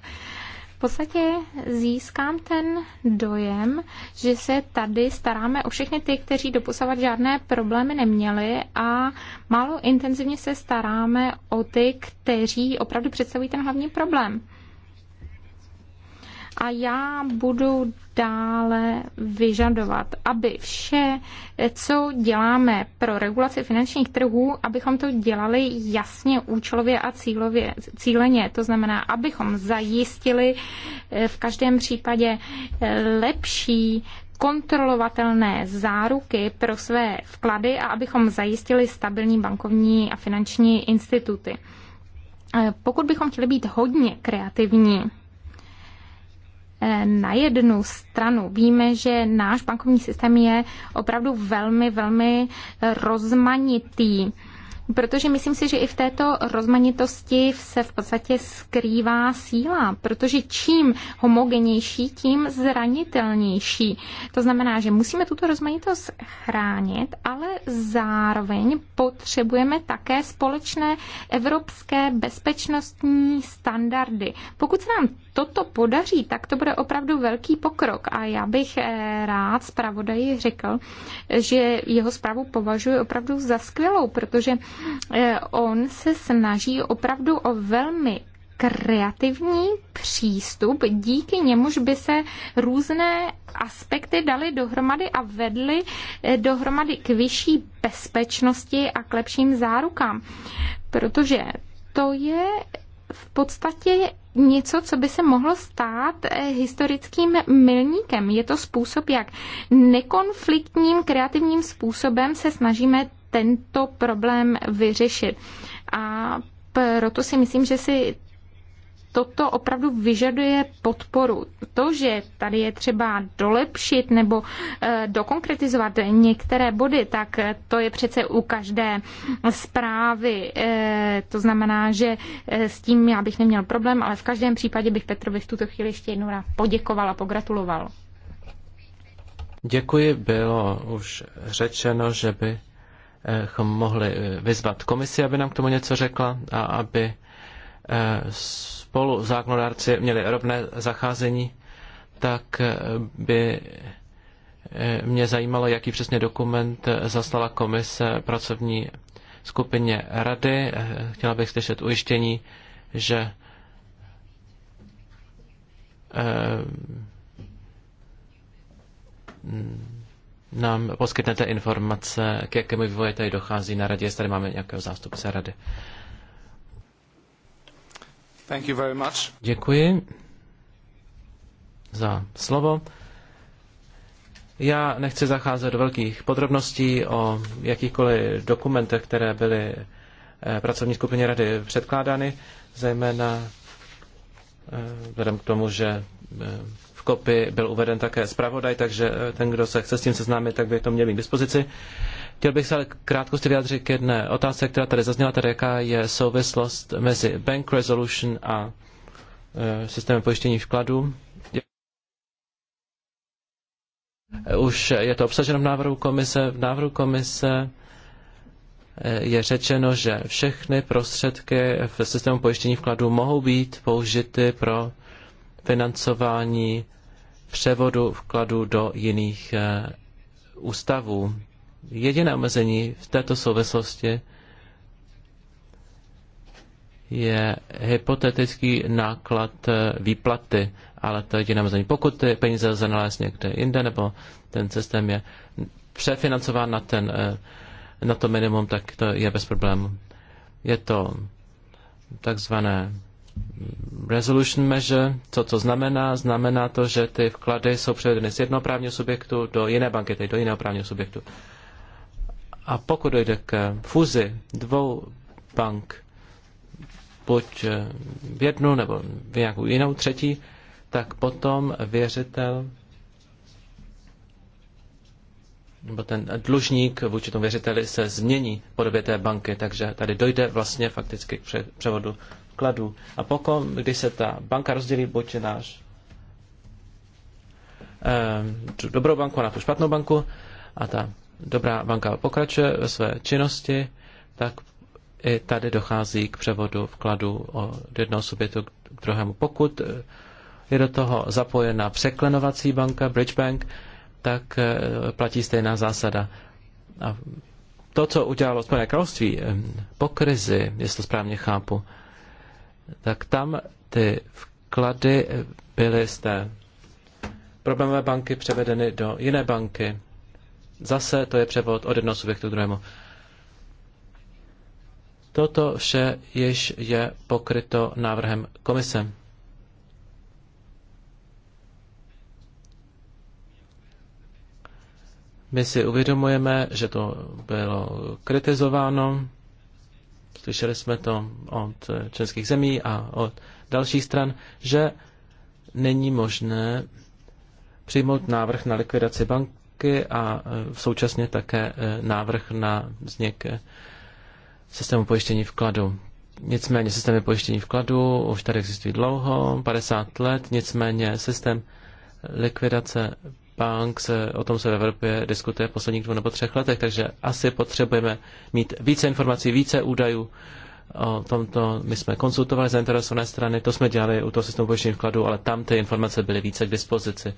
podstatě získám ten dojem, že se tady staráme o všechny ty, kteří doposavat žádné problémy neměli a málo intenzivně se staráme o ty, kteří opravdu představují ten hlavní problém a já budu dále vyžadovat, aby vše, co děláme pro regulaci finančních trhů, abychom to dělali jasně, účelově a cílově, cíleně. To znamená, abychom zajistili eh, v každém případě eh, lepší kontrolovatelné záruky pro své vklady a abychom zajistili stabilní bankovní a finanční instituty. Eh, pokud bychom chtěli být hodně kreativní, Eh, na jednu stranu víme, že náš bankovní systém je opravdu velmi, velmi eh, rozmanitý. Protože myslím si, že i v této rozmanitosti se v podstatě skrývá síla, protože čím homogenější, tím zranitelnější. To znamená, že musíme tuto rozmanitost chránit, ale zároveň potřebujeme také společné evropské bezpečnostní standardy. Pokud se nám toto podaří, tak to bude opravdu velký pokrok. A já bych eh, rád zpravodaji řekl, že jeho zprávu považuji opravdu za skvělou, protože eh, on se snaží opravdu o velmi kreativní přístup, díky němuž by se různé aspekty daly dohromady a vedly eh, dohromady k vyšší bezpečnosti a k lepším zárukám. Protože to je v podstatě něco, co by se mohlo stát eh, historickým milníkem. Je to způsob, jak nekonfliktním kreativním způsobem se snažíme tento problém vyřešit. A proto si myslím, že si toto opravdu vyžaduje podporu. To, že tady je třeba dolepšit nebo eh, dokonkretizovat některé body, tak to je přece u každé zprávy. Eh, to znamená, že eh, s tím já bych neměl problém, ale v každém případě bych Petrovi v tuto chvíli ještě jednou poděkoval a pogratuloval. Děkuji, bylo už řečeno, že by mohli vyzvat komisi, aby nám k tomu něco řekla a aby spolu zákonodárci měli rovné zacházení, tak eh, by eh, mě zajímalo, jaký přesně dokument eh, zaslala komise pracovní skupině rady. Chtěla bych slyšet ujištění, že nám poskytnete informace, k jakému vývoji tady dochází na radě, jestli tady máme nějakého zástupce rady. Děkuji za slovo. Já nechci zacházet do velkých podrobností o jakýchkoliv dokumentech, které byly eh, pracovní skupině rady předkládány, zejména eh, vzhledem k tomu, že eh, v kopii byl uveden také zpravodaj, takže ten, kdo se chce s tím seznámit, tak by to měl mít k dispozici. Chtěl bych se ale krátkosti vyjádřit k jedné otázce, která tady zazněla, tady jaká je souvislost mezi bank resolution a e, systémem pojištění vkladů. Už je to obsaženo v návrhu komise. V návrhu komise e, je řečeno, že všechny prostředky v systému pojištění vkladů mohou být použity pro financování převodu vkladů do jiných e, ústavů. Jediné omezení v této souvislosti je hypotetický náklad eh, výplaty, ale to je jediné omezení. Pokud ty peníze lze nalézt někde jinde, nebo ten systém je přefinancován na, ten, eh, na to minimum, tak to je bez problémů. Je to takzvané resolution measure. Co to znamená? Znamená to, že ty vklady jsou převedeny z jednoho právního subjektu do jiné banky, tedy do jiného právního subjektu. A pokud dojde k fuzi dvou bank, buď v jednu nebo v nějakou jinou třetí, tak potom věřitel nebo ten dlužník vůči tomu věřiteli se změní v podobě té banky, takže tady dojde vlastně fakticky k převodu vkladů. A pokud, když se ta banka rozdělí buď náš eh, dobrou banku a na tu špatnou banku, a ta dobrá banka pokračuje ve své činnosti, tak i tady dochází k převodu vkladu od jednoho subjektu k druhému. Pokud je do toho zapojena překlenovací banka, Bridge Bank, tak eh, platí stejná zásada. A to, co udělalo Spojené království eh, po krizi, jestli to správně chápu, tak tam ty vklady byly z té problémové banky převedeny do jiné banky Zase to je převod od jednoho subjektu k druhému. Toto vše již je pokryto návrhem komise. My si uvědomujeme, že to bylo kritizováno, slyšeli jsme to od českých zemí a od dalších stran, že není možné přijmout návrh na likvidaci bank prostředky a e, současně také e, návrh na vznik e, systému pojištění vkladu. Nicméně systémy pojištění vkladu už tady existují dlouho, 50 let, nicméně systém likvidace bank, se, o tom se v Evropě diskutuje v posledních dvou nebo třech letech, takže asi potřebujeme mít více informací, více údajů o tomto. My jsme konsultovali zainteresované strany, to jsme dělali u toho systému pojištění vkladu, ale tam ty informace byly více k dispozici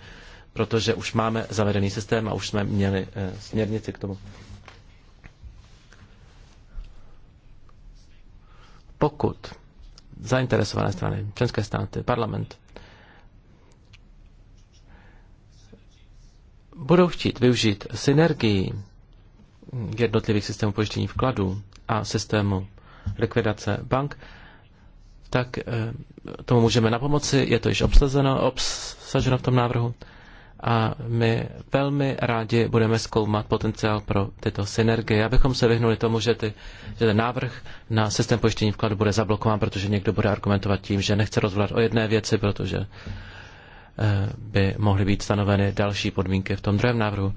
protože už máme zavedený systém a už jsme měli eh, směrnici k tomu. Pokud zainteresované strany, členské státy, parlament, budou chtít využít synergii jednotlivých systémů pojištění vkladů a systému likvidace bank, tak eh, tomu můžeme na pomoci, je to již obsazeno, obsaženo v tom návrhu a my velmi rádi budeme zkoumat potenciál pro tyto synergie, abychom se vyhnuli tomu, že, ty, že ten návrh na systém pojištění vkladu bude zablokován, protože někdo bude argumentovat tím, že nechce rozhodovat o jedné věci, protože eh, by mohly být stanoveny další podmínky v tom druhém návrhu.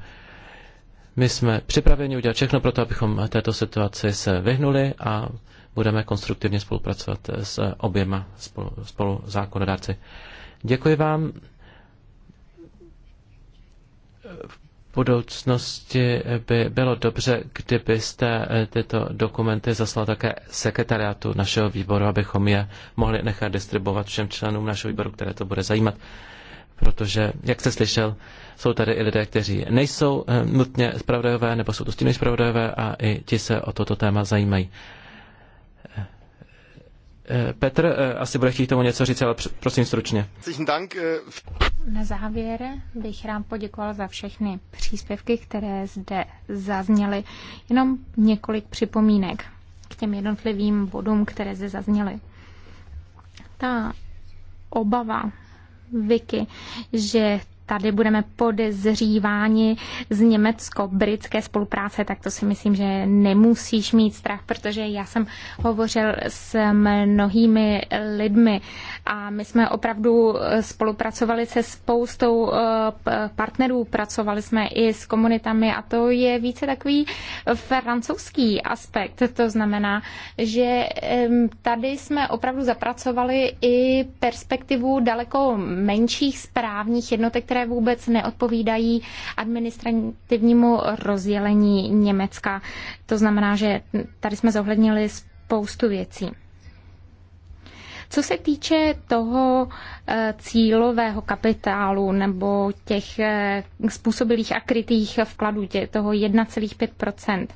My jsme připraveni udělat všechno pro to, abychom této situaci se vyhnuli a budeme konstruktivně spolupracovat s oběma spolu, spolu zákonodárci. Děkuji vám v budoucnosti by bylo dobře, kdybyste eh, tyto dokumenty zaslal také sekretariátu našeho výboru, abychom je mohli nechat distribuovat všem členům našeho výboru, které to bude zajímat. Protože, jak jste slyšel, jsou tady i lidé, kteří nejsou eh, nutně zpravodajové, nebo jsou to stíny zpravodajové a i ti se o toto téma zajímají. Eh, Petr eh, asi bude chtít tomu něco říct, ale prosím stručně. Eh, Na závěr bych rád poděkoval za všechny příspěvky, které zde zazněly. Jenom několik připomínek k těm jednotlivým bodům, které zde zazněly. Ta obava Vicky, že tady budeme podezříváni z německo-britské spolupráce, tak to si myslím, že nemusíš mít strach, protože já jsem hovořil s mnohými lidmi a my jsme opravdu eh, spolupracovali se spoustou eh, partnerů, pracovali jsme i s komunitami a to je více takový francouzský aspekt. To znamená, že tady jsme opravdu zapracovali i perspektivu daleko menších správních jednotek, které které vůbec neodpovídají administrativnímu rozdělení Německa. To znamená, že tady jsme zohlednili spoustu věcí. Co se týče toho eh, cílového kapitálu nebo těch eh, způsobilých a krytých vkladů, tě, toho 1,5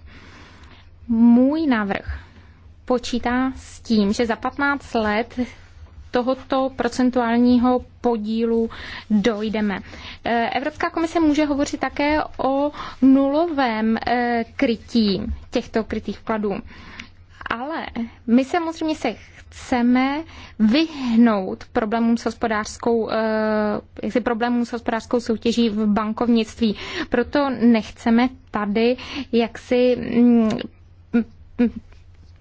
můj návrh počítá s tím, že za 15 let tohoto procentuálního podílu dojdeme. Eh, Evropská komise může hovořit také o nulovém eh, krytí těchto krytých vkladů. Ale my samozřejmě se chceme vyhnout problémům s hospodářskou, eh, problémům s hospodářskou soutěží v bankovnictví. Proto nechceme tady jaksi mm,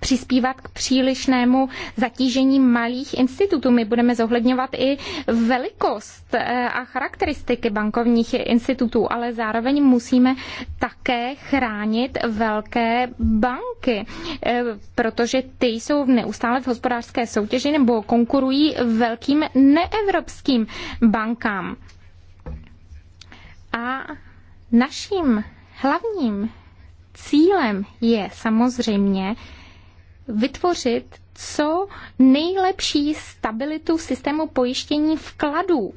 přispívat k přílišnému zatížení malých institutů. My budeme zohledňovat i velikost eh, a charakteristiky bankovních institutů, ale zároveň musíme také chránit velké banky, eh, protože ty jsou neustále v hospodářské soutěži nebo konkurují velkým neevropským bankám. A naším hlavním cílem je samozřejmě vytvořit co nejlepší stabilitu systému pojištění vkladů.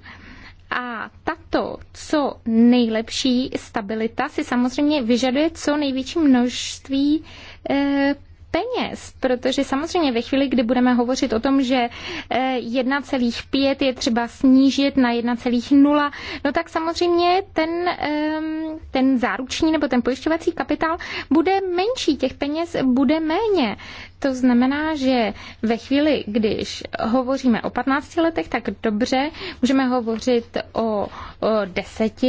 A tato co nejlepší stabilita si samozřejmě vyžaduje co největší množství eh, peněz, protože samozřejmě ve chvíli, kdy budeme hovořit o tom, že 1,5 eh, je třeba snížit na 1,0, no tak samozřejmě ten, ehm, ten záruční nebo ten pojišťovací kapitál bude menší, těch peněz bude méně. To znamená, že ve chvíli, když hovoříme o 15 letech, tak dobře, můžeme hovořit o, o 10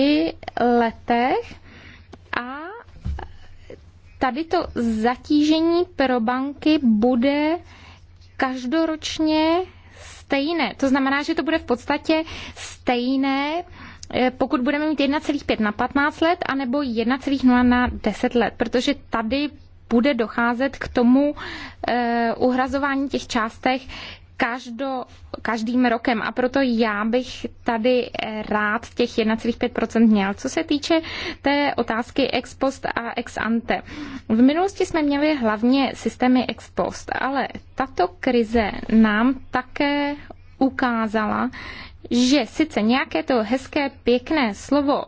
letech a tady to zatížení pro banky bude každoročně stejné. To znamená, že to bude v podstatě stejné, eh, pokud budeme mít 1,5 na 15 let, anebo 1,0 na 10 let, protože tady bude docházet k tomu eh, uhrazování těch částech. Každo, každým rokem a proto já bych tady rád těch 1,5% měl. Co se týče té otázky ex post a ex ante. V minulosti jsme měli hlavně systémy ex post, ale tato krize nám také ukázala, že sice nějaké to hezké, pěkné slovo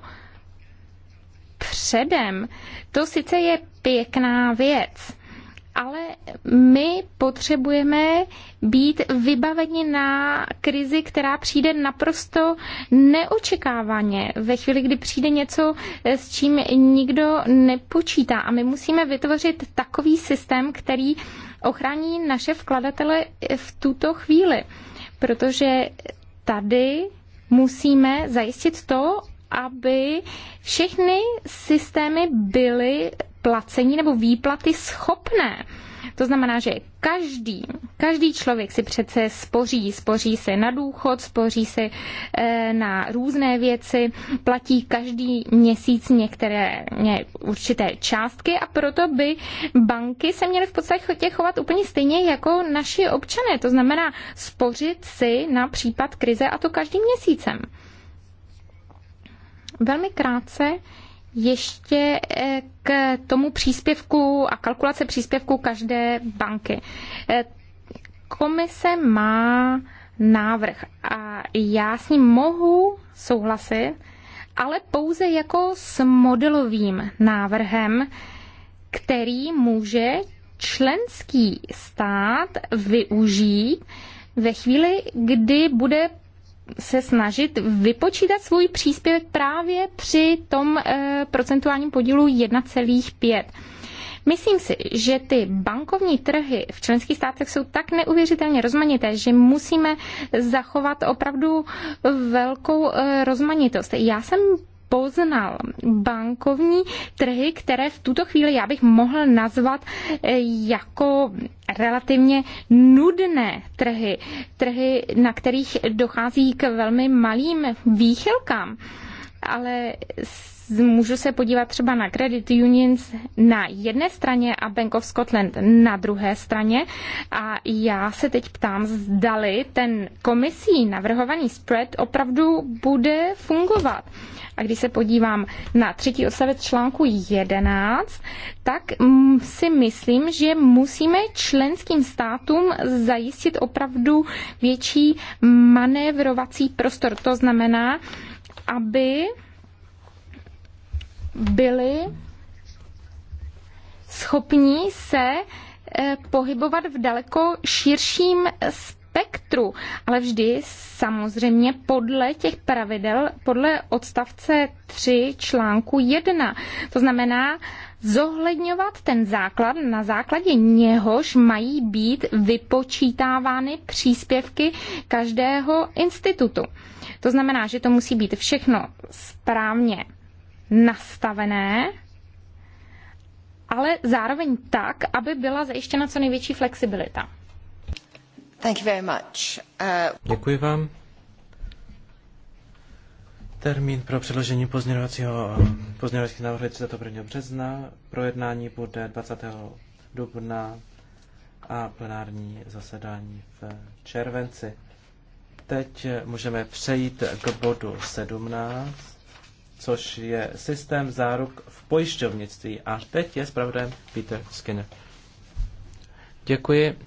předem, to sice je pěkná věc, ale my potřebujeme být vybaveni na krizi, která přijde naprosto neočekávaně. Ve chvíli, kdy přijde něco, s čím nikdo nepočítá. A my musíme vytvořit takový systém, který ochrání naše vkladatele v tuto chvíli. Protože tady musíme zajistit to, aby všechny systémy byly placení nebo výplaty schopné. To znamená, že každý, každý člověk si přece spoří, spoří se na důchod, spoří se eh, na různé věci, platí každý měsíc některé ně, určité částky a proto by banky se měly v podstatě chovat úplně stejně jako naši občané. To znamená spořit si na případ krize a to každým měsícem. Velmi krátce ještě eh, k tomu příspěvku a kalkulace příspěvku každé banky. Eh, komise má návrh a já s ním mohu souhlasit, ale pouze jako s modelovým návrhem, který může členský stát využít ve chvíli, kdy bude se snažit vypočítat svůj příspěvek právě při tom eh, procentuálním podílu 1,5. Myslím si, že ty bankovní trhy v členských státech jsou tak neuvěřitelně rozmanité, že musíme zachovat opravdu velkou eh, rozmanitost. Já jsem poznal bankovní trhy, které v tuto chvíli já bych mohl nazvat eh, jako relativně nudné trhy, trhy, na kterých dochází k velmi malým výchylkám, ale můžu se podívat třeba na Credit Unions na jedné straně a Bank of Scotland na druhé straně. A já se teď ptám, zdali ten komisí navrhovaný spread opravdu bude fungovat. A když se podívám na třetí odstavec článku 11, tak si myslím, že musíme členským státům zajistit opravdu větší manévrovací prostor. To znamená, aby byli schopní se eh, pohybovat v daleko širším spektru, ale vždy samozřejmě podle těch pravidel, podle odstavce 3 článku 1. To znamená, zohledňovat ten základ, na základě něhož mají být vypočítávány příspěvky každého institutu. To znamená, že to musí být všechno správně nastavené, ale zároveň tak, aby byla zajištěna co největší flexibilita. Thank you very much. Uh... Děkuji vám. Termín pro předložení pozměňovacího, pozměňovacích návrhů je 31. března. Projednání bude 20. dubna a plenární zasedání v červenci. Teď můžeme přejít k bodu 17 což je systém záruk v pojišťovnictví. A teď je zpravodajem Peter Skinner. Děkuji,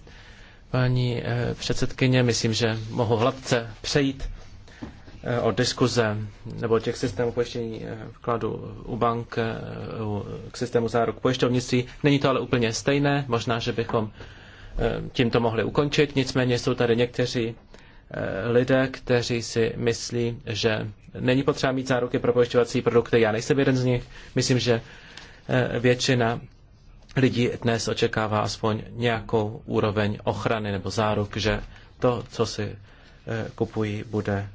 paní eh, předsedkyně. Myslím, že mohu hladce přejít eh, o diskuze nebo těch systémů pojištění eh, vkladu u bank k systému záruk pojišťovnictví. Není to ale úplně stejné, možná, že bychom tím to mohli ukončit, nicméně jsou tady někteří Eh, lidé, kteří si myslí, že není potřeba mít záruky pro pojišťovací produkty. Já nejsem jeden z nich. Myslím, že eh, většina lidí dnes očekává aspoň nějakou úroveň ochrany nebo záruk, že to, co si eh, kupují, bude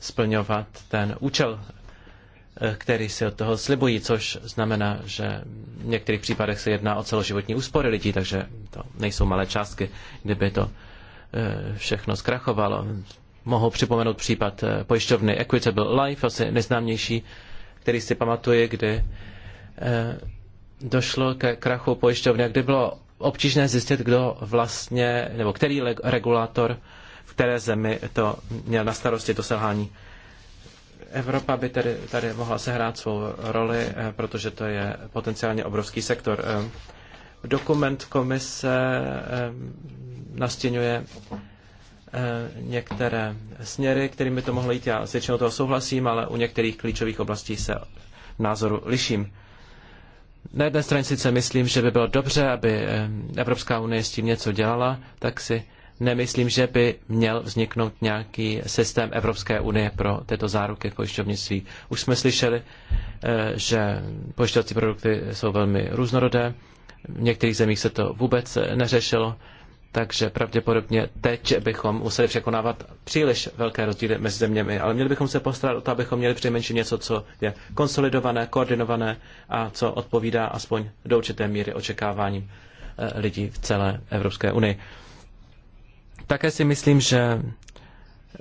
splňovat ten účel, který si od toho slibují, což znamená, že v některých případech se jedná o celoživotní úspory lidí, takže to nejsou malé částky, kdyby to Eh, všechno zkrachovalo. Mohu připomenout případ eh, pojišťovny Equitable Life, asi nejznámější, který si pamatuje, kdy eh, došlo ke krachu pojišťovny, kdy bylo obtížné zjistit, kdo vlastně, nebo který regulátor v které zemi to měl na starosti to selhání. Evropa by tedy tady mohla sehrát svou roli, protože to je potenciálně obrovský sektor. Dokument komise eh, nastěňuje eh, některé směry, kterými to mohlo jít. Já s většinou toho souhlasím, ale u některých klíčových oblastí se názoru liším. Na jedné straně sice myslím, že by bylo dobře, aby eh, Evropská unie s tím něco dělala, tak si nemyslím, že by měl vzniknout nějaký systém Evropské unie pro tyto záruky v pojišťovnictví. Už jsme slyšeli, že pojišťovací produkty jsou velmi různorodé v některých zemích se to vůbec neřešilo, takže pravděpodobně teď bychom museli překonávat příliš velké rozdíly mezi zeměmi, ale měli bychom se postarat o to, abychom měli přinejmenším něco, co je konsolidované, koordinované a co odpovídá aspoň do určité míry očekáváním eh, lidí v celé Evropské unii. Také si myslím, že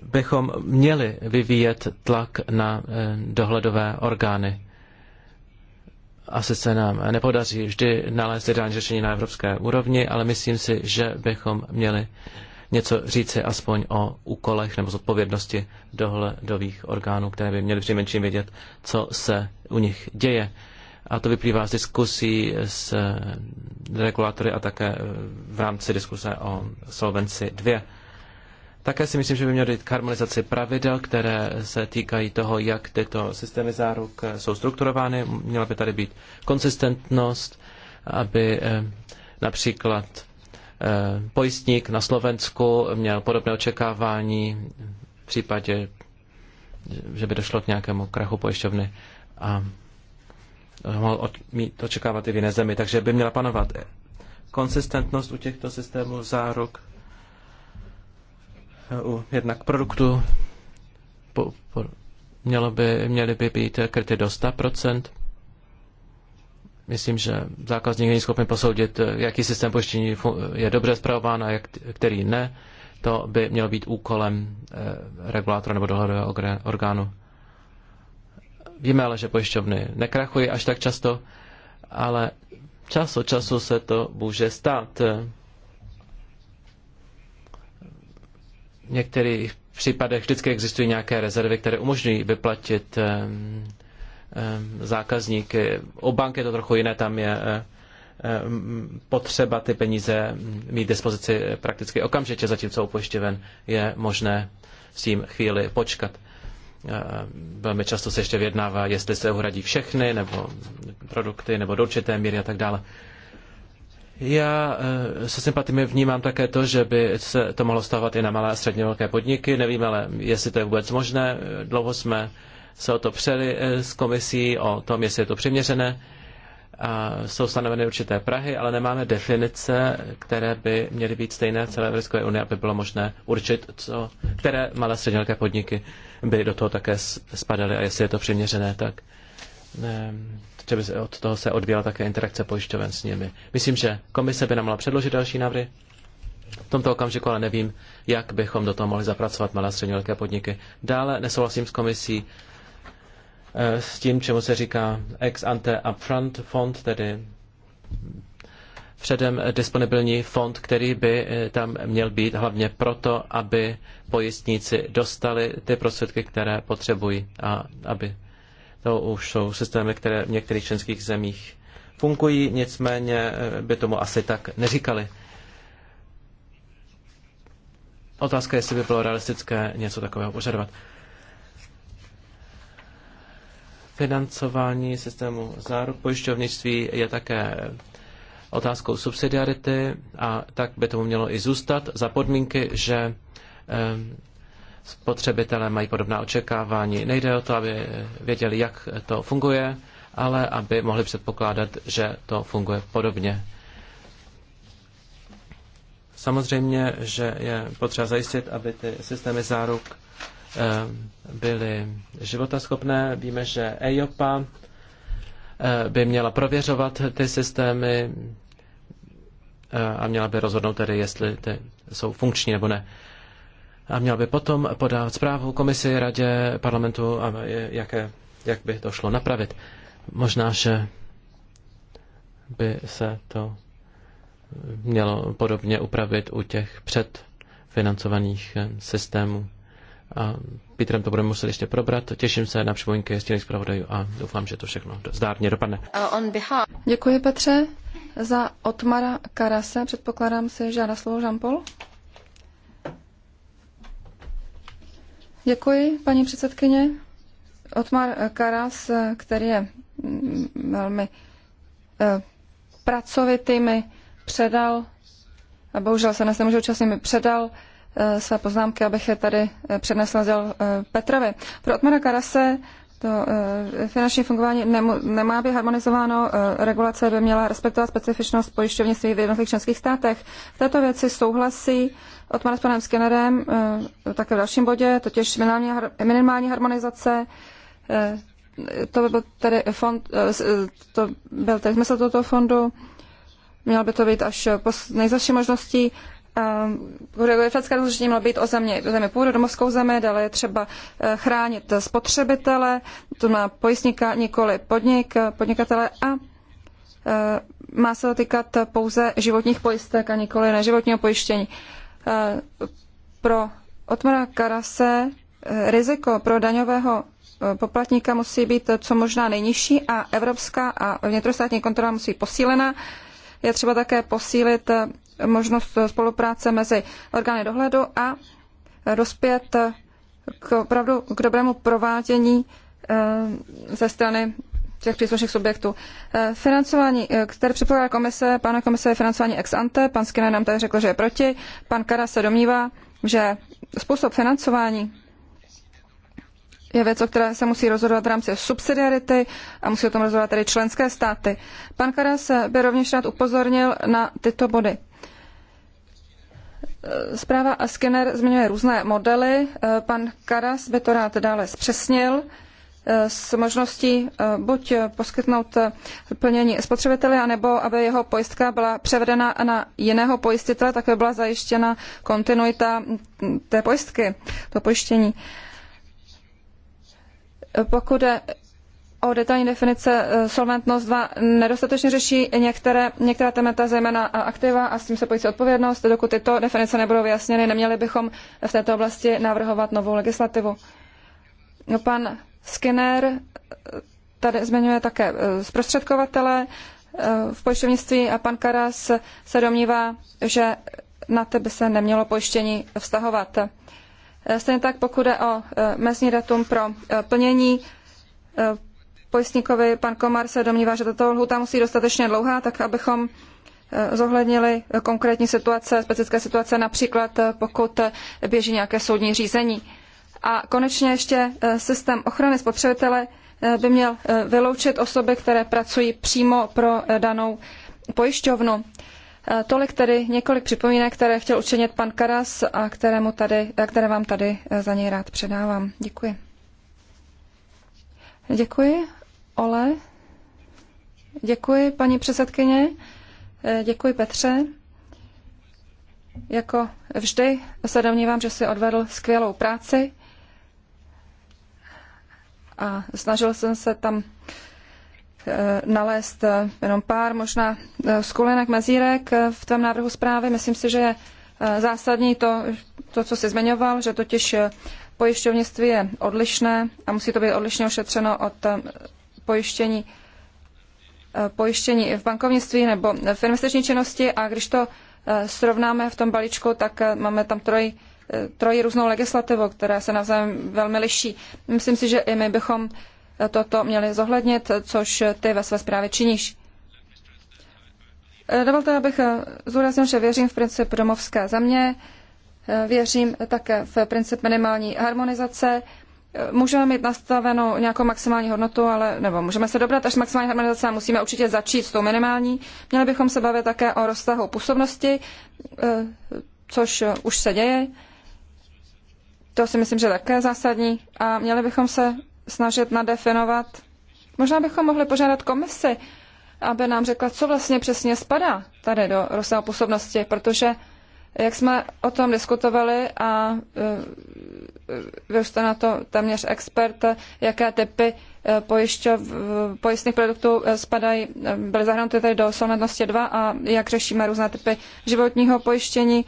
bychom měli vyvíjet tlak na eh, dohledové orgány asi se nám nepodaří vždy nalézt ideální řešení na evropské úrovni, ale myslím si, že bychom měli něco říci aspoň o úkolech nebo zodpovědnosti dohledových orgánů, které by měly přinejmenším vědět, co se u nich děje. A to vyplývá z diskusí s regulátory a také v rámci diskuse o Solvenci 2. Také si myslím, že by měl dojít k harmonizaci pravidel, které se týkají toho, jak tyto systémy záruk eh, jsou strukturovány. Měla by tady být konsistentnost, aby eh, například eh, pojistník na Slovensku měl podobné očekávání v případě, že by došlo k nějakému krachu pojišťovny a mohl mít očekávat i v jiné zemi. Takže by měla panovat konsistentnost u těchto systémů záruk u jednak produktu po, po, mělo by, měly by být kryty do 100%. Myslím, že zákazník není schopen posoudit, jaký systém pojištění je dobře zpravován a jak, který ne. To by mělo být úkolem eh, regulátora nebo dohledového orgánu. Víme ale, že pojišťovny nekrachují až tak často, ale čas od času se to může stát. Eh, některých případech vždycky existují nějaké rezervy, které umožňují vyplatit eh, eh, zákazníky. U bank je to trochu jiné, tam je eh, potřeba ty peníze mít dispozici prakticky okamžitě, zatímco u pojišťoven je možné s tím chvíli počkat. Velmi často se ještě vyjednává, jestli se uhradí všechny, nebo produkty, nebo do určité míry a tak dále. Já eh, se sympatiemi vnímám také to, že by se to mohlo stávat i na malé a středně velké podniky. Nevím ale, jestli to je vůbec možné. Dlouho jsme se o to přeli eh, s komisí, o tom, jestli je to přiměřené. A jsou stanoveny určité Prahy, ale nemáme definice, které by měly být stejné v celé Evropské unii, aby bylo možné určit, co, které malé a středně velké podniky by do toho také spadaly a jestli je to přiměřené, tak třeba od toho se odvíjela také interakce pojišťoven s nimi. Myslím, že komise by nám mohla předložit další návrhy. V tomto okamžiku ale nevím, jak bychom do toho mohli zapracovat malé a středně velké podniky. Dále nesouhlasím s komisí eh, s tím, čemu se říká ex ante upfront fond, tedy předem disponibilní fond, který by eh, tam měl být hlavně proto, aby pojistníci dostali ty prostředky, které potřebují a aby to už jsou systémy, které v některých členských zemích fungují, nicméně eh, by tomu asi tak neříkali. Otázka, jestli by bylo realistické něco takového požadovat. Financování systému záruk pojišťovnictví je také otázkou subsidiarity a tak by tomu mělo i zůstat za podmínky, že eh, spotřebitelé mají podobná očekávání. Nejde o to, aby věděli, jak to funguje, ale aby mohli předpokládat, že to funguje podobně. Samozřejmě, že je potřeba zajistit, aby ty systémy záruk eh, byly životaschopné. Víme, že EIOPA eh, by měla prověřovat ty systémy eh, a měla by rozhodnout tedy, jestli ty jsou funkční nebo ne a měl by potom podat zprávu komisi, radě, parlamentu, a jaké, jak by to šlo napravit. Možná, že by se to mělo podobně upravit u těch předfinancovaných eh, systémů. A Petrem to budeme muset ještě probrat. Těším se na připomínky stílných zpravodajů a doufám, že to všechno zdárně dopadne. Uh, Děkuji Petře. Za Otmara Karase předpokládám si žádá slovo Jean-Paul. Děkuji, paní předsedkyně. Otmar Karas, který je mm, velmi eh, pracovitý, mi předal, a bohužel se dnes nemůžu účastnit, mi předal eh, své poznámky, abych je tady eh, přednesla děl Petrovi. Pro Otmara Karase to eh, finanční fungování nemá být harmonizováno, eh, regulace by měla respektovat specifičnost pojišťovnictví v jednotlivých členských státech. V této věci souhlasí od s panem Skinnerem, eh, také v dalším bodě, totiž minimální, minimální harmonizace, to by byl tedy fond, to byl tedy smysl tohoto fondu, mělo by to být až po nejzaší možností. Geografické ehm, rozhodně měla být o země, o země původu, domovskou zemi, dále je třeba eh, chránit spotřebitele, to má pojistníka, nikoli podnik, podnikatele a eh, má se dotýkat týkat pouze životních pojistek a nikoli neživotního pojištění. Eh, pro Otmara Karase riziko pro daňového poplatníka musí být co možná nejnižší a evropská a vnitrostátní kontrola musí být posílena. Je třeba také posílit možnost spolupráce mezi orgány dohledu a rozpět k, opravdu k dobrému provádění eh, ze strany těch příslušných subjektů. Eh, financování, eh, které připravila komise, pana komise je financování ex ante, pan Skinner nám tady řekl, že je proti, pan Kara se domnívá, že způsob financování je věc, o které se musí rozhodovat v rámci subsidiarity a musí o tom rozhodovat tedy členské státy. Pan Karas by rovněž rád upozornil na tyto body. Eh, zpráva a skener zmiňuje různé modely. Eh, pan Karas by to rád dále zpřesnil eh, s možností buď poskytnout plnění spotřebiteli, anebo aby jeho pojistka byla převedena na jiného pojistitele, tak by byla zajištěna kontinuita mm, té pojistky, to pojištění. Pokud o detailní definice eh, Solventnost 2 nedostatečně řeší některé, některá témata, zejména eh, aktiva a s tím se pojící odpovědnost. Dokud tyto definice nebudou vyjasněny, neměli bychom v této oblasti navrhovat novou legislativu. No, pan Skinner eh, tady zmiňuje také zprostředkovatele v pojišťovnictví a pan Karas se domnívá, že na tebe by se nemělo pojištění vztahovat. Stejně tak, pokud je o mezní datum pro plnění pojistníkovi. Pan Komar se domnívá, že tato lhuta musí dostatečně dlouhá, tak abychom eh, zohlednili konkrétní situace, specifické situace, například eh, pokud běží nějaké soudní řízení. A konečně ještě eh, systém ochrany spotřebitele by měl vyloučit osoby, které pracují přímo pro danou pojišťovnu. Tolik tedy několik připomínek, které chtěl učinit pan Karas a kterému tady, které vám tady za něj rád předávám. Děkuji. Děkuji Ole. Děkuji, paní předsedkyně. Eh, děkuji, Petře. Jako vždy se domnívám, že si odvedl skvělou práci a snažil jsem se tam eh, nalézt eh, jenom pár možná skulinek, mezírek v tvém návrhu zprávy. Myslím si, že je zásadní to, to co jsi zmiňoval, že totiž pojišťovnictví je odlišné a musí to být odlišně ošetřeno od pojištění, eh, pojištění v bankovnictví nebo v investiční činnosti a když to eh, srovnáme v tom balíčku, tak eh, máme tam troj, troji různou legislativu, která se navzájem velmi liší. Myslím si, že i my bychom toto měli zohlednit, což ty ve své zprávě činíš. Dovolte, abych zúraznil, že věřím v princip domovské země, věřím také v princip minimální harmonizace, Můžeme mít nastavenou nějakou maximální hodnotu, ale, nebo můžeme se dobrat až maximální harmonizace a musíme určitě začít s tou minimální. Měli bychom se bavit také o rozsahu působnosti, eh, což už se děje. To si myslím, že je také zásadní. A měli bychom se snažit nadefinovat. Možná bychom mohli požádat komisi, aby nám řekla, co vlastně přesně spadá tady do rozsahu působnosti, protože jak jsme o tom diskutovali a eh, jste na to téměř expert, jaké typy eh, pojišťov, eh, pojistných produktů eh, spadají, byly zahrnuty tady do solventnosti 2 a jak řešíme různé typy životního pojištění,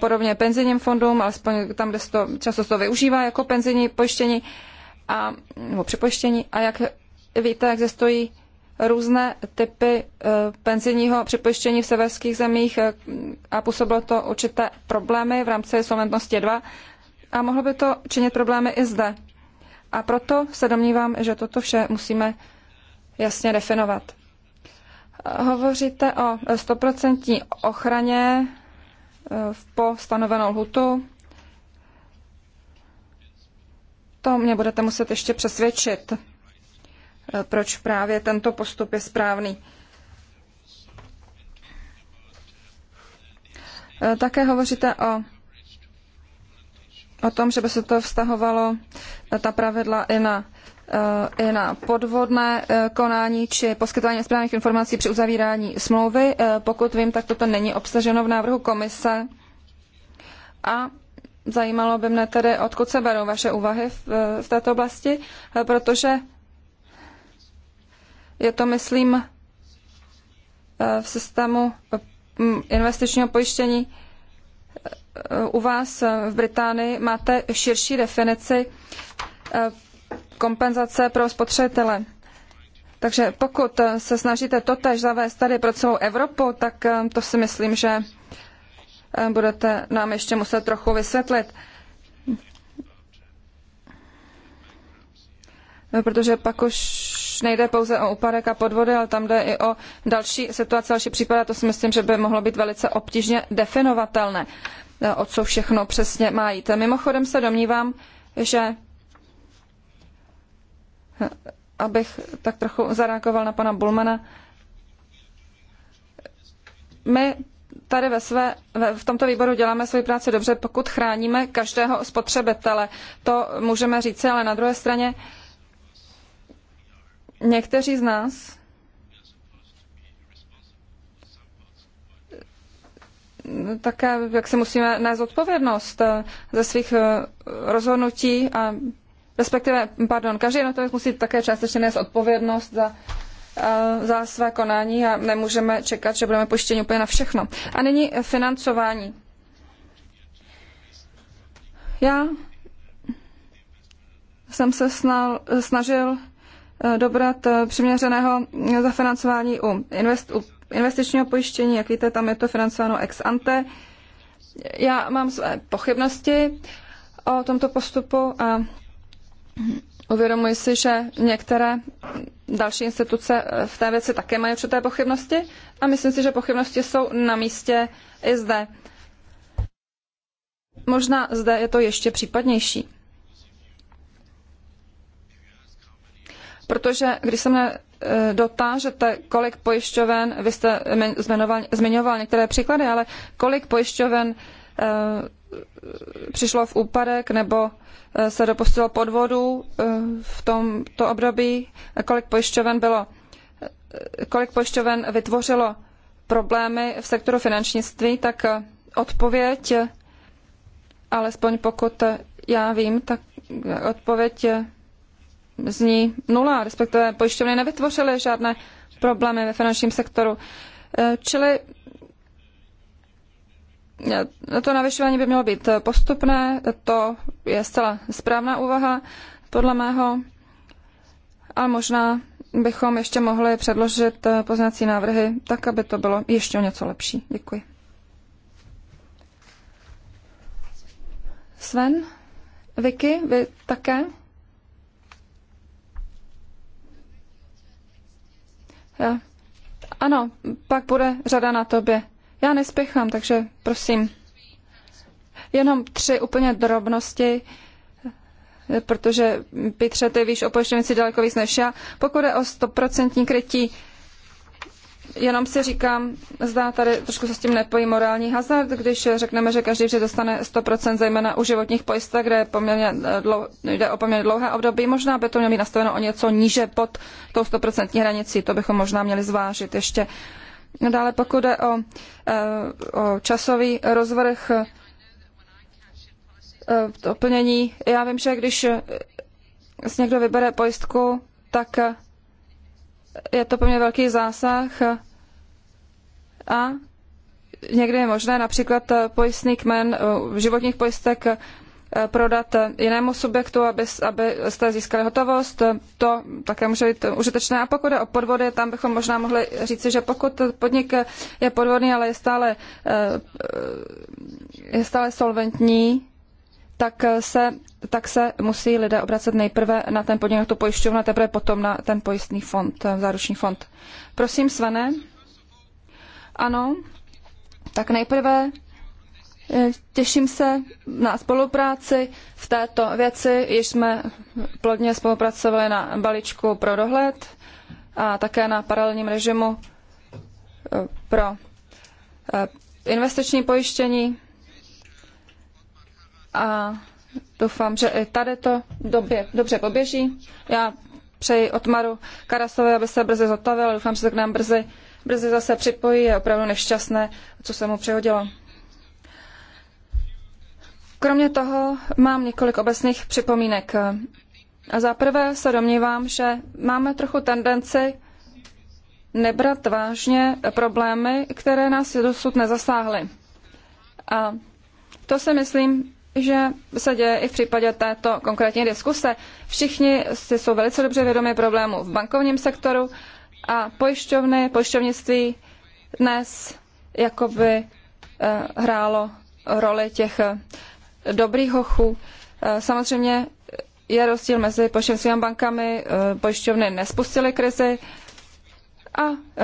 podobně penzijním fondům, alespoň tam, kde se to často se to využívá jako penzijní pojištění a, nebo připojištění. A jak víte, existují různé typy penzijního připojištění v severských zemích a působilo to určité problémy v rámci solventnosti 2 a mohlo by to činit problémy i zde. A proto se domnívám, že toto vše musíme jasně definovat. Hovoříte o 100% ochraně eh, po stanovenou lhutu. To mě budete muset ještě přesvědčit, eh, proč právě tento postup je správný. Eh, také hovoříte o o tom, že by se to vztahovalo, eh, ta pravidla, i na, eh, i na podvodné eh, konání či poskytování správných informací při uzavírání smlouvy. Pokud vím, tak toto není obsaženo v návrhu komise. A zajímalo by mne tedy, odkud se berou vaše úvahy v, v této oblasti, protože je to, myslím, v systému investičního pojištění u vás v Británii máte širší definici eh, kompenzace pro spotřebitele. Takže pokud se snažíte totež zavést tady pro celou Evropu, tak eh, to si myslím, že eh, budete nám ještě muset trochu vysvětlit. Protože pak už už nejde pouze o úpadek a podvody, ale tam jde i o další situace, další případy. To si myslím, že by mohlo být velice obtížně definovatelné, eh, o co všechno přesně má jít. Mimochodem se domnívám, že eh, abych tak trochu zareagoval na pana Bulmana, my tady ve své, v tomto výboru děláme svoji práci dobře, pokud chráníme každého spotřebitele. To můžeme říci, ale na druhé straně Někteří z nás také, jak se musíme nést odpovědnost eh, ze svých eh, rozhodnutí a respektive, pardon, každý jednotlivec musí také částečně nést odpovědnost za, eh, za své konání a nemůžeme čekat, že budeme poštěni úplně na všechno. A nyní financování. Já jsem se snal, snažil Eh, dobrat eh, přiměřeného eh, zafinancování u, invest, u investičního pojištění. Jak víte, tam je to financováno ex ante. Já mám své pochybnosti o tomto postupu a uvědomuji si, že některé další instituce v té věci také mají určité pochybnosti a myslím si, že pochybnosti jsou na místě i zde. Možná zde je to ještě případnější. protože když se mne e, dotážete, kolik pojišťoven, vy jste zmiňoval, některé příklady, ale kolik pojišťoven e, přišlo v úpadek nebo e, se dopustilo podvodu v tomto období, kolik pojišťoven bylo, kolik pojišťoven vytvořilo problémy v sektoru finančnictví, tak odpověď, alespoň pokud já vím, tak odpověď zní nula, respektive pojišťovny nevytvořily žádné problémy ve finančním sektoru. Eh, čili eh, to navyšování by mělo být postupné, to je zcela správná úvaha, podle mého, ale možná bychom ještě mohli předložit eh, poznací návrhy tak, aby to bylo ještě o něco lepší. Děkuji. Sven, Vicky, vy také? Ano, pak bude řada na tobě. Já nespěchám, takže prosím. Jenom tři úplně drobnosti, protože Petře, ty víš o pojištěnici daleko víc než já. Pokud je o stoprocentní krytí, jenom si říkám, zda tady trošku se s tím nepojí morální hazard, když řekneme, že každý vždy dostane 100%, zejména u životních pojistek, kde poměrně eh, dlouho, jde o poměrně dlouhé období. Možná by to mělo být nastaveno o něco níže pod tou 100% hranicí, to bychom možná měli zvážit ještě. Dále pokud jde o, eh, o časový rozvrh eh, to plnění, já vím, že když někdo vybere pojistku, tak je to poměrně velký zásah a někdy je možné například pojistný kmen eh, životních pojistek eh, prodat jinému subjektu, aby, jste získali hotovost. To také může být užitečné. A pokud je o podvody, tam bychom možná mohli říci, že pokud podnik je podvodný, ale je stále, eh, je stále solventní, tak se, tak se musí lidé obracet nejprve na ten podnik, na tu pojišťovnu, a teprve potom na ten pojistný fond, záruční fond. Prosím, Svane. Ano, tak nejprve eh, Těším se na spolupráci v této věci, již jsme plodně spolupracovali na balíčku pro dohled a také na paralelním režimu eh, pro eh, investiční pojištění a doufám, že i tady to době, dobře poběží. Já přeji Otmaru Karasové, aby se brzy zotavil. Doufám, že se k nám brzy, brzy zase připojí. Je opravdu nešťastné, co se mu přihodilo. Kromě toho mám několik obecných připomínek. A za prvé se domnívám, že máme trochu tendenci nebrat vážně problémy, které nás dosud nezasáhly. A to si myslím, že se děje i v případě této konkrétní diskuse. Všichni si jsou velice dobře vědomi problému v bankovním sektoru a pojišťovny, pojišťovnictví dnes jakoby eh, hrálo roli těch eh, dobrých hochů. Eh, samozřejmě je rozdíl mezi pojišťovnictvím a bankami. Pojišťovny nespustily krizi a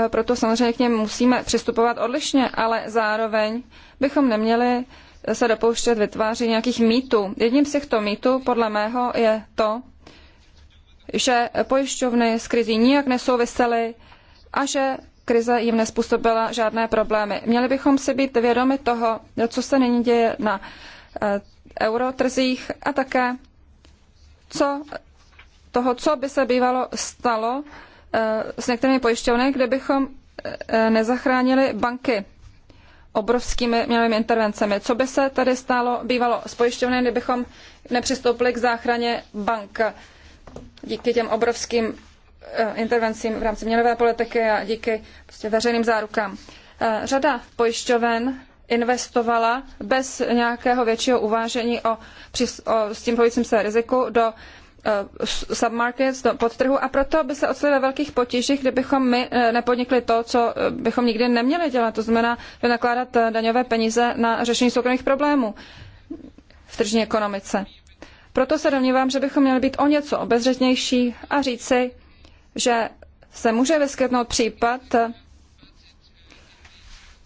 proto samozřejmě k něm musíme přistupovat odlišně, ale zároveň bychom neměli se dopouštět vytváří nějakých mýtů. Jedním z těchto mýtů, podle mého, je to, že pojišťovny s krizí nijak nesouvisely a že krize jim nespůsobila žádné problémy. Měli bychom si být vědomi toho, co se nyní děje na eh, eurotrzích a také co, toho, co by se bývalo stalo eh, s některými pojišťovny, kdybychom eh, nezachránili banky obrovskými měnovými intervencemi. Co by se tady stálo bývalo s pojišťovny, kdybychom nepřistoupili k záchraně bank díky těm obrovským eh, intervencím v rámci měnové politiky a díky prostě veřejným zárukám. Eh, řada pojišťoven investovala bez nějakého většího uvážení o, o s tím pojícím se riziku do Eh, submarkets, do podtrhu a proto by se ocitli ve velkých potížích, kdybychom my eh, nepodnikli to, co eh, bychom nikdy neměli dělat, to znamená vynakládat daňové peníze na řešení soukromých problémů v tržní ekonomice. Proto se domnívám, že bychom měli být o něco obezřetnější a říci, že se může vyskytnout případ,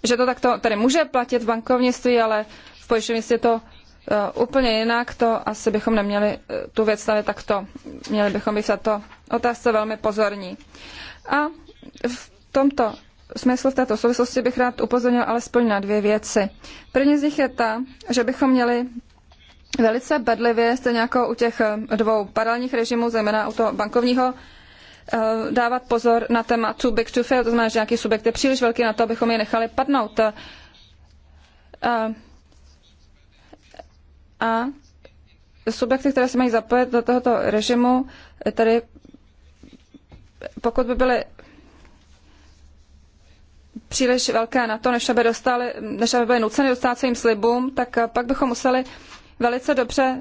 že to takto tady může platit v bankovnictví, ale v pojišťovnictví to Eh, úplně jinak, to asi bychom neměli eh, tu věc stavit takto. Měli bychom být za to otázce velmi pozorní. A v tomto smyslu v této souvislosti bych rád upozornil alespoň na dvě věci. První z nich je ta, že bychom měli velice bedlivě, stejně jako u těch eh, dvou paralelních režimů, zejména u toho bankovního, dávat pozor na téma too big to fail, to znamená, že nějaký subjekt je příliš velký na to, abychom je nechali padnout a subjekty, které se mají zapojit do tohoto režimu, tedy pokud by byly příliš velké na to, než aby, dostali, než aby byly nuceny dostat svým slibům, tak pak bychom museli velice dobře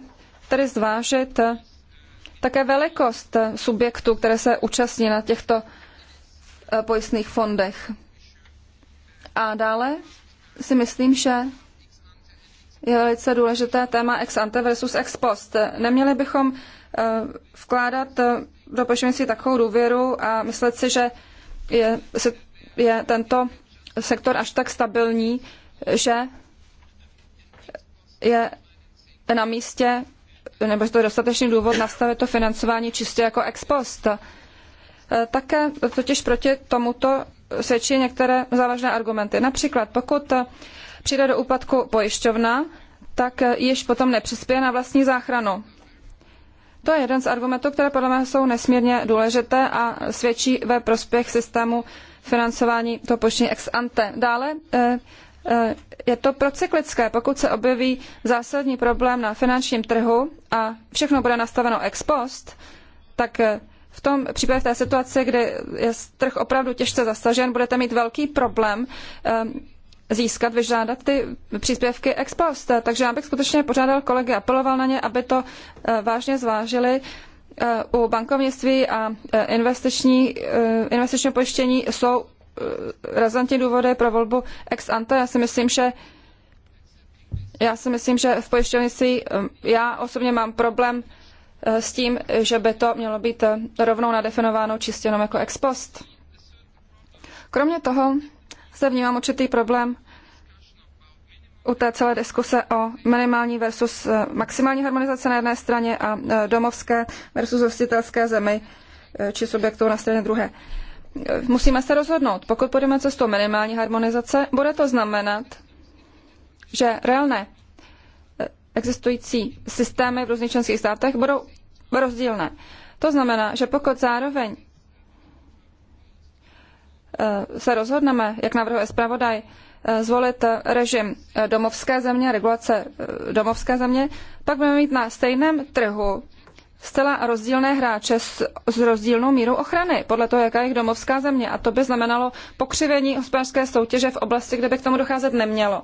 tedy zvážit také velikost subjektů, které se účastní na těchto eh, pojistných fondech. A dále si myslím, že je velice důležité téma ex ante versus ex post. Neměli bychom eh, vkládat eh, do pojišťovnictví takovou důvěru a myslet si, že je, je tento sektor až tak stabilní, že je na místě, nebo je to dostatečný důvod nastavit to financování čistě jako ex post. Eh, také totiž proti tomuto svědčí některé závažné argumenty. Například pokud přijde do úpadku pojišťovna, tak již potom nepřispěje na vlastní záchranu. To je jeden z argumentů, které podle mě jsou nesmírně důležité a svědčí ve prospěch systému financování toho poštění ex ante. Dále eh, eh, je to procyklické. Pokud se objeví zásadní problém na finančním trhu a všechno bude nastaveno ex post, tak eh, v tom případě v té situaci, kdy je trh opravdu těžce zasažen, budete mít velký problém získat, vyžádat ty příspěvky ex post. Takže já bych skutečně pořádal kolegy, apeloval na ně, aby to eh, vážně zvážili. Eh, u bankovnictví a eh, investiční, investiční pojištění jsou razantní důvody pro volbu ex ante. Já si myslím, že já si myslím, že v pojišťovnictví já osobně mám problém s tím, že by to mělo být rovnou nadefinováno čistě jenom jako ex post. Kromě toho zde vnímám určitý problém u té celé diskuse o minimální versus eh, maximální harmonizace na jedné straně a eh, domovské versus hostitelské zemi eh, či subjektů na straně druhé. Musíme se rozhodnout, pokud půjdeme cestou minimální harmonizace, bude to znamenat, že reálné existující systémy v různých členských státech budou rozdílné. To znamená, že pokud zároveň Eh, se rozhodneme, jak navrhuje zpravodaj, eh, zvolit eh, režim domovské země, regulace domovské země, pak budeme mít na stejném trhu zcela rozdílné hráče s, s rozdílnou mírou ochrany, podle toho, jaká je jejich domovská země. A to by znamenalo pokřivení hospodářské soutěže v oblasti, kde by k tomu docházet nemělo.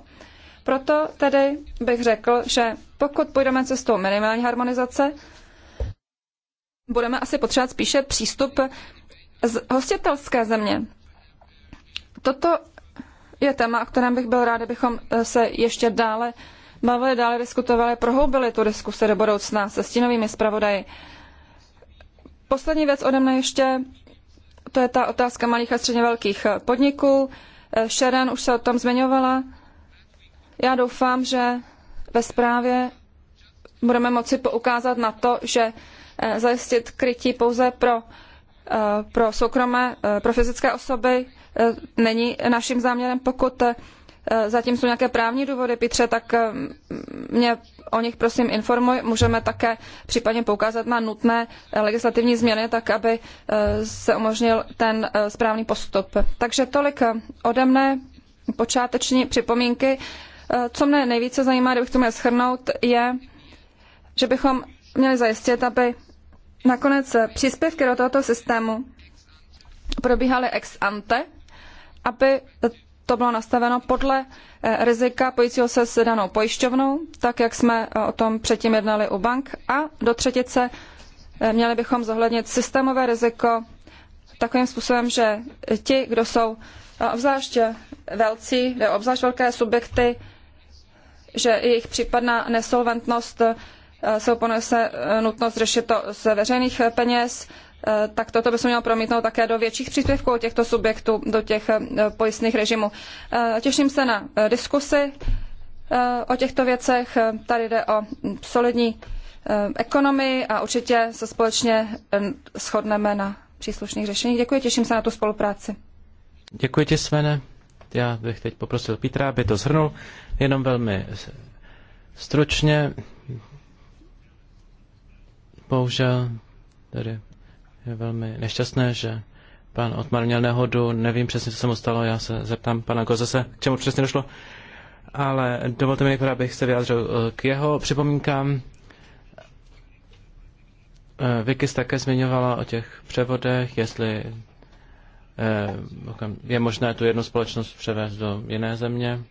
Proto tedy bych řekl, že pokud půjdeme cestou minimální harmonizace, budeme asi potřebovat spíše přístup z hostitelské země. Toto je téma, o kterém bych byl rád, abychom eh, se ještě dále bavili, dále diskutovali, prohoubili tu diskusi do budoucna se stínovými zpravodaji. Poslední věc ode mne ještě, to je ta otázka malých a středně velkých eh, podniků. Eh, Sharon už se o tom zmiňovala. Já doufám, že ve zprávě budeme moci poukázat na to, že zajistit krytí pouze pro, pro soukromé, pro fyzické osoby Eh, není naším záměrem. Pokud eh, zatím jsou nějaké právní důvody, Petře, tak eh, mě o nich prosím informuj. Můžeme také případně poukázat na nutné legislativní změny, tak aby se umožnil ten správný postup. Takže tolik ode mne počáteční připomínky. Co mne nejvíce zajímá, kdybych to měl schrnout, je, že bychom měli zajistit, aby nakonec příspěvky do tohoto systému probíhaly ex ante, aby to bylo nastaveno podle eh, rizika pojícího se s danou pojišťovnou, tak jak jsme eh, o tom předtím jednali u bank. A do třetice eh, měli bychom zohlednit systémové riziko takovým způsobem, že ti, kdo jsou obzvlášť velcí, nebo obzvlášť velké subjekty, že jejich případná nesolventnost se ponese nutnost řešit to z veřejných peněz, Eh, tak toto by se mělo promítnout také do větších příspěvků těchto subjektů, do těch eh, pojistných režimů. Eh, těším se na diskusy o těchto věcech. Tady jde o hm, solidní ekonomii a určitě se společně hm, shodneme na příslušných řešeních. Děkuji, těším se na tu spolupráci. Děkuji ti, Svene. Já bych teď poprosil Petra, aby to zhrnul jenom velmi stručně. Bohužel, tady je velmi nešťastné, že pan Otmar měl nehodu, nevím přesně, co se mu stalo, já se zeptám pana Gozese, k čemu přesně došlo. Ale dovolte mi nejprve, abych se vyjádřil eh, k jeho připomínkám. Eh, Vicky také zmiňovala o těch převodech, jestli eh, je možné tu jednu společnost převést do jiné země.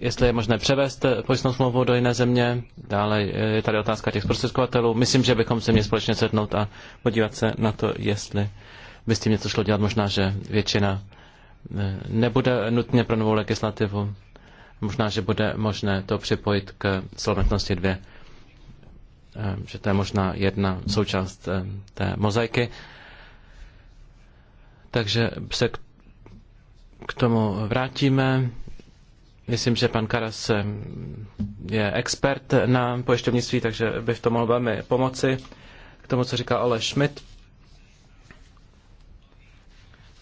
jestli je možné převést pojistnou smlouvu do jiné země. Dále je tady otázka těch zprostředkovatelů. Myslím, že bychom se měli společně sednout a podívat se na to, jestli by s tím něco šlo dělat. Možná, že většina eh, nebude nutně pro novou legislativu. Možná, že bude možné to připojit k solventnosti 2. Eh, že to je možná jedna součást eh, té mozaiky. Takže se k tomu vrátíme. Myslím, že pan Karas eh, je expert na pojišťovnictví, takže by tom mohl velmi pomoci k tomu, co říká Ole Schmidt.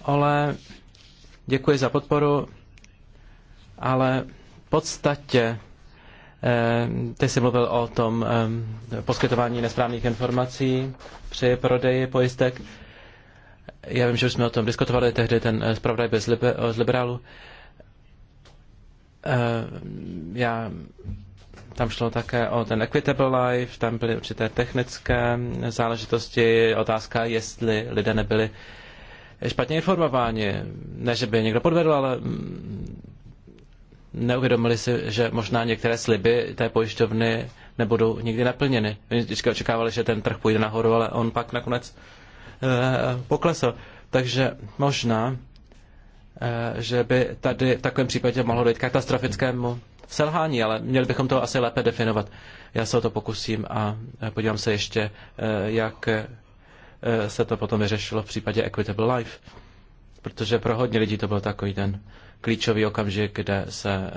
Ole, děkuji za podporu, ale v podstatě eh, ty jsi mluvil o tom eh, poskytování nesprávných informací při prodeji pojistek. Já vím, že už jsme o tom diskutovali tehdy, ten zpravodaj bez liberálu. Eh, já, tam šlo také o ten Equitable Life, tam byly určité technické záležitosti, otázka, jestli lidé nebyli špatně informováni, ne, že by je někdo podvedl, ale mm, neuvědomili si, že možná některé sliby té pojišťovny nebudou nikdy naplněny. Oni vždycky očekávali, že ten trh půjde nahoru, ale on pak nakonec eh, poklesl. Takže možná Eh, že by tady v takovém případě mohlo dojít katastrofickému selhání, ale měli bychom to asi lépe definovat. Já se o to pokusím a eh, podívám se ještě, eh, jak se to potom vyřešilo v případě Equitable Life. Protože pro hodně lidí to byl takový ten klíčový okamžik, kde se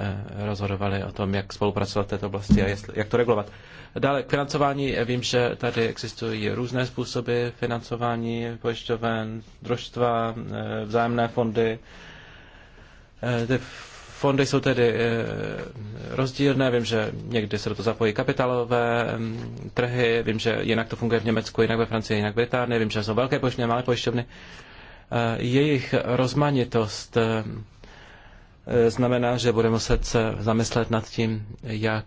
rozhodovali o tom, jak spolupracovat v této oblasti a jestli, jak to regulovat. Dále k financování. Vím, že tady existují různé způsoby financování pojišťoven, družstva, vzájemné fondy, Eh, ty fondy jsou tedy eh, rozdílné, vím, že někdy se do toho zapojí kapitálové mm, trhy, vím, že jinak to funguje v Německu, jinak ve Francii, jinak v Británii, vím, že jsou velké pojišťovny, malé pojišťovny. Eh, jejich rozmanitost znamená, že budeme muset se zamyslet nad tím, jak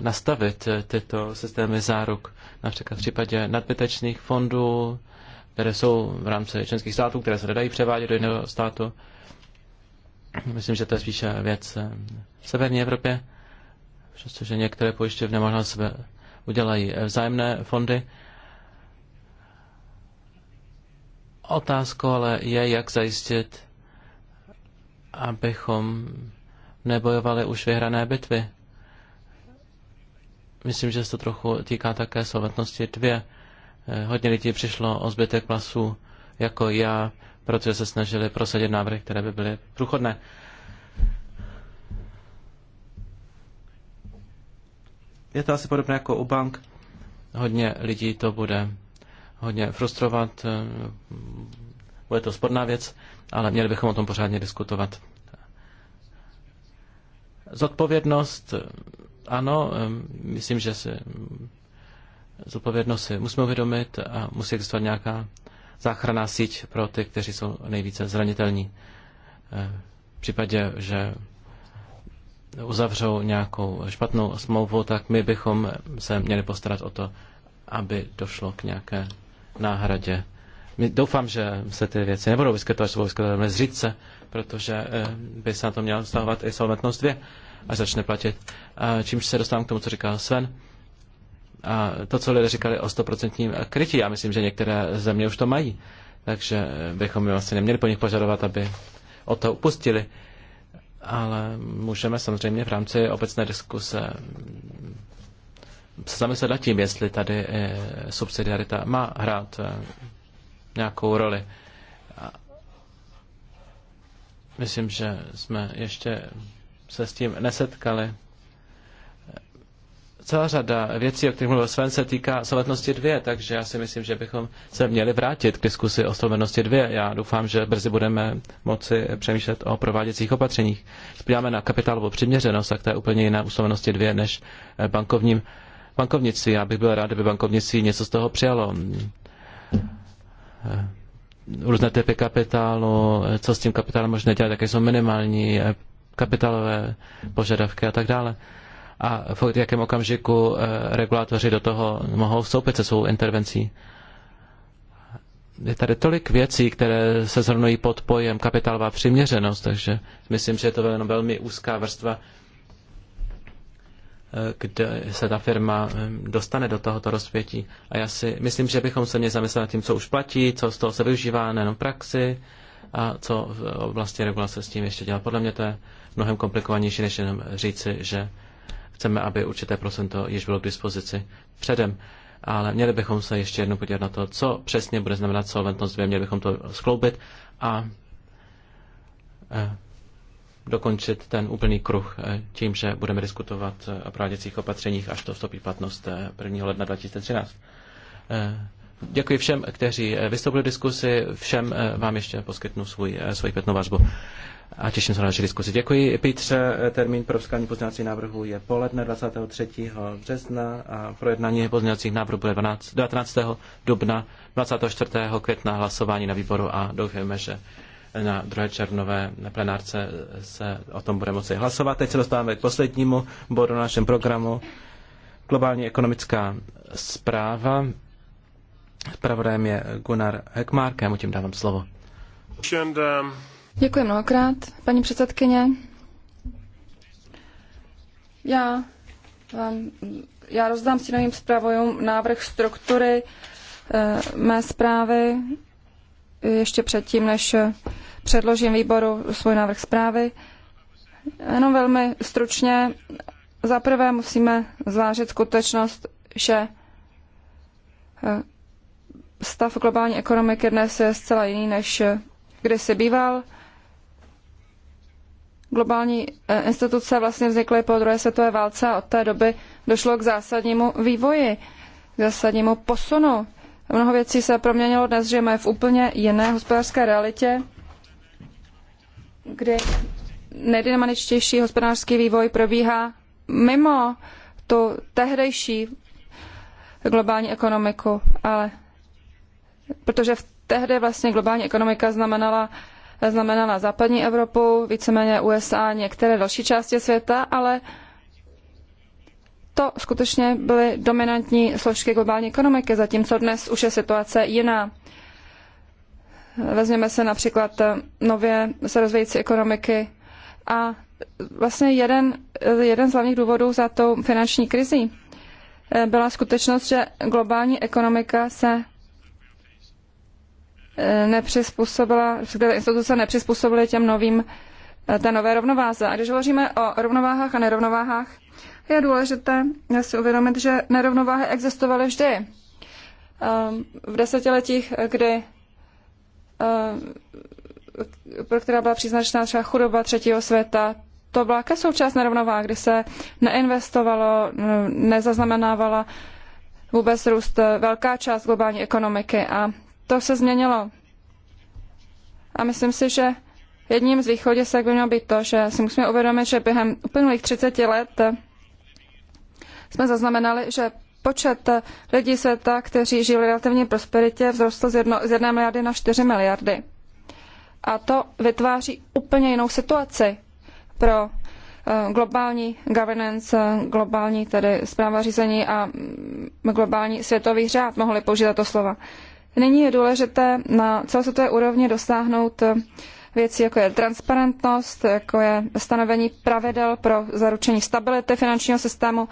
nastavit tyto systémy záruk, například v případě nadbytečných fondů, které jsou v rámci členských států, které se nedají převádět do jiného státu. Myslím, že to je spíše věc eh, v severní Evropě, přestože některé pojišťovny možná sebe udělají eh, vzájemné fondy. Otázkou ale je, jak zajistit, abychom nebojovali už vyhrané bitvy. Myslím, že se to trochu týká také solventnosti dvě. Eh, hodně lidí přišlo o zbytek vlasů, jako já, protože se snažili prosadit návrhy, které by byly průchodné. Je to asi podobné jako u bank. Hodně lidí to bude hodně frustrovat, bude to sporná věc, ale měli bychom o tom pořádně diskutovat. Zodpovědnost, ano, myslím, že si zodpovědnost si musíme uvědomit a musí existovat nějaká záchranná síť pro ty, kteří jsou nejvíce zranitelní. Eh, v případě, že uzavřou nějakou špatnou smlouvu, tak my bychom se měli postarat o to, aby došlo k nějaké náhradě. My doufám, že se ty věci nebudou vyskytovat, že se budou vyskytovat zřídce, protože eh, by se na to měla vztahovat i solventnost 2, až začne platit. Čímž se dostávám k tomu, co říkal Sven. A to, co lidé říkali o 100% krytí, já myslím, že některé země už to mají. Takže bychom asi neměli po nich požadovat, aby o to upustili. Ale můžeme samozřejmě v rámci obecné diskuse se zamyslet nad tím, jestli tady eh, subsidiarita má hrát eh, nějakou roli. Myslím, že jsme ještě se s tím nesetkali. Celá řada věcí, o kterých mluvil Sven, se týká slovenosti dvě, takže já si myslím, že bychom se měli vrátit k diskusi o slovenosti dvě. Já doufám, že brzy budeme moci přemýšlet o prováděcích opatřeních. Spíjáme na kapitálovou přiměřenost, tak to je úplně jiná u slovenosti dvě než bankovním bankovnictví. Já bych byl rád, kdyby bankovnictví něco z toho přijalo. Různé typy kapitálu, co s tím kapitálem možná dělat, jaké jsou minimální kapitálové požadavky a tak dále a v jakém okamžiku eh, regulátoři do toho mohou vstoupit se svou intervencí. Je tady tolik věcí, které se zhrnují pod pojem kapitálová přiměřenost, takže myslím, že je to jenom velmi úzká vrstva, eh, kde se ta firma eh, dostane do tohoto rozpětí. A já si myslím, že bychom se měli zamyslet nad tím, co už platí, co z toho se využívá nejenom v praxi, a co v oblasti regulace s tím ještě dělá. Podle mě to je mnohem komplikovanější, než jenom říci, že Chceme, aby určité procento již bylo k dispozici předem. Ale měli bychom se ještě jednou podívat na to, co přesně bude znamenat solventnost 2. Měli bychom to skloubit a eh, dokončit ten úplný kruh eh, tím, že budeme diskutovat eh, o prováděcích opatřeních, až to vstoupí platnost 1. ledna 2013. Děkuji všem, kteří vystoupili v diskusi, všem vám ještě poskytnu svůj, svůj pětnou vazbu a těším se na naši diskusi. Děkuji, Petře. Termín pro vzkání pozměňovacích návrhů je poledne 23. března a projednání pozdělacích návrhů bude 12, 19. dubna, 24. května hlasování na výboru a doufujeme, že na 2. červnové na plenárce se o tom bude moci hlasovat. Teď se dostáváme k poslednímu bodu na našem programu. Globální ekonomická zpráva. Zpravodajem je Gunnar Hekmark, já mu tím dávám slovo. And, um... Děkuji mnohokrát, paní předsedkyně. Já, vám, já rozdám stínovým zpravojům návrh struktury eh, mé zprávy ještě předtím, než předložím výboru svůj návrh zprávy. Jenom velmi stručně. Za prvé musíme zvážit skutečnost, že eh, stav globální ekonomiky dnes je zcela jiný, než kdysi býval globální eh, instituce vlastně vznikly po druhé světové válce a od té doby došlo k zásadnímu vývoji, k zásadnímu posunu. Mnoho věcí se proměnilo dnes, žijeme v úplně jiné hospodářské realitě, kdy nejdynamičtější hospodářský vývoj probíhá mimo tu tehdejší globální ekonomiku, ale protože v tehdy vlastně globální ekonomika znamenala znamenala západní Evropu, víceméně USA a některé další části světa, ale to skutečně byly dominantní složky globální ekonomiky, zatímco dnes už je situace jiná. Vezměme se například nově se rozvíjící ekonomiky a vlastně jeden, jeden z hlavních důvodů za tou finanční krizí byla skutečnost, že globální ekonomika se Eh, nepřizpůsobila, respektive instituce nepřizpůsobily těm novým, eh, té nové rovnováze. A když hovoříme o rovnováhách a nerovnováhách, je důležité si uvědomit, že nerovnováhy existovaly vždy. Ehm, v desetiletích, kdy eh, pro která byla příznačná třeba chudoba třetího světa, to byla ke součást nerovnováha, kdy se neinvestovalo, nezaznamenávala vůbec růst velká část globální ekonomiky a to se změnilo. A myslím si, že jedním z východisek by mělo být to, že si musíme uvědomit, že během uplynulých 30 let jsme zaznamenali, že počet lidí světa, kteří žijí v relativní prosperitě, vzrostl z, jedno, z jedné miliardy na 4 miliardy. A to vytváří úplně jinou situaci pro eh, globální governance, globální tedy zpráva řízení a mm, globální světový řád, mohli použít tato slova. Nyní je důležité na celosvětové úrovni dosáhnout věcí, jako je transparentnost, jako je stanovení pravidel pro zaručení stability finančního systému.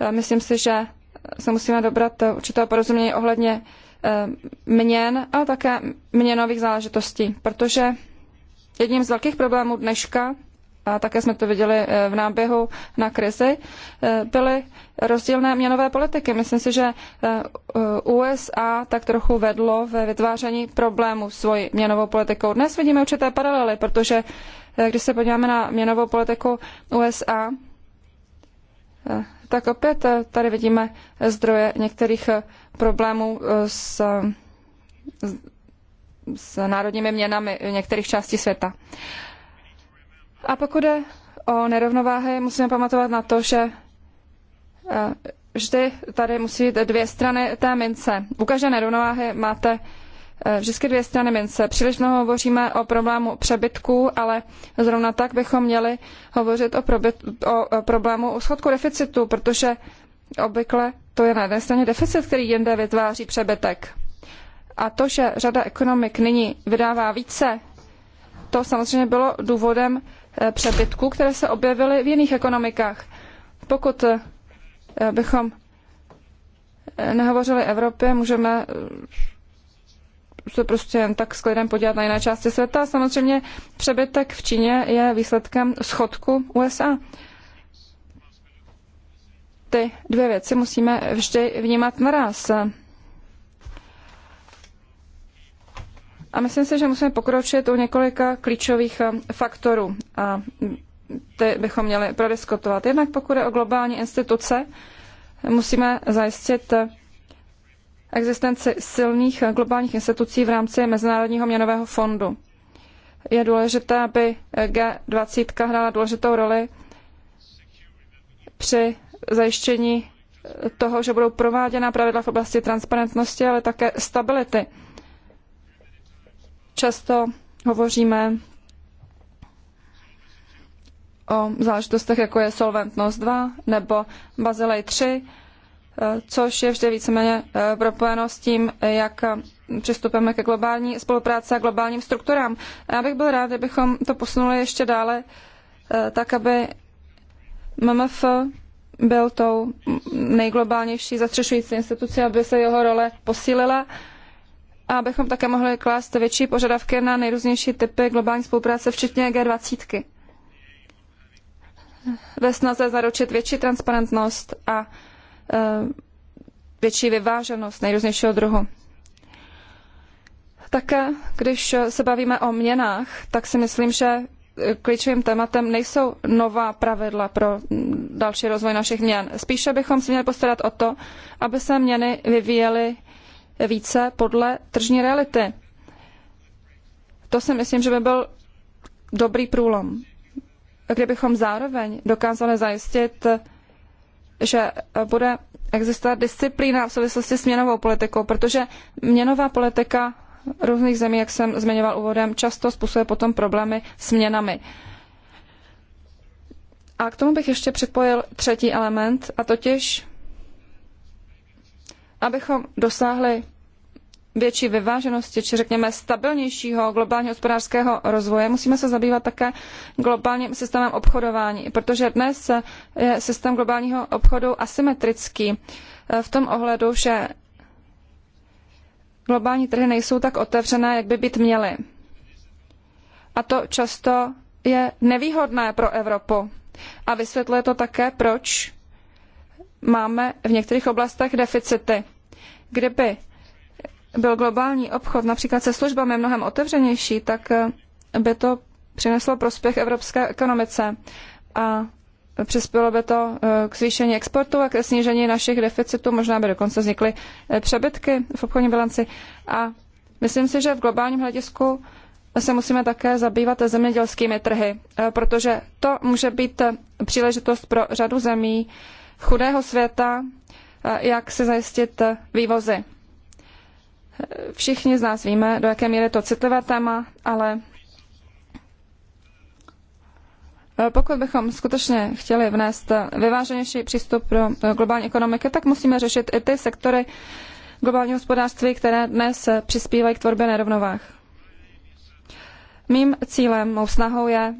E, myslím si, že se musíme dobrat určitého porozumění ohledně e, měn, ale také měnových záležitostí, protože jedním z velkých problémů dneška a také jsme to viděli eh, v náběhu na krizi, eh, byly rozdílné měnové politiky. Myslím si, že eh, USA tak trochu vedlo ve vytváření problémů svou měnovou politikou. Dnes vidíme určité paralely, protože když se podíváme na měnovou politiku USA, tak opět tady vidíme zdroje některých problémů s, s národními měnami některých částí světa. A pokud jde o nerovnováhy, musíme pamatovat na to, že eh, vždy tady musí být dvě strany té mince. U každé nerovnováhy máte eh, vždycky dvě strany mince. Příliš mnoho hovoříme o problému přebytku, ale zrovna tak bychom měli hovořit o, probyt, o problému o schodku deficitu, protože obvykle to je na jedné straně deficit, který jinde vytváří přebytek. A to, že řada ekonomik nyní vydává více, to samozřejmě bylo důvodem Eh, přebytků, které se objevily v jiných ekonomikách. Pokud eh, bychom eh, nehovořili Evropě, můžeme se prostě jen tak s klidem podívat na jiné části světa. Samozřejmě přebytek v Číně je výsledkem schodku USA. Ty dvě věci musíme vždy vnímat naraz. A myslím si, že musíme pokročit u několika klíčových eh, faktorů a ty bychom měli prodiskutovat. Jednak pokud je o globální instituce, musíme zajistit eh, existenci silných eh, globálních institucí v rámci Mezinárodního měnového fondu. Je důležité, aby G20 hrála důležitou roli při zajištění toho, že budou prováděna pravidla v oblasti transparentnosti, ale také stability Často hovoříme o záležitostech, jako je Solventnost 2 nebo Bazilej 3, eh, což je vždy víceméně eh, propojeno s tím, jak přistupujeme ke globální spolupráci a globálním strukturám. Já bych byl rád, kdybychom to posunuli ještě dále, eh, tak aby MMF byl tou nejglobálnější zastřešující institucí, aby se jeho role posílila a abychom také mohli klást větší požadavky na nejrůznější typy globální spolupráce, včetně G20. -ky. Ve snaze zaručit větší transparentnost a e, větší vyváženost nejrůznějšího druhu. Také, když se bavíme o měnách, tak si myslím, že klíčovým tématem nejsou nová pravidla pro další rozvoj našich měn. Spíše bychom se měli postarat o to, aby se měny vyvíjely více podle tržní reality. To si myslím, že by byl dobrý průlom. Kdybychom zároveň dokázali zajistit, že bude existovat disciplína v souvislosti s měnovou politikou, protože měnová politika různých zemí, jak jsem zmiňoval úvodem, často způsobuje potom problémy s měnami. A k tomu bych ještě připojil třetí element, a totiž abychom dosáhli větší vyváženosti, či řekněme stabilnějšího globálního hospodářského rozvoje, musíme se zabývat také globálním systémem obchodování, protože dnes je systém globálního obchodu asymetrický e, v tom ohledu, že globální trhy nejsou tak otevřené, jak by být měly. A to často je nevýhodné pro Evropu. A vysvětluje to také, proč máme v některých oblastech deficity. Kdyby byl globální obchod například se službami mnohem otevřenější, tak eh, by to přineslo prospěch evropské ekonomice a přispělo by to eh, k zvýšení exportu a ke snížení našich deficitů, možná by dokonce vznikly eh, přebytky v obchodní bilanci. A myslím si, že v globálním hledisku se musíme také zabývat zemědělskými trhy, protože to může být příležitost pro řadu zemí, chudého světa, eh, jak si zajistit eh, vývozy. Všichni z nás víme, do jaké míry je to citlivé téma, ale eh, pokud bychom skutečně chtěli vnést vyváženější přístup pro globální ekonomiky, tak musíme řešit i ty sektory globálního hospodářství, které dnes přispívají k tvorbě nerovnovách. Mým cílem, mou snahou je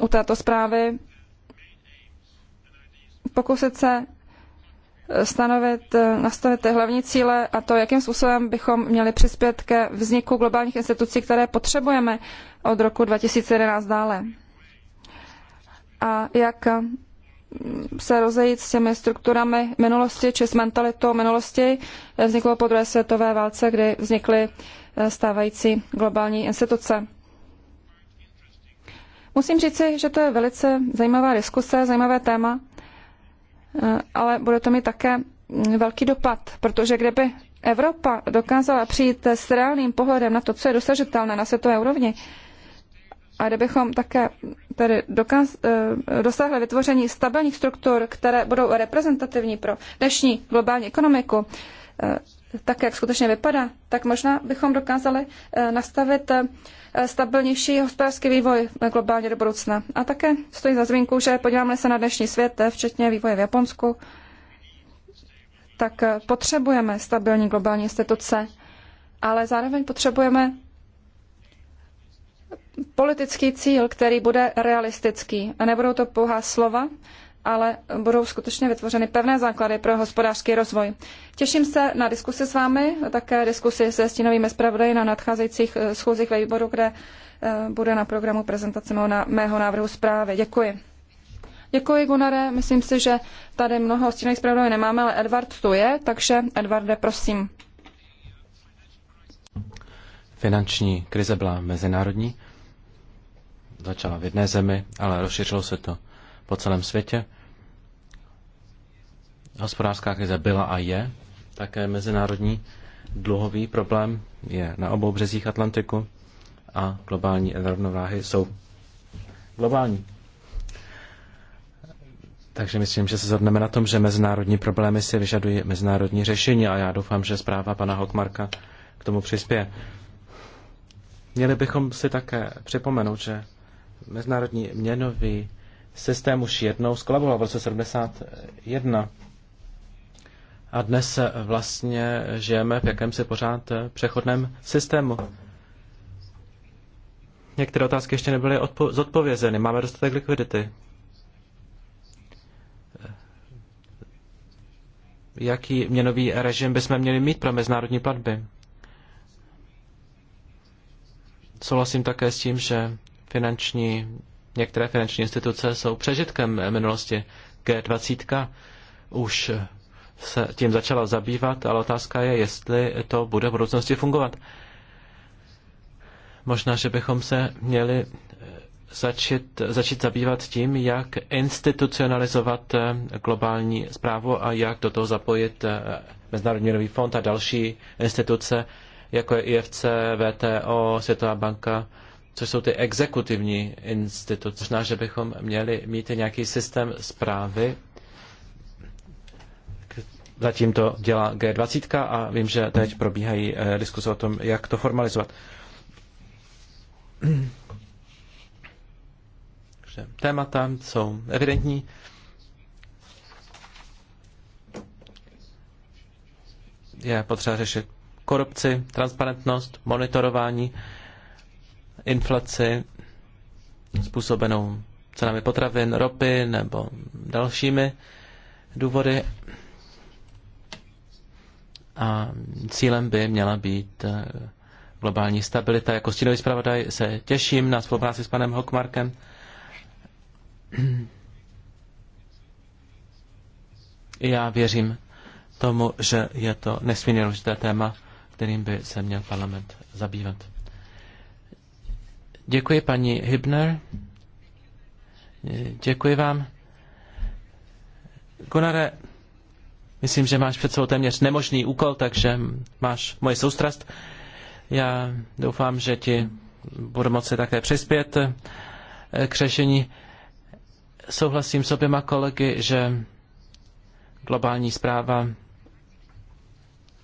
u této zprávy pokusit se eh, stanovit, eh, nastavit hlavní cíle a to, jakým způsobem bychom měli přispět ke vzniku globálních institucí, které potřebujeme od roku 2011 dále. A jak eh, se rozejít s těmi strukturami minulosti či s mentalitou minulosti vzniklo po druhé světové válce, kdy vznikly stávající globální instituce. Musím říci, že to je velice zajímavá diskuse, zajímavé téma Eh, ale bude to mít také velký dopad, protože kdyby Evropa dokázala přijít s reálným pohledem na to, co je dosažitelné na světové úrovni, a kdybychom také tedy dokaz, eh, dosáhli vytvoření stabilních struktur, které budou reprezentativní pro dnešní globální ekonomiku, eh, tak, jak skutečně vypadá, tak možná bychom dokázali eh, nastavit eh, stabilnější hospodářský vývoj eh, globálně do budoucna. A také stojí za zmínku, že podíváme se na dnešní svět, včetně vývoje v Japonsku, tak potřebujeme stabilní globální instituce, ale zároveň potřebujeme politický cíl, který bude realistický. A nebudou to pouhá slova, ale budou skutečně vytvořeny pevné základy pro hospodářský rozvoj. Těším se na diskusi s vámi, také diskusi se stínovými zpravodaji na nadcházejících eh, schůzích ve výboru, kde eh, bude na programu prezentace mého, mého návrhu zprávy. Děkuji. Děkuji, Gunare. Myslím si, že tady mnoho stínových zpravodajů nemáme, ale Edvard tu je, takže Edvarde, prosím. Finanční krize byla mezinárodní. Začala v jedné zemi, ale rozšířilo se to po celém světě. Hospodářská krize byla a je také mezinárodní dluhový problém, je na obou březích Atlantiku a globální rovnováhy jsou globální. Takže myslím, že se zhodneme na tom, že mezinárodní problémy si vyžadují mezinárodní řešení a já doufám, že zpráva pana Hokmarka k tomu přispěje. Měli bychom si také připomenout, že Mezinárodní měnový systém už jednou skolaboval v roce 71. A dnes vlastně žijeme v jakémsi pořád přechodném systému. Některé otázky ještě nebyly odpo- zodpovězeny. Máme dostatek likvidity. Jaký měnový režim bychom měli mít pro mezinárodní platby? Souhlasím také s tím, že finanční Některé finanční instituce jsou přežitkem minulosti. G20 už se tím začala zabývat, ale otázka je, jestli to bude v budoucnosti fungovat. Možná, že bychom se měli eh, začít, začít zabývat tím, jak institucionalizovat eh, globální zprávu a jak do toho zapojit eh, Mezinárodní nový fond a další instituce, jako je IFC, VTO, Světová banka, což jsou ty exekutivní instituce. Možná, že bychom měli mít nějaký systém zprávy. Zatím to dělá G20 a vím, že teď probíhají eh, diskuse o tom, jak to formalizovat. Témata jsou evidentní. Je potřeba řešit korupci, transparentnost, monitorování inflaci způsobenou cenami potravin, ropy nebo dalšími důvody. A cílem by měla být eh, globální stabilita. Jako stínový zpravodaj se těším na spolupráci s panem Hockmarkem. Já věřím tomu, že je to nesmírně důležité téma, kterým by se měl parlament zabývat. Děkuji, paní Hybner. Děkuji vám. Gunare, myslím, že máš před sebou téměř nemožný úkol, takže máš moje soustrast. Já doufám, že ti budu moci také přispět k řešení. Souhlasím s oběma kolegy, že globální zpráva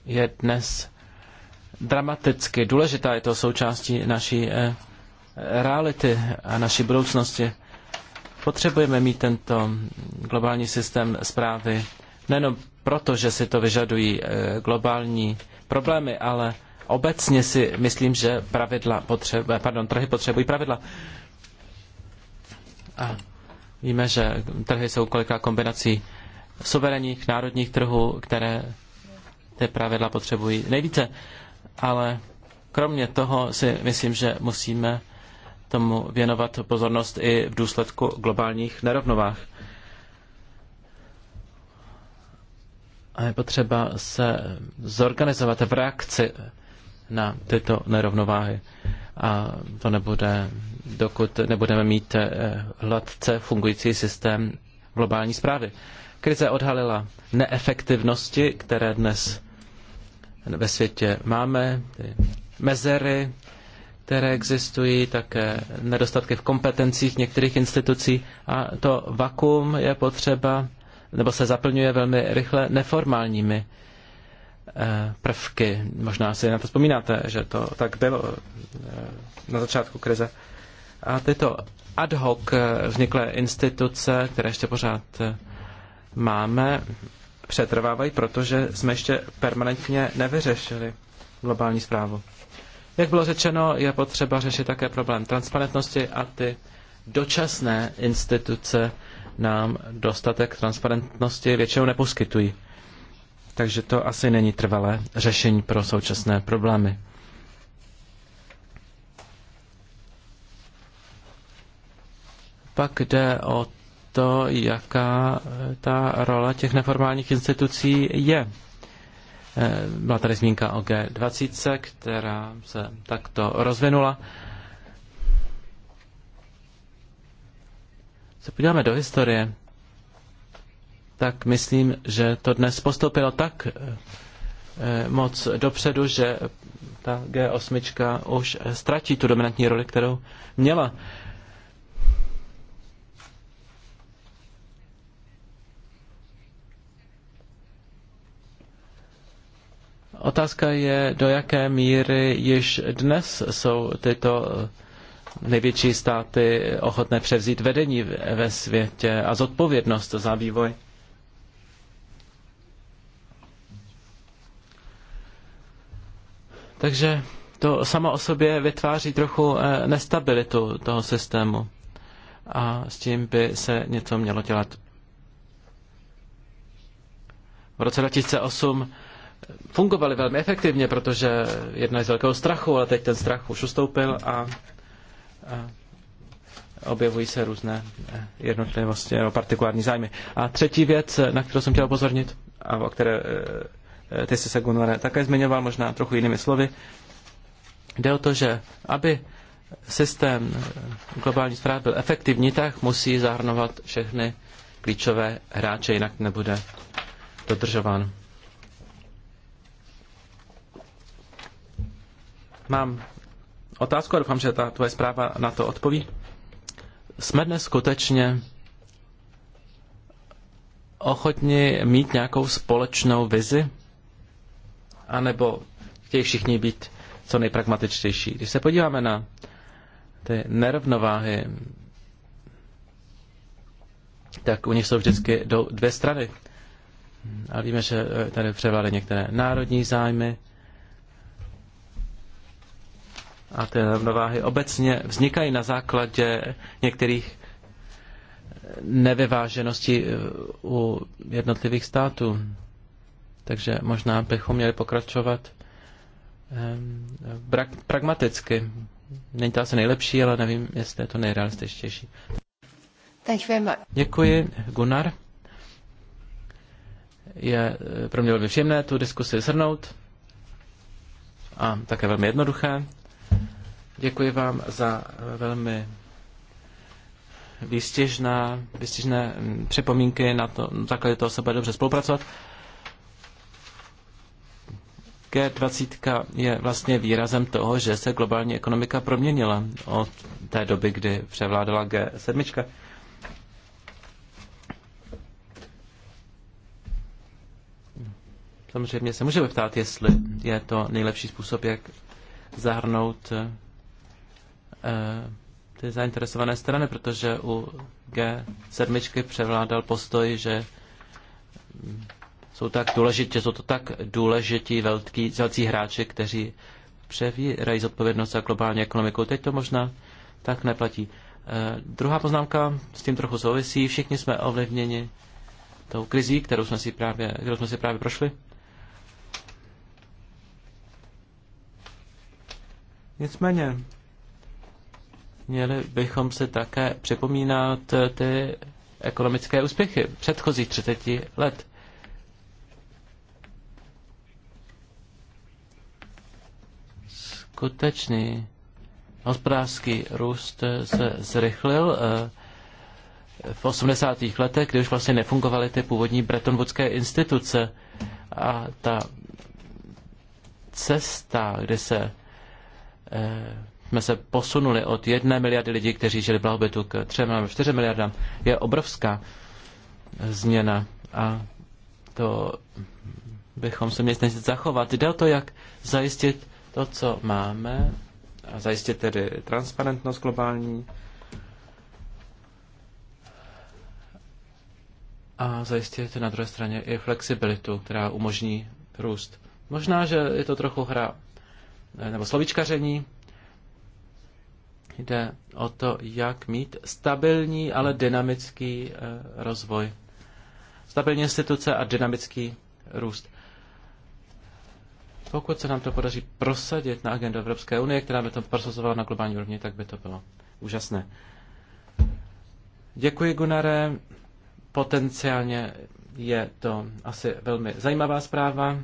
je dnes dramaticky důležitá, je to součástí naší eh, reality a naší budoucnosti. Potřebujeme mít tento globální systém zprávy nejenom proto, že si to vyžadují eh, globální problémy, ale obecně si myslím, že pravidla potřeba, pardon, trhy potřebují pravidla. A víme, že trhy jsou kolika kombinací suverénních národních trhů, které ty pravidla potřebují nejvíce. Ale kromě toho si myslím, že musíme tomu věnovat pozornost i v důsledku globálních nerovnovách. A je potřeba se zorganizovat v reakci na tyto nerovnováhy. A to nebude, dokud nebudeme mít eh, hladce fungující systém globální zprávy. Krize odhalila neefektivnosti, které dnes ve světě máme, ty mezery, které existují, tak nedostatky v kompetencích některých institucí a to vakuum je potřeba, nebo se zaplňuje velmi rychle neformálními eh, prvky. Možná si na to vzpomínáte, že to tak bylo eh, na začátku krize. A tyto ad hoc eh, vzniklé instituce, které ještě pořád máme, přetrvávají, protože jsme ještě permanentně nevyřešili globální zprávu. Jak bylo řečeno, je potřeba řešit také problém transparentnosti a ty dočasné instituce nám dostatek transparentnosti většinou neposkytují. Takže to asi není trvalé řešení pro současné problémy. Pak jde o to, jaká ta rola těch neformálních institucí je. Eh, byla tady zmínka o G20, která se takto rozvinula. Se podíváme do historie, tak myslím, že to dnes postoupilo tak eh, eh, moc dopředu, že ta G8 už ztratí tu dominantní roli, kterou měla Otázka je, do jaké míry již dnes jsou tyto největší státy ochotné převzít vedení ve světě a zodpovědnost za vývoj. Takže to samo o sobě vytváří trochu eh, nestabilitu toho systému a s tím by se něco mělo dělat. V roce 2008 fungovaly velmi efektivně, protože je z velkého strachu, ale teď ten strach už ustoupil a, a objevují se různé eh, jednotlivosti vlastně, nebo partikulární zájmy. A třetí věc, eh, na kterou jsem chtěl upozornit, a o které eh, ty jsi se, Gunnar, také zmiňoval, možná trochu jinými slovy, jde o to, že aby systém globální zpráv byl efektivní, tak musí zahrnovat všechny klíčové hráče, jinak nebude dodržován. Mám otázku a doufám, že ta tvoje zpráva na to odpoví. Jsme dnes skutečně ochotni mít nějakou společnou vizi? A nebo chtějí všichni být co nejpragmatičtější? Když se podíváme na ty nerovnováhy, tak u nich jsou vždycky dvě strany. A víme, že tady převládají některé národní zájmy, a ty rovnováhy obecně vznikají na základě některých nevyvážeností eh, u jednotlivých států. Takže možná bychom měli pokračovat ehm, pragmaticky. Není to asi nejlepší, ale nevím, jestli je to nejrealističtější. Děkuji, Gunnar. Je eh, pro mě velmi příjemné tu diskusi shrnout a také velmi jednoduché. Děkuji vám za velmi výstěžná, výstěžné mm, připomínky, na to, na základě toho se bude dobře spolupracovat. G20 je vlastně výrazem toho, že se globální ekonomika proměnila od té doby, kdy převládala G7. Samozřejmě se můžeme ptát, jestli je to nejlepší způsob, jak zahrnout eh, Eh, ty zainteresované strany, protože u G7 převládal postoj, že mm, jsou tak důležití, jsou to tak důležití velký, velcí hráči, kteří převírají zodpovědnost za globální ekonomiku. Teď to možná tak neplatí. Eh, druhá poznámka s tím trochu souvisí. Všichni jsme ovlivněni tou krizí, kterou jsme si právě, kterou jsme si právě prošli. Nicméně, Měli bychom se také připomínat ty ekonomické úspěchy předchozích 30 let. Skutečný hospodářský růst se zrychlil eh, v 80. letech, kdy už vlastně nefungovaly ty původní bretonvudské instituce a ta cesta, kde se eh, jsme se posunuli od jedné miliardy lidí, kteří žili v blahobytu k třem nebo čtyřem miliardám, je obrovská změna a to bychom se měli snažit zachovat. Jde o to, jak zajistit to, co máme a zajistit tedy transparentnost globální a zajistit na druhé straně i flexibilitu, která umožní růst. Možná, že je to trochu hra nebo slovíčkaření, jde o to, jak mít stabilní, ale dynamický e, rozvoj. Stabilní instituce a dynamický růst. Pokud se nám to podaří prosadit na agendu Evropské unie, která by to prosazovala na globální úrovni, tak by to bylo úžasné. Děkuji, Gunare. Potenciálně je to asi velmi zajímavá zpráva.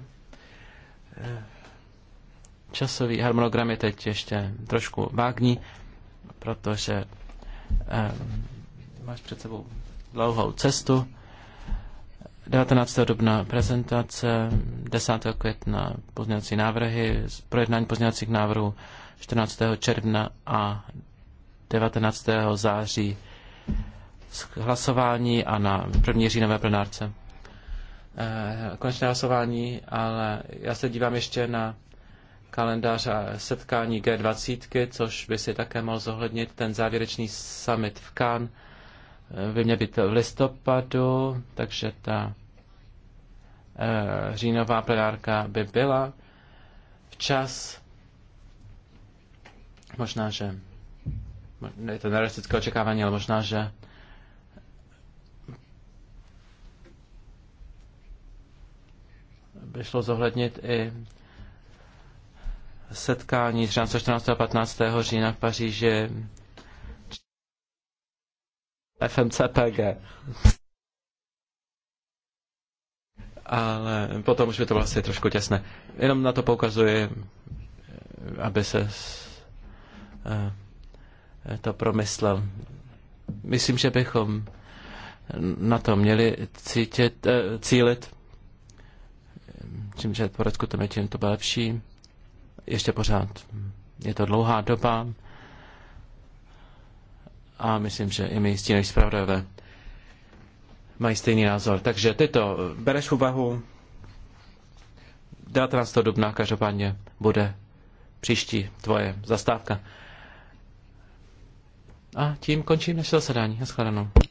E, časový harmonogram je teď ještě trošku vágní protože um, máš před sebou dlouhou cestu. 19. dubna prezentace, 10. května pozměňovací návrhy, projednání pozměňovacích návrhů 14. června a 19. září hlasování a na první říjnové plenárce. Eh, konečné hlasování, ale já se dívám ještě na kalendář setkání G20, což by si také mohl zohlednit ten závěrečný summit v Cannes. By měl být v listopadu, takže ta eh, říjnová plenárka by byla včas. Možná, že je to nerealistické očekávání, ale možná, že by šlo zohlednit i setkání 13. 14. a 15. října v Paříži FMCPG. Ale potom už by to vlastně trošku těsné. Jenom na to poukazuji, aby se eh, to promyslel. Myslím, že bychom na to měli cítit, eh, cílit. Čím, že v poradku to je, tím to bude lepší ještě pořád je to dlouhá doba a myslím, že i my stínoví zpravodajové mají stejný názor. Takže ty to bereš v úvahu. 19. dubna každopádně bude příští tvoje zastávka. A tím končím naše zasedání. Naschledanou.